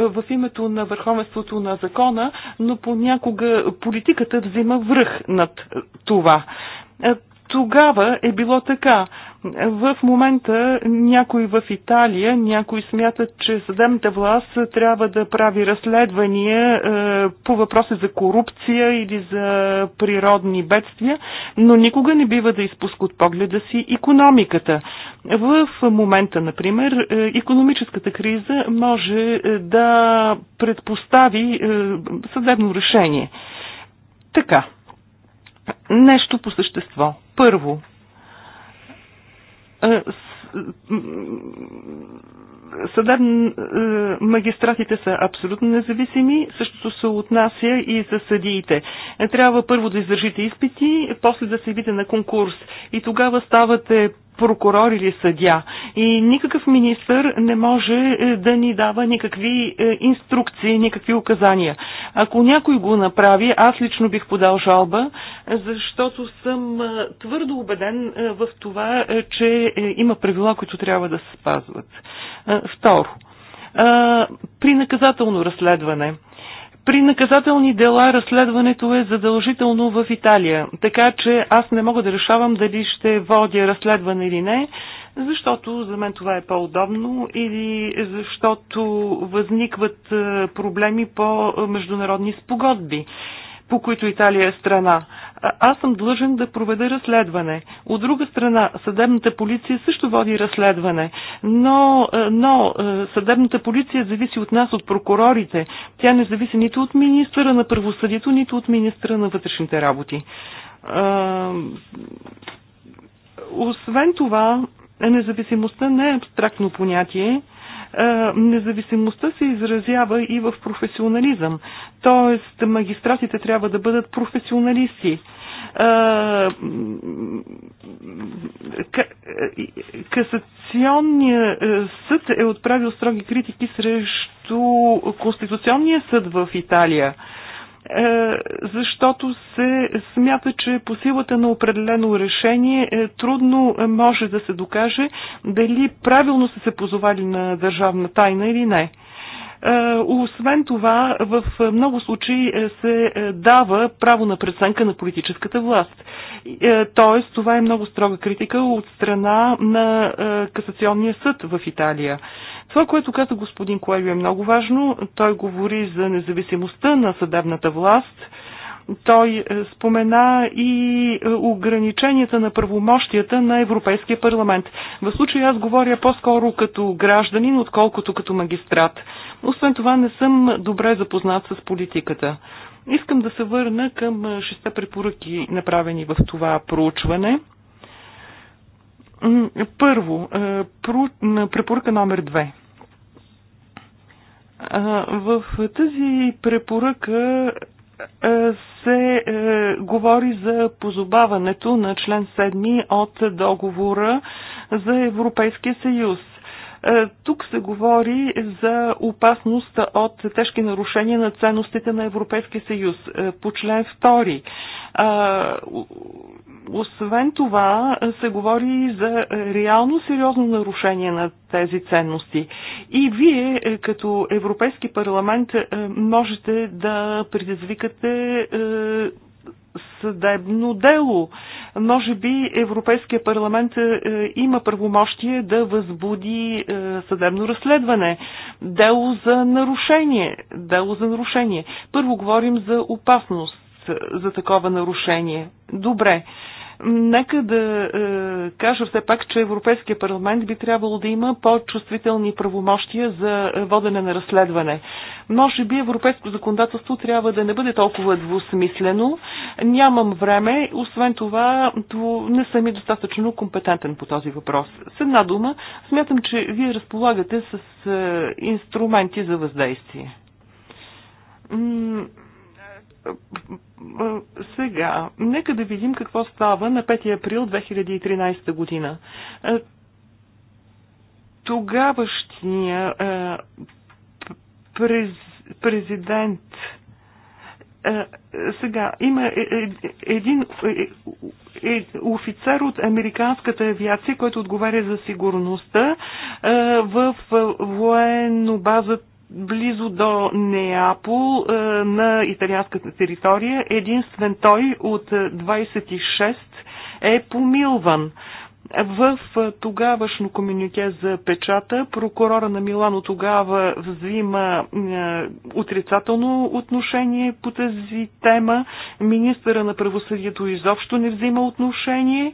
в името на върховенството на закона, но понякога политиката взима връх над това. Тогава е било така. В момента някои в Италия, някои смятат, че съдебната власт трябва да прави разследвания е, по въпроси за корупция или за природни бедствия, но никога не бива да изпуска от погледа си економиката. В момента, например, економическата криза може е, да предпостави е, съдебно решение. Така нещо по същество. Първо, е, съдър, е, магистратите са абсолютно независими, същото се отнася и за съдиите. Трябва първо да издържите изпити, после да се видите на конкурс и тогава ставате прокурор или съдя. И никакъв министър не може е, да ни дава никакви е, инструкции, никакви указания. Ако някой го направи, аз лично бих подал жалба, защото съм е, твърдо убеден в това, че има правила, които трябва да се спазват. Второ, при наказателно разследване – при наказателни дела разследването е задължително в Италия, така че аз не мога да решавам дали ще водя разследване или не, защото за мен това е по-удобно или защото възникват е, проблеми по международни спогодби, по които Италия е страна аз съм длъжен да проведа разследване. От друга страна, съдебната полиция също води разследване, но, е, но е, съдебната полиция зависи от нас, от прокурорите. Тя не зависи нито от министра на правосъдието, нито от министра на вътрешните работи. Е, освен това, независимостта не е абстрактно понятие. Е, независимостта се изразява и в професионализъм. Тоест, магистратите трябва да бъдат професионалисти. Е, Касационният е, съд е отправил строги критики срещу Конституционния съд в Италия. Е, защото се смята, че по силата на определено решение е, трудно може да се докаже дали правилно са се позовали на държавна тайна или не. Е, освен това, в много случаи се дава право на преценка на политическата власт. Тоест, това е много строга критика от страна на Касационния съд в Италия. Това, което каза господин Коелю е много важно. Той говори за независимостта на съдебната власт. Той е, спомена и е, ограниченията на правомощията на Европейския парламент. В случай аз говоря по-скоро като гражданин, отколкото като магистрат. Освен това не съм добре запознат с политиката. Искам да се върна към е, шеста препоръки, направени в това проучване. Първо, е, препоръка номер две. Е, в тази препоръка е, се говори за позобаването на член 7 от договора за Европейския съюз. Е, тук се говори за опасност от тежки нарушения на ценностите на Европейския съюз е, по член 2. Е, освен това се говори и за реално сериозно нарушение на тези ценности. И вие, като Европейски парламент, можете да предизвикате съдебно дело. Може би Европейския парламент е, е, има правомощие да възбуди е, съдебно разследване. Дело за нарушение. Дело за нарушение. Първо говорим за опасност за такова нарушение. Добре. Нека да е, кажа все пак, че Европейския парламент би трябвало да има по-чувствителни правомощия за водене на разследване. Може би европейско законодателство трябва да не бъде толкова двусмислено. Нямам време, освен това не съм и достатъчно компетентен по този въпрос. С една дума, смятам, че вие разполагате с е, инструменти за въздействие е, сега, нека да видим какво става на 5 април 2013 година. Е, тогавашния е, президент сега, има един офицер от американската авиация, който отговаря за сигурността в военно база близо до Неапол е, на италианската територия. Единствен той от 26 е помилван. В тогавашно комюнике за печата прокурора на Милано тогава взима е, отрицателно отношение по тази тема. Министъра на правосъдието изобщо не взима отношение. Е,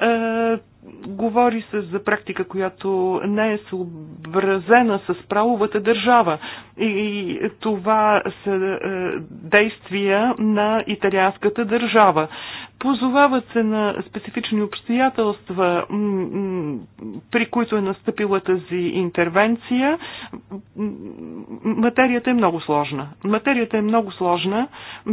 е, говори се за практика, която не е съобразена с правовата държава. И това са е, действия на италианската държава позовават се на специфични обстоятелства, при които е настъпила тази интервенция. Материята е много сложна. Материята е много сложна.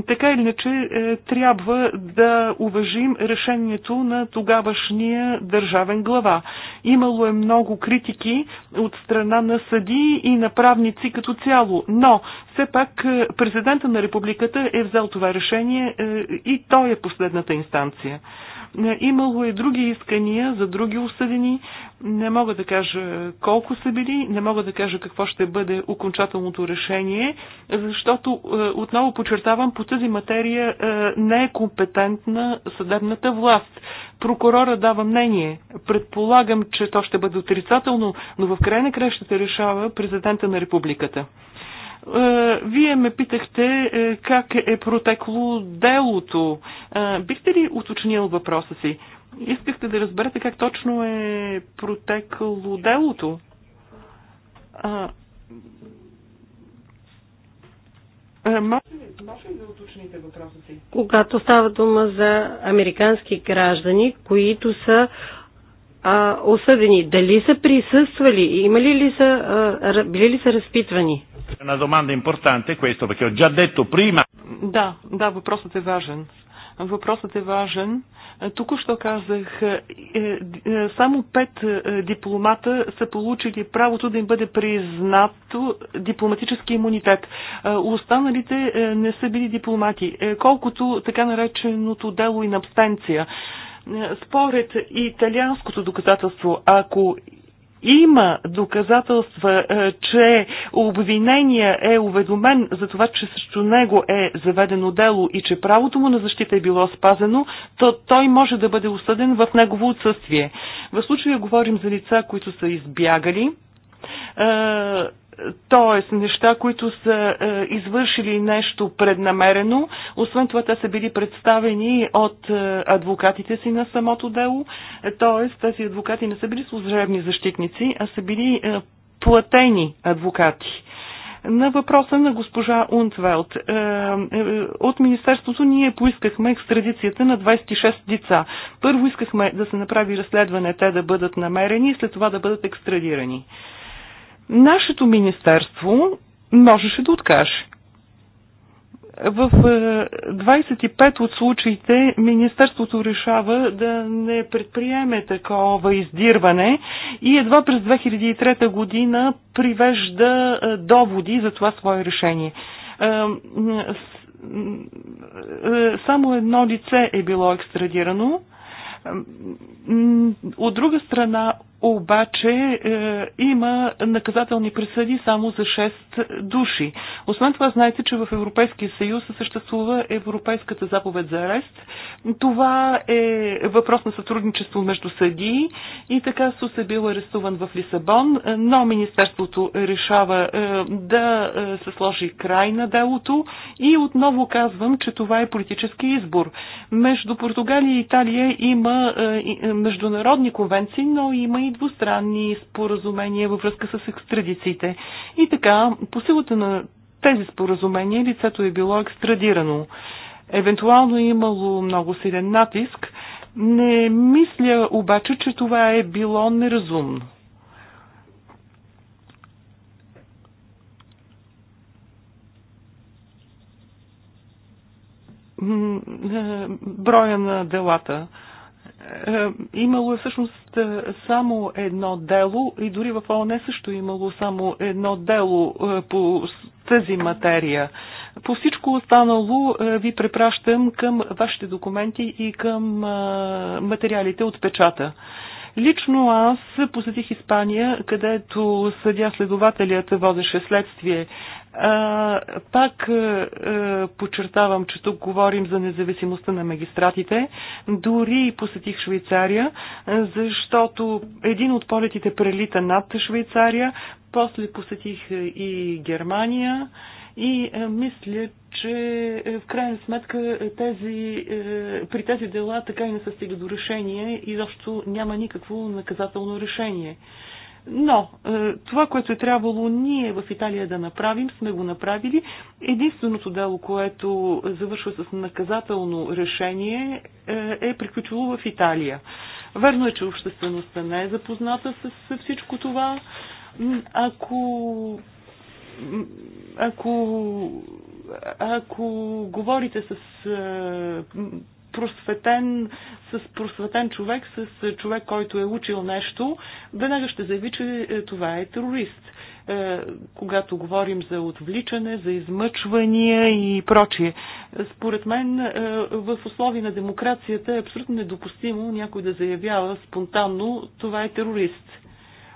Така или иначе е, трябва да уважим решението на тогавашния държавен глава. Имало е много критики от страна на съди и на правници като цяло, но все пак е, президента на републиката е взел това решение е, и той е последната инстанция. Имало и други искания за други осъдени. Не мога да кажа колко са били, не мога да кажа какво ще бъде окончателното решение, защото, е, отново подчертавам, по тази материя е, не е компетентна съдебната власт. Прокурора дава мнение. Предполагам, че то ще бъде отрицателно, но в край на края ще решава президента на републиката. Е, вие ме питахте е, как е протекло делото. Е, бихте ли уточнил въпроса си? Искахте да разберете как точно е протекло делото? Може ли, да уточните въпроса си? Когато става дума за американски граждани, които са а, осъдени, дали са присъствали, имали ли са, а, били ли са разпитвани? Една доманда importante questo, perché ho già detto prima. Да, да, въпросът е важен. Въпросът е важен. Току-що казах, е, е, е, само пет дипломата са получили правото да им бъде признато дипломатически имунитет. Останалите не са били дипломати, колкото така нареченото дело и на абстенция според италианското доказателство, ако има доказателства, е, че обвинения е уведомен за това, че срещу него е заведено дело и че правото му на защита е било спазено, то той може да бъде осъден в негово отсъствие. В случая говорим за лица, които са избягали е, т.е. неща, които са е, извършили нещо преднамерено. Освен това, те са били представени от е, адвокатите си на самото дело. Т.е. тези адвокати не са били служебни защитници, а са били е, платени адвокати. На въпроса на госпожа Унтвелт. Е, е, от Министерството ние поискахме екстрадицията на 26 деца. Първо искахме да се направи разследване, те да бъдат намерени и след това да бъдат екстрадирани. Нашето министерство можеше да откаже. В 25 е, от случаите Министерството решава да не предприеме такова издирване и едва през 2003 година привежда е, доводи за това свое решение. Е, само едно лице е било екстрадирано. От друга страна, обаче е, има наказателни присъди само за 6 души. Освен това, знаете, че в Европейския съюз съществува Европейската заповед за арест. Това е въпрос на сътрудничество между съдии и така Сус е бил арестуван в Лисабон, но Министерството решава е, да е, се сложи край на делото и отново казвам, че това е политически избор. Между Португалия и Италия има е, е международни конвенции, но има и двустранни споразумения във връзка с екстрадициите. И така, по силата на тези споразумения лицето е било екстрадирано. Евентуално е имало много силен натиск. Не мисля обаче, че това е било неразумно. Е, броя на делата. Е, имало е всъщност е, само едно дело и дори в ООН също е имало само едно дело по тази материя. По всичко останало ви препращам към вашите документи и към материалите от печата. Лично аз посетих Испания, където съдя следователят водеше следствие. Пак подчертавам, че тук говорим за независимостта на магистратите. Дори посетих Швейцария, защото един от полетите прелита над Швейцария, после посетих и Германия и мисля, че в крайна сметка тези, при тези дела така и не са стига до решение и защото няма никакво наказателно решение. Но е, това, което е трябвало ние в Италия да направим, сме го направили. Единственото дело, което завършва с наказателно решение, е, е приключило в Италия. Верно е, че обществеността не е запозната с всичко това. Ако, ако, ако говорите с е, просветен, с просветен човек, с човек, който е учил нещо, веднага ще заяви, че е, това е терорист. Е, когато говорим за отвличане, за измъчвания и прочие. Според мен е, в услови на демокрацията е абсолютно недопустимо някой да заявява спонтанно това е терорист.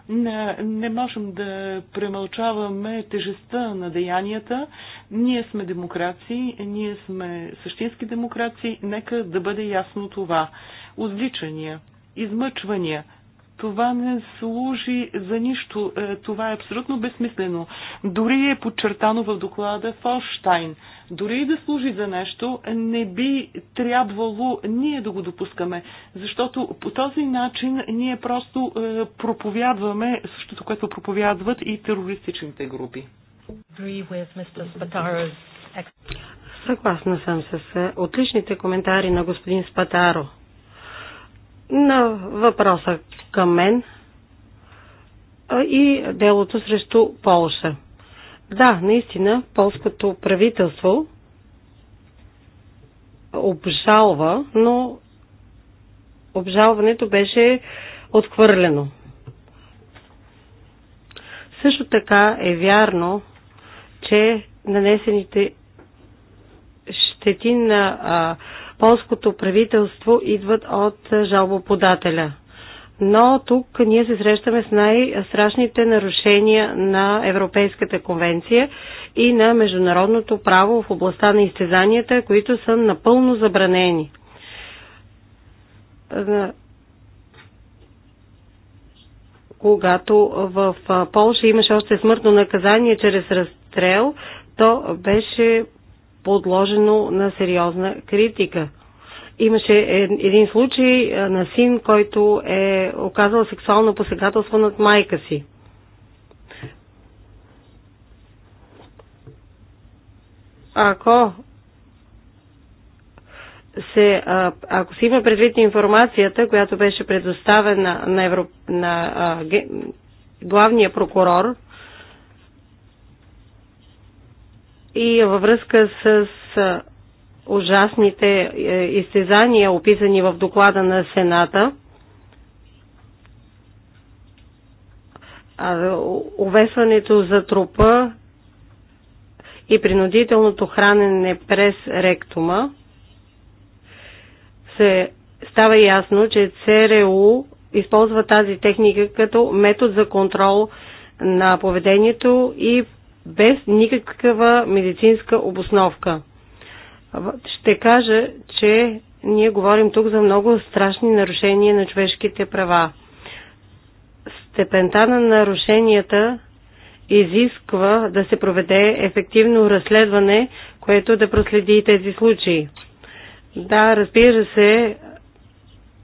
Не, не можем да премълчаваме тежестта на деянията. Ние сме демокрации, ние сме същински демокрации. Нека да бъде ясно това. Отвличания, измъчвания – това не служи за нищо. Е, това е абсолютно безсмислено. Дори е подчертано в доклада Фолштайн. Дори и да служи за нещо, не би трябвало ние да го допускаме, защото по този начин ние просто е, проповядваме същото, което проповядват и терористичните групи. Съгласна съм с е, отличните коментари на господин Спатаро на въпроса към мен и делото срещу Полша. Да, наистина, полското правителство обжалва, но обжалването беше отхвърлено. Също така е вярно, че нанесените щети на а, полското правителство идват от е, жалбоподателя. Но тук ние се срещаме с най-страшните нарушения на Европейската конвенция и на международното право в областта на изтезанията, които са напълно забранени. Е, когато в е, Полша имаше още смъртно наказание чрез разстрел, то беше подложено на сериозна критика. Имаше един случай на син, който е оказал сексуално посегателство над майка си. Ако се, ако се има предвид информацията, която беше предоставена на, Европ... на а, ге... главния прокурор, и във връзка с ужасните е, изтезания, описани в доклада на Сената. увесването за трупа и принудителното хранене през ректума се става ясно, че ЦРУ използва тази техника като метод за контрол на поведението и без никаква медицинска обосновка. Ще кажа, че ние говорим тук за много страшни нарушения на човешките права. Степента на нарушенията изисква да се проведе ефективно разследване, което да проследи тези случаи. Да, разбира се,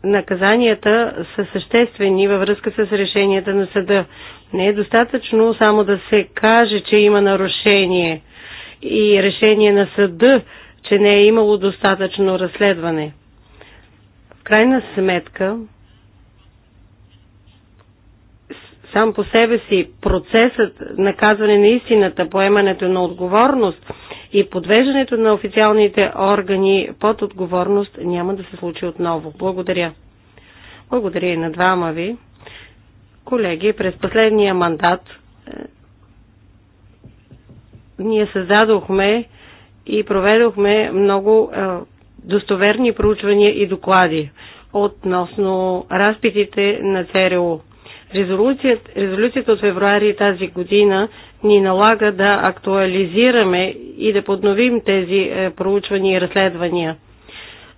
наказанията са съществени във връзка с решенията на съда, не е достатъчно само да се каже, че има нарушение и решение на съда, че не е имало достатъчно разследване. В крайна сметка, сам по себе си процесът наказване на истината, поемането на отговорност и подвеждането на официалните органи под отговорност няма да се случи отново. Благодаря. Благодаря и на двама ви. Колеги, през последния мандат е, ние създадохме и проведохме много е, достоверни проучвания и доклади относно разпитите на ЦРУ. Резолюцията, резолюцията от февруари тази година ни налага да актуализираме и да подновим тези е, проучвания и разследвания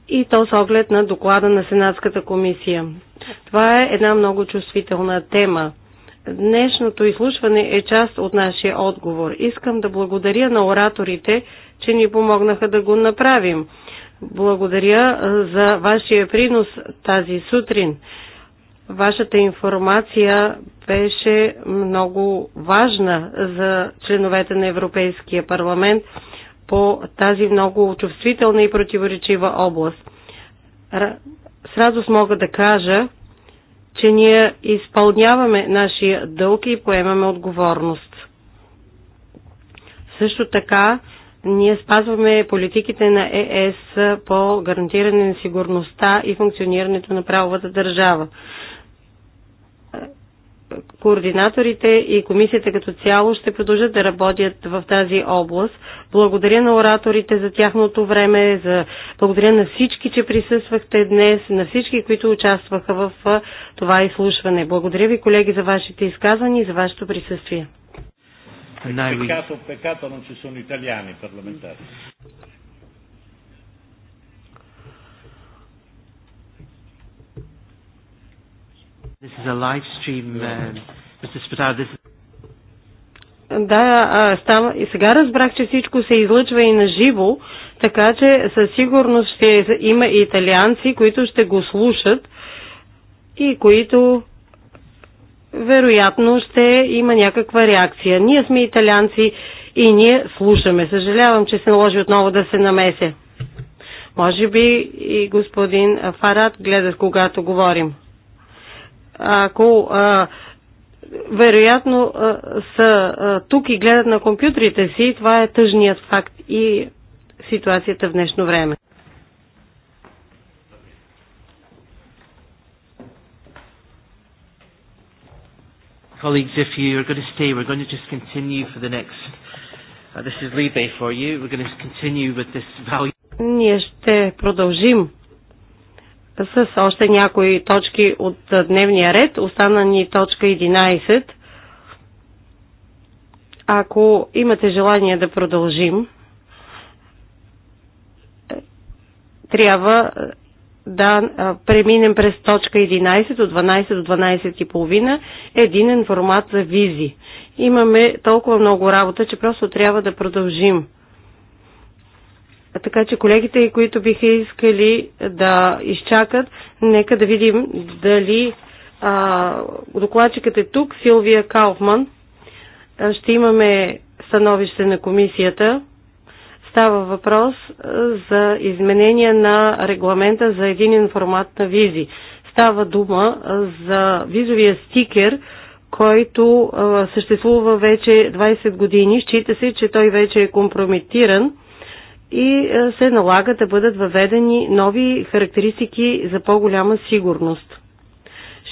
и то с оглед на доклада на Сенатската комисия. Това е една много чувствителна тема. Днешното изслушване е част от нашия отговор. Искам да благодаря на ораторите, че ни помогнаха да го направим. Благодаря за вашия принос тази сутрин. Вашата информация беше много важна за членовете на Европейския парламент по тази много чувствителна и противоречива област. С радост мога да кажа, че ние изпълняваме нашия дълг и поемаме отговорност. Също така, ние спазваме политиките на ЕС по гарантиране на сигурността и функционирането на правовата държава координаторите и комисията като цяло ще продължат да работят в тази област. Благодаря на ораторите за тяхното време, за... благодаря на всички, че присъствахте днес, на всички, които участваха в това изслушване. Благодаря ви, колеги, за вашите изказвания и за вашето присъствие. Peccato, peccato non ci sono italiani parlamentari. This is a live stream, uh, um, Mr. Spadar, this Да, става, и сега разбрах, че всичко се излъчва и на живо, така че със сигурност ще има и италианци, които ще го слушат и които вероятно ще има някаква реакция. Ние сме италианци и ние слушаме. Съжалявам, че се наложи отново да се намесе. Може би и господин Фарат гледа, когато говорим ако а, вероятно а, са а, тук и гледат на компютрите си, това е тъжният факт и ситуацията в днешно време. Colleagues, if you are going to stay, we're going to just continue for the next. Uh, this is Libe for you. We're going to continue with this value с още някои точки от дневния ред. Остана ни точка 11. Ако имате желание да продължим, трябва да преминем през точка 11 от 12 до 12 и половина единен формат за визи. Имаме толкова много работа, че просто трябва да продължим. Така че колегите, които биха искали да изчакат, нека да видим дали а, докладчикът е тук, Силвия Кауфман. Ще имаме становище на комисията. Става въпрос за изменение на регламента за един информат на визи. Става дума за визовия стикер, който съществува вече 20 години. Счита се, че той вече е компрометиран и е, се налага да бъдат въведени нови характеристики за по-голяма сигурност.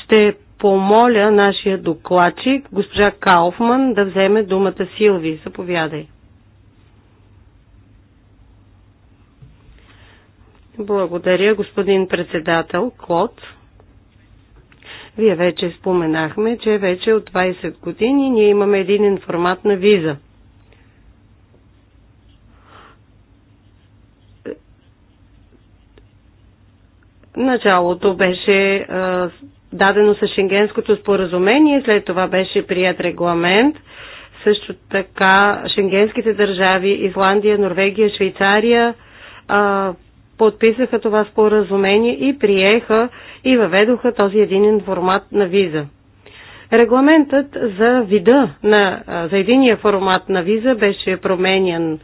Ще помоля нашия докладчик, госпожа Кауфман, да вземе думата Силви. Заповядай. Благодаря, господин председател Клод. Вие вече споменахме, че вече от 20 години ние имаме един на виза – Началото беше дадено с Шенгенското споразумение, след това беше прият регламент. Също така шенгенските държави Исландия, Норвегия, Швейцария подписаха това споразумение и приеха и въведоха този единен формат на виза. Регламентът за вида на, за единия формат на виза беше променен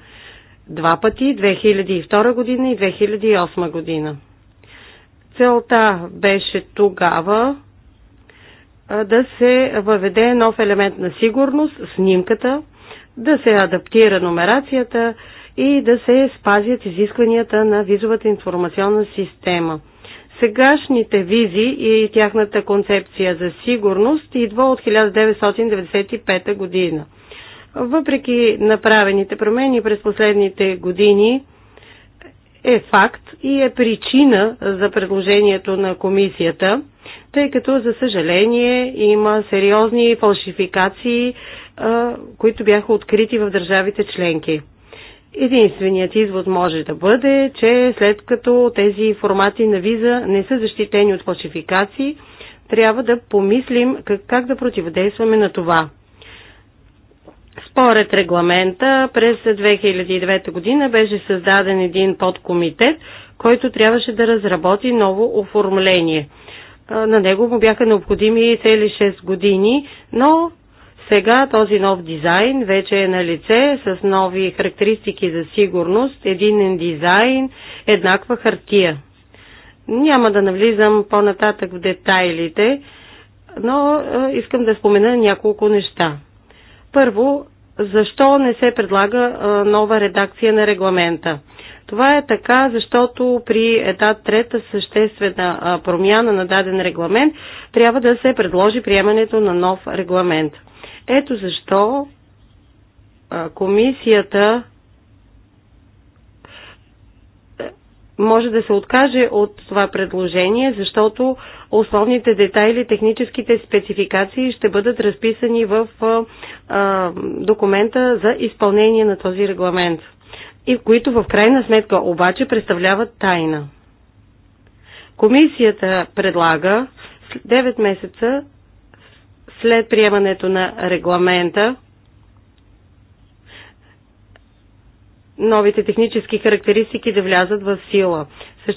два пъти 2002 година и 2008 година. Целта беше тогава да се въведе нов елемент на сигурност, снимката, да се адаптира номерацията и да се спазят изискванията на визовата информационна система. Сегашните визи и тяхната концепция за сигурност идва от 1995 година. Въпреки направените промени през последните години, е факт и е причина за предложението на комисията, тъй като, за съжаление, има сериозни фалшификации, които бяха открити в държавите членки. Единственият извод може да бъде, че след като тези формати на виза не са защитени от фалшификации, трябва да помислим как, да противодействаме на това. Според регламента през 2009 година беше създаден един подкомитет, който трябваше да разработи ново оформление. На него му бяха необходими цели 6 години, но сега този нов дизайн вече е на лице с нови характеристики за сигурност, единен дизайн, еднаква хартия. Няма да навлизам по-нататък в детайлите, но искам да спомена няколко неща. Първо, защо не се предлага нова редакция на регламента. Това е така, защото при една трета съществена промяна на даден регламент трябва да се предложи приемането на нов регламент. Ето защо комисията е, може да се откаже от това предложение, защото Основните детайли, техническите спецификации ще бъдат разписани в документа за изпълнение на този регламент, и които в крайна сметка обаче представляват тайна. Комисията предлага 9 месеца след приемането на регламента новите технически характеристики да влязат в сила.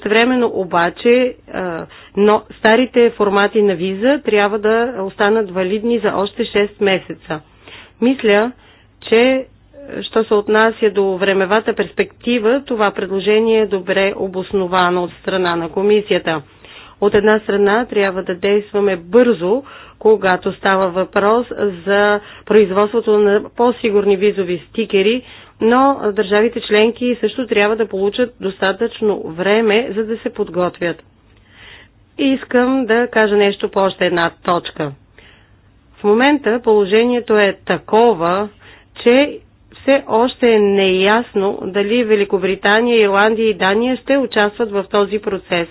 времено обаче но старите формати на виза трябва да останат валидни за още 6 месеца. Мисля, че що се отнася до времевата перспектива, това предложение е добре обосновано от страна на комисията. От една страна трябва да действаме бързо, когато става въпрос за производството на по-сигурни визови стикери, но държавите членки също трябва да получат достатъчно време, за да се подготвят. И искам да кажа нещо по още една точка. В момента положението е такова, че все още е неясно дали Великобритания, Ирландия и Дания ще участват в този процес.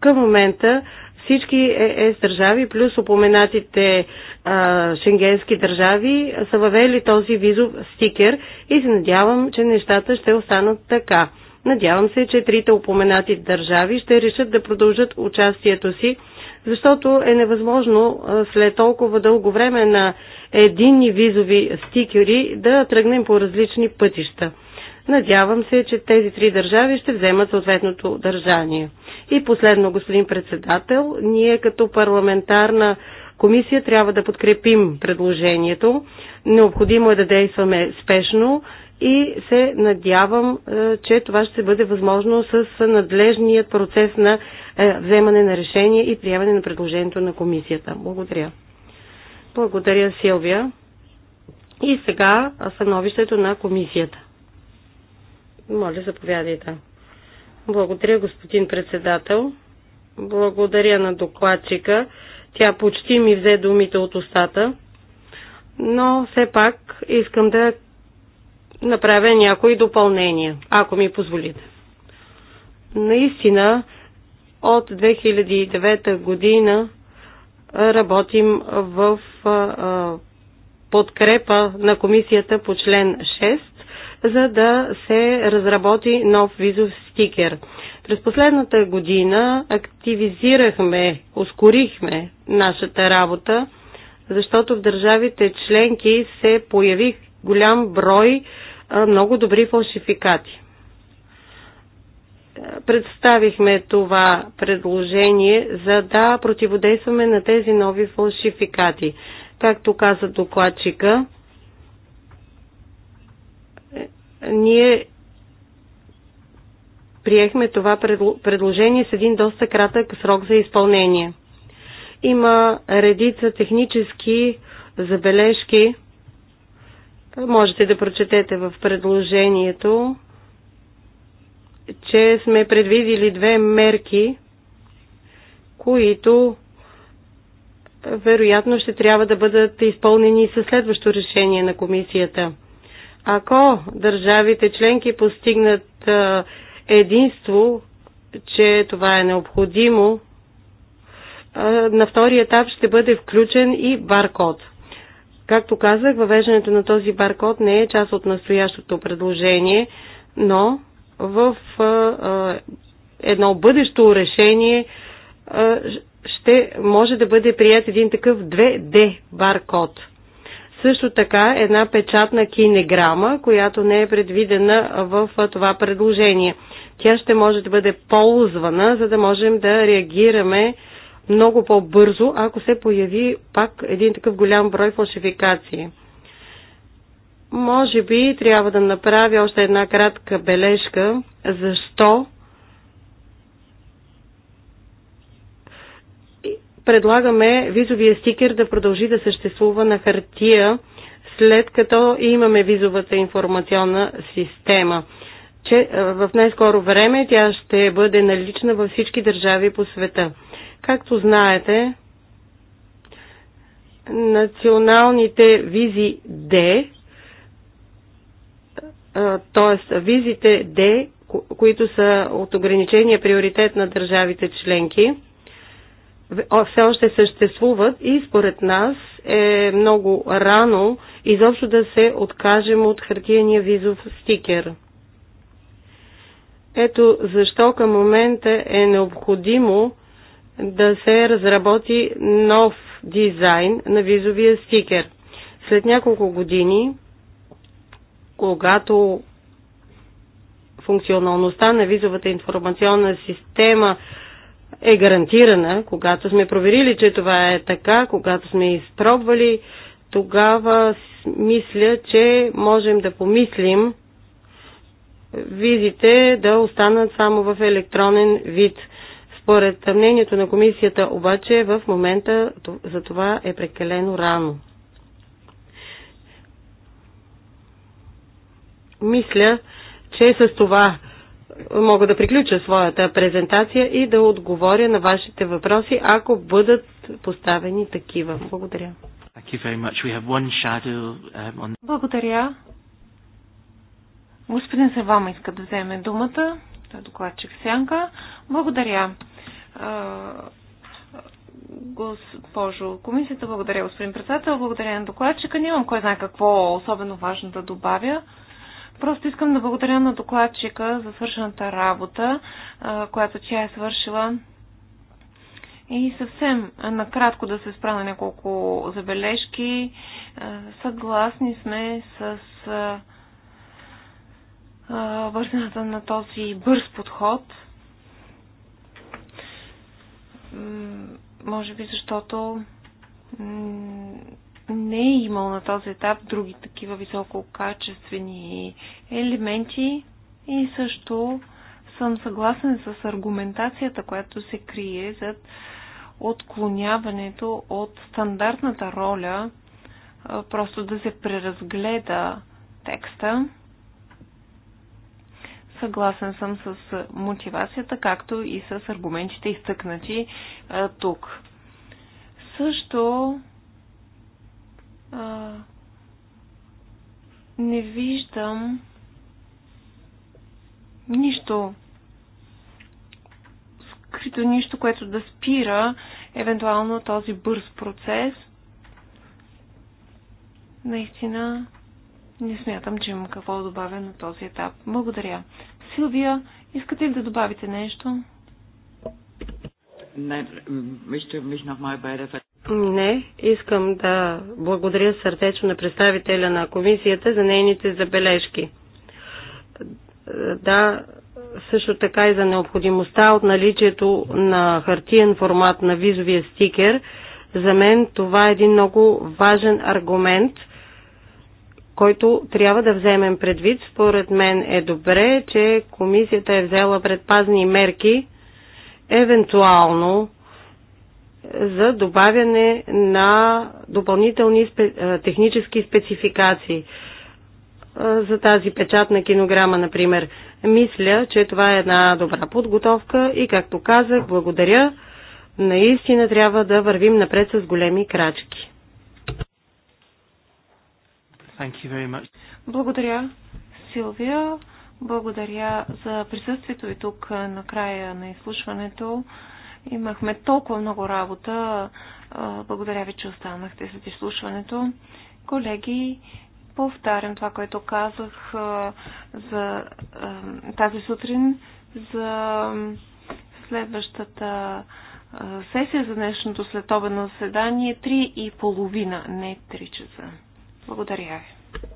Към момента всички ЕС държави, плюс упоменатите а, шенгенски държави, са въвели този визов стикер и се надявам, че нещата ще останат така. Надявам се, че трите упоменати държави ще решат да продължат участието си, защото е невъзможно след толкова дълго време на единни визови стикери да тръгнем по различни пътища. Надявам се, че тези три държави ще вземат съответното държание. И последно, господин председател, ние като парламентарна комисия трябва да подкрепим предложението. Необходимо е да действаме спешно и се надявам, е, че това ще бъде възможно с надлежният процес на е, вземане на решение и приемане на предложението на комисията. Благодаря. Благодаря, Силвия. И сега становището на комисията. Моля, заповядайте. Благодаря, господин председател. Благодаря на докладчика. Тя почти ми взе думите от устата, но все пак искам да направя някои допълнения, ако ми позволите. Наистина, от 2009 година работим в подкрепа на комисията по член 6 за да се разработи нов визов стикер. През последната година активизирахме, ускорихме нашата работа, защото в държавите членки се появи голям брой много добри фалшификати. Представихме това предложение, за да противодействаме на тези нови фалшификати. Както каза докладчика, ние приехме това предложение с един доста кратък срок за изпълнение. Има редица технически забележки. Можете да прочетете в предложението, че сме предвидили две мерки, които вероятно ще трябва да бъдат изпълнени със следващо решение на комисията – ако държавите членки постигнат единство, че това е необходимо, на втори етап ще бъде включен и баркод. Както казах, въвеждането на този баркод не е част от настоящото предложение, но в едно бъдещо решение ще може да бъде прият един такъв 2D баркод – също така една печатна кинеграма, която не е предвидена в това предложение. Тя ще може да бъде ползвана, за да можем да реагираме много по-бързо, ако се появи пак един такъв голям брой фалшификации. Може би трябва да направя още една кратка бележка, защо предлагаме визовия стикер да продължи да съществува на хартия, след като имаме визовата информационна система. Че в най-скоро време тя ще бъде налична във всички държави по света. Както знаете, националните визи Д, т.е. визите Д, които са от ограничения приоритет на държавите членки, все още съществуват и според нас е много рано изобщо да се откажем от хартияния визов стикер. Ето защо към момента е необходимо да се разработи нов дизайн на визовия стикер. След няколко години, когато функционалността на визовата информационна система е гарантирана, когато сме проверили, че това е така, когато сме изпробвали, тогава мисля, че можем да помислим визите да останат само в електронен вид. Според мнението на комисията обаче в момента за това е прекалено рано. Мисля, че с това мога да приключа своята презентация и да отговоря на вашите въпроси, ако бъдат поставени такива. Благодаря. Um, благодаря. Господин Савама иска да вземе думата. Той е докладчик Сянка. Благодаря. Госпожо комисията, благодаря господин председател, благодаря на докладчика. Нямам кой знае какво особено важно да добавя. Просто искам да благодаря на докладчика за свършената работа, която тя е свършила. И съвсем накратко да се спра на няколко забележки. Съгласни сме с бързината на този бърз подход. Може би защото не е имал на този етап други такива висококачествени елементи и също съм съгласен с аргументацията, която се крие зад отклоняването от стандартната роля, просто да се преразгледа текста. Съгласен съм с мотивацията, както и с аргументите изтъкнати тук. Също а, не виждам нищо скрито, нищо, което да спира евентуално този бърз процес. Наистина не смятам, че имам какво да добавя на този етап. Благодаря. Силвия, искате ли да добавите нещо? Не, ще, mich не, искам да благодаря сърдечно на представителя на комисията за нейните забележки. Да, също така и за необходимостта от наличието на хартиен формат на визовия стикер. За мен това е един много важен аргумент, който трябва да вземем предвид. Според мен е добре, че комисията е взела предпазни мерки, евентуално за добавяне на допълнителни технически спецификации за тази печатна кинограма, например. Мисля, че това е една добра подготовка и, както казах, благодаря. Наистина трябва да вървим напред с големи крачки. Благодаря, Силвия. Благодаря за присъствието и тук на края на изслушването. Имахме толкова много работа. Благодаря ви, че останахте след изслушването. Колеги, повтарям това, което казах за тази сутрин за следващата сесия за днешното следобедно заседание 3 и половина, не 3 часа. Благодаря ви.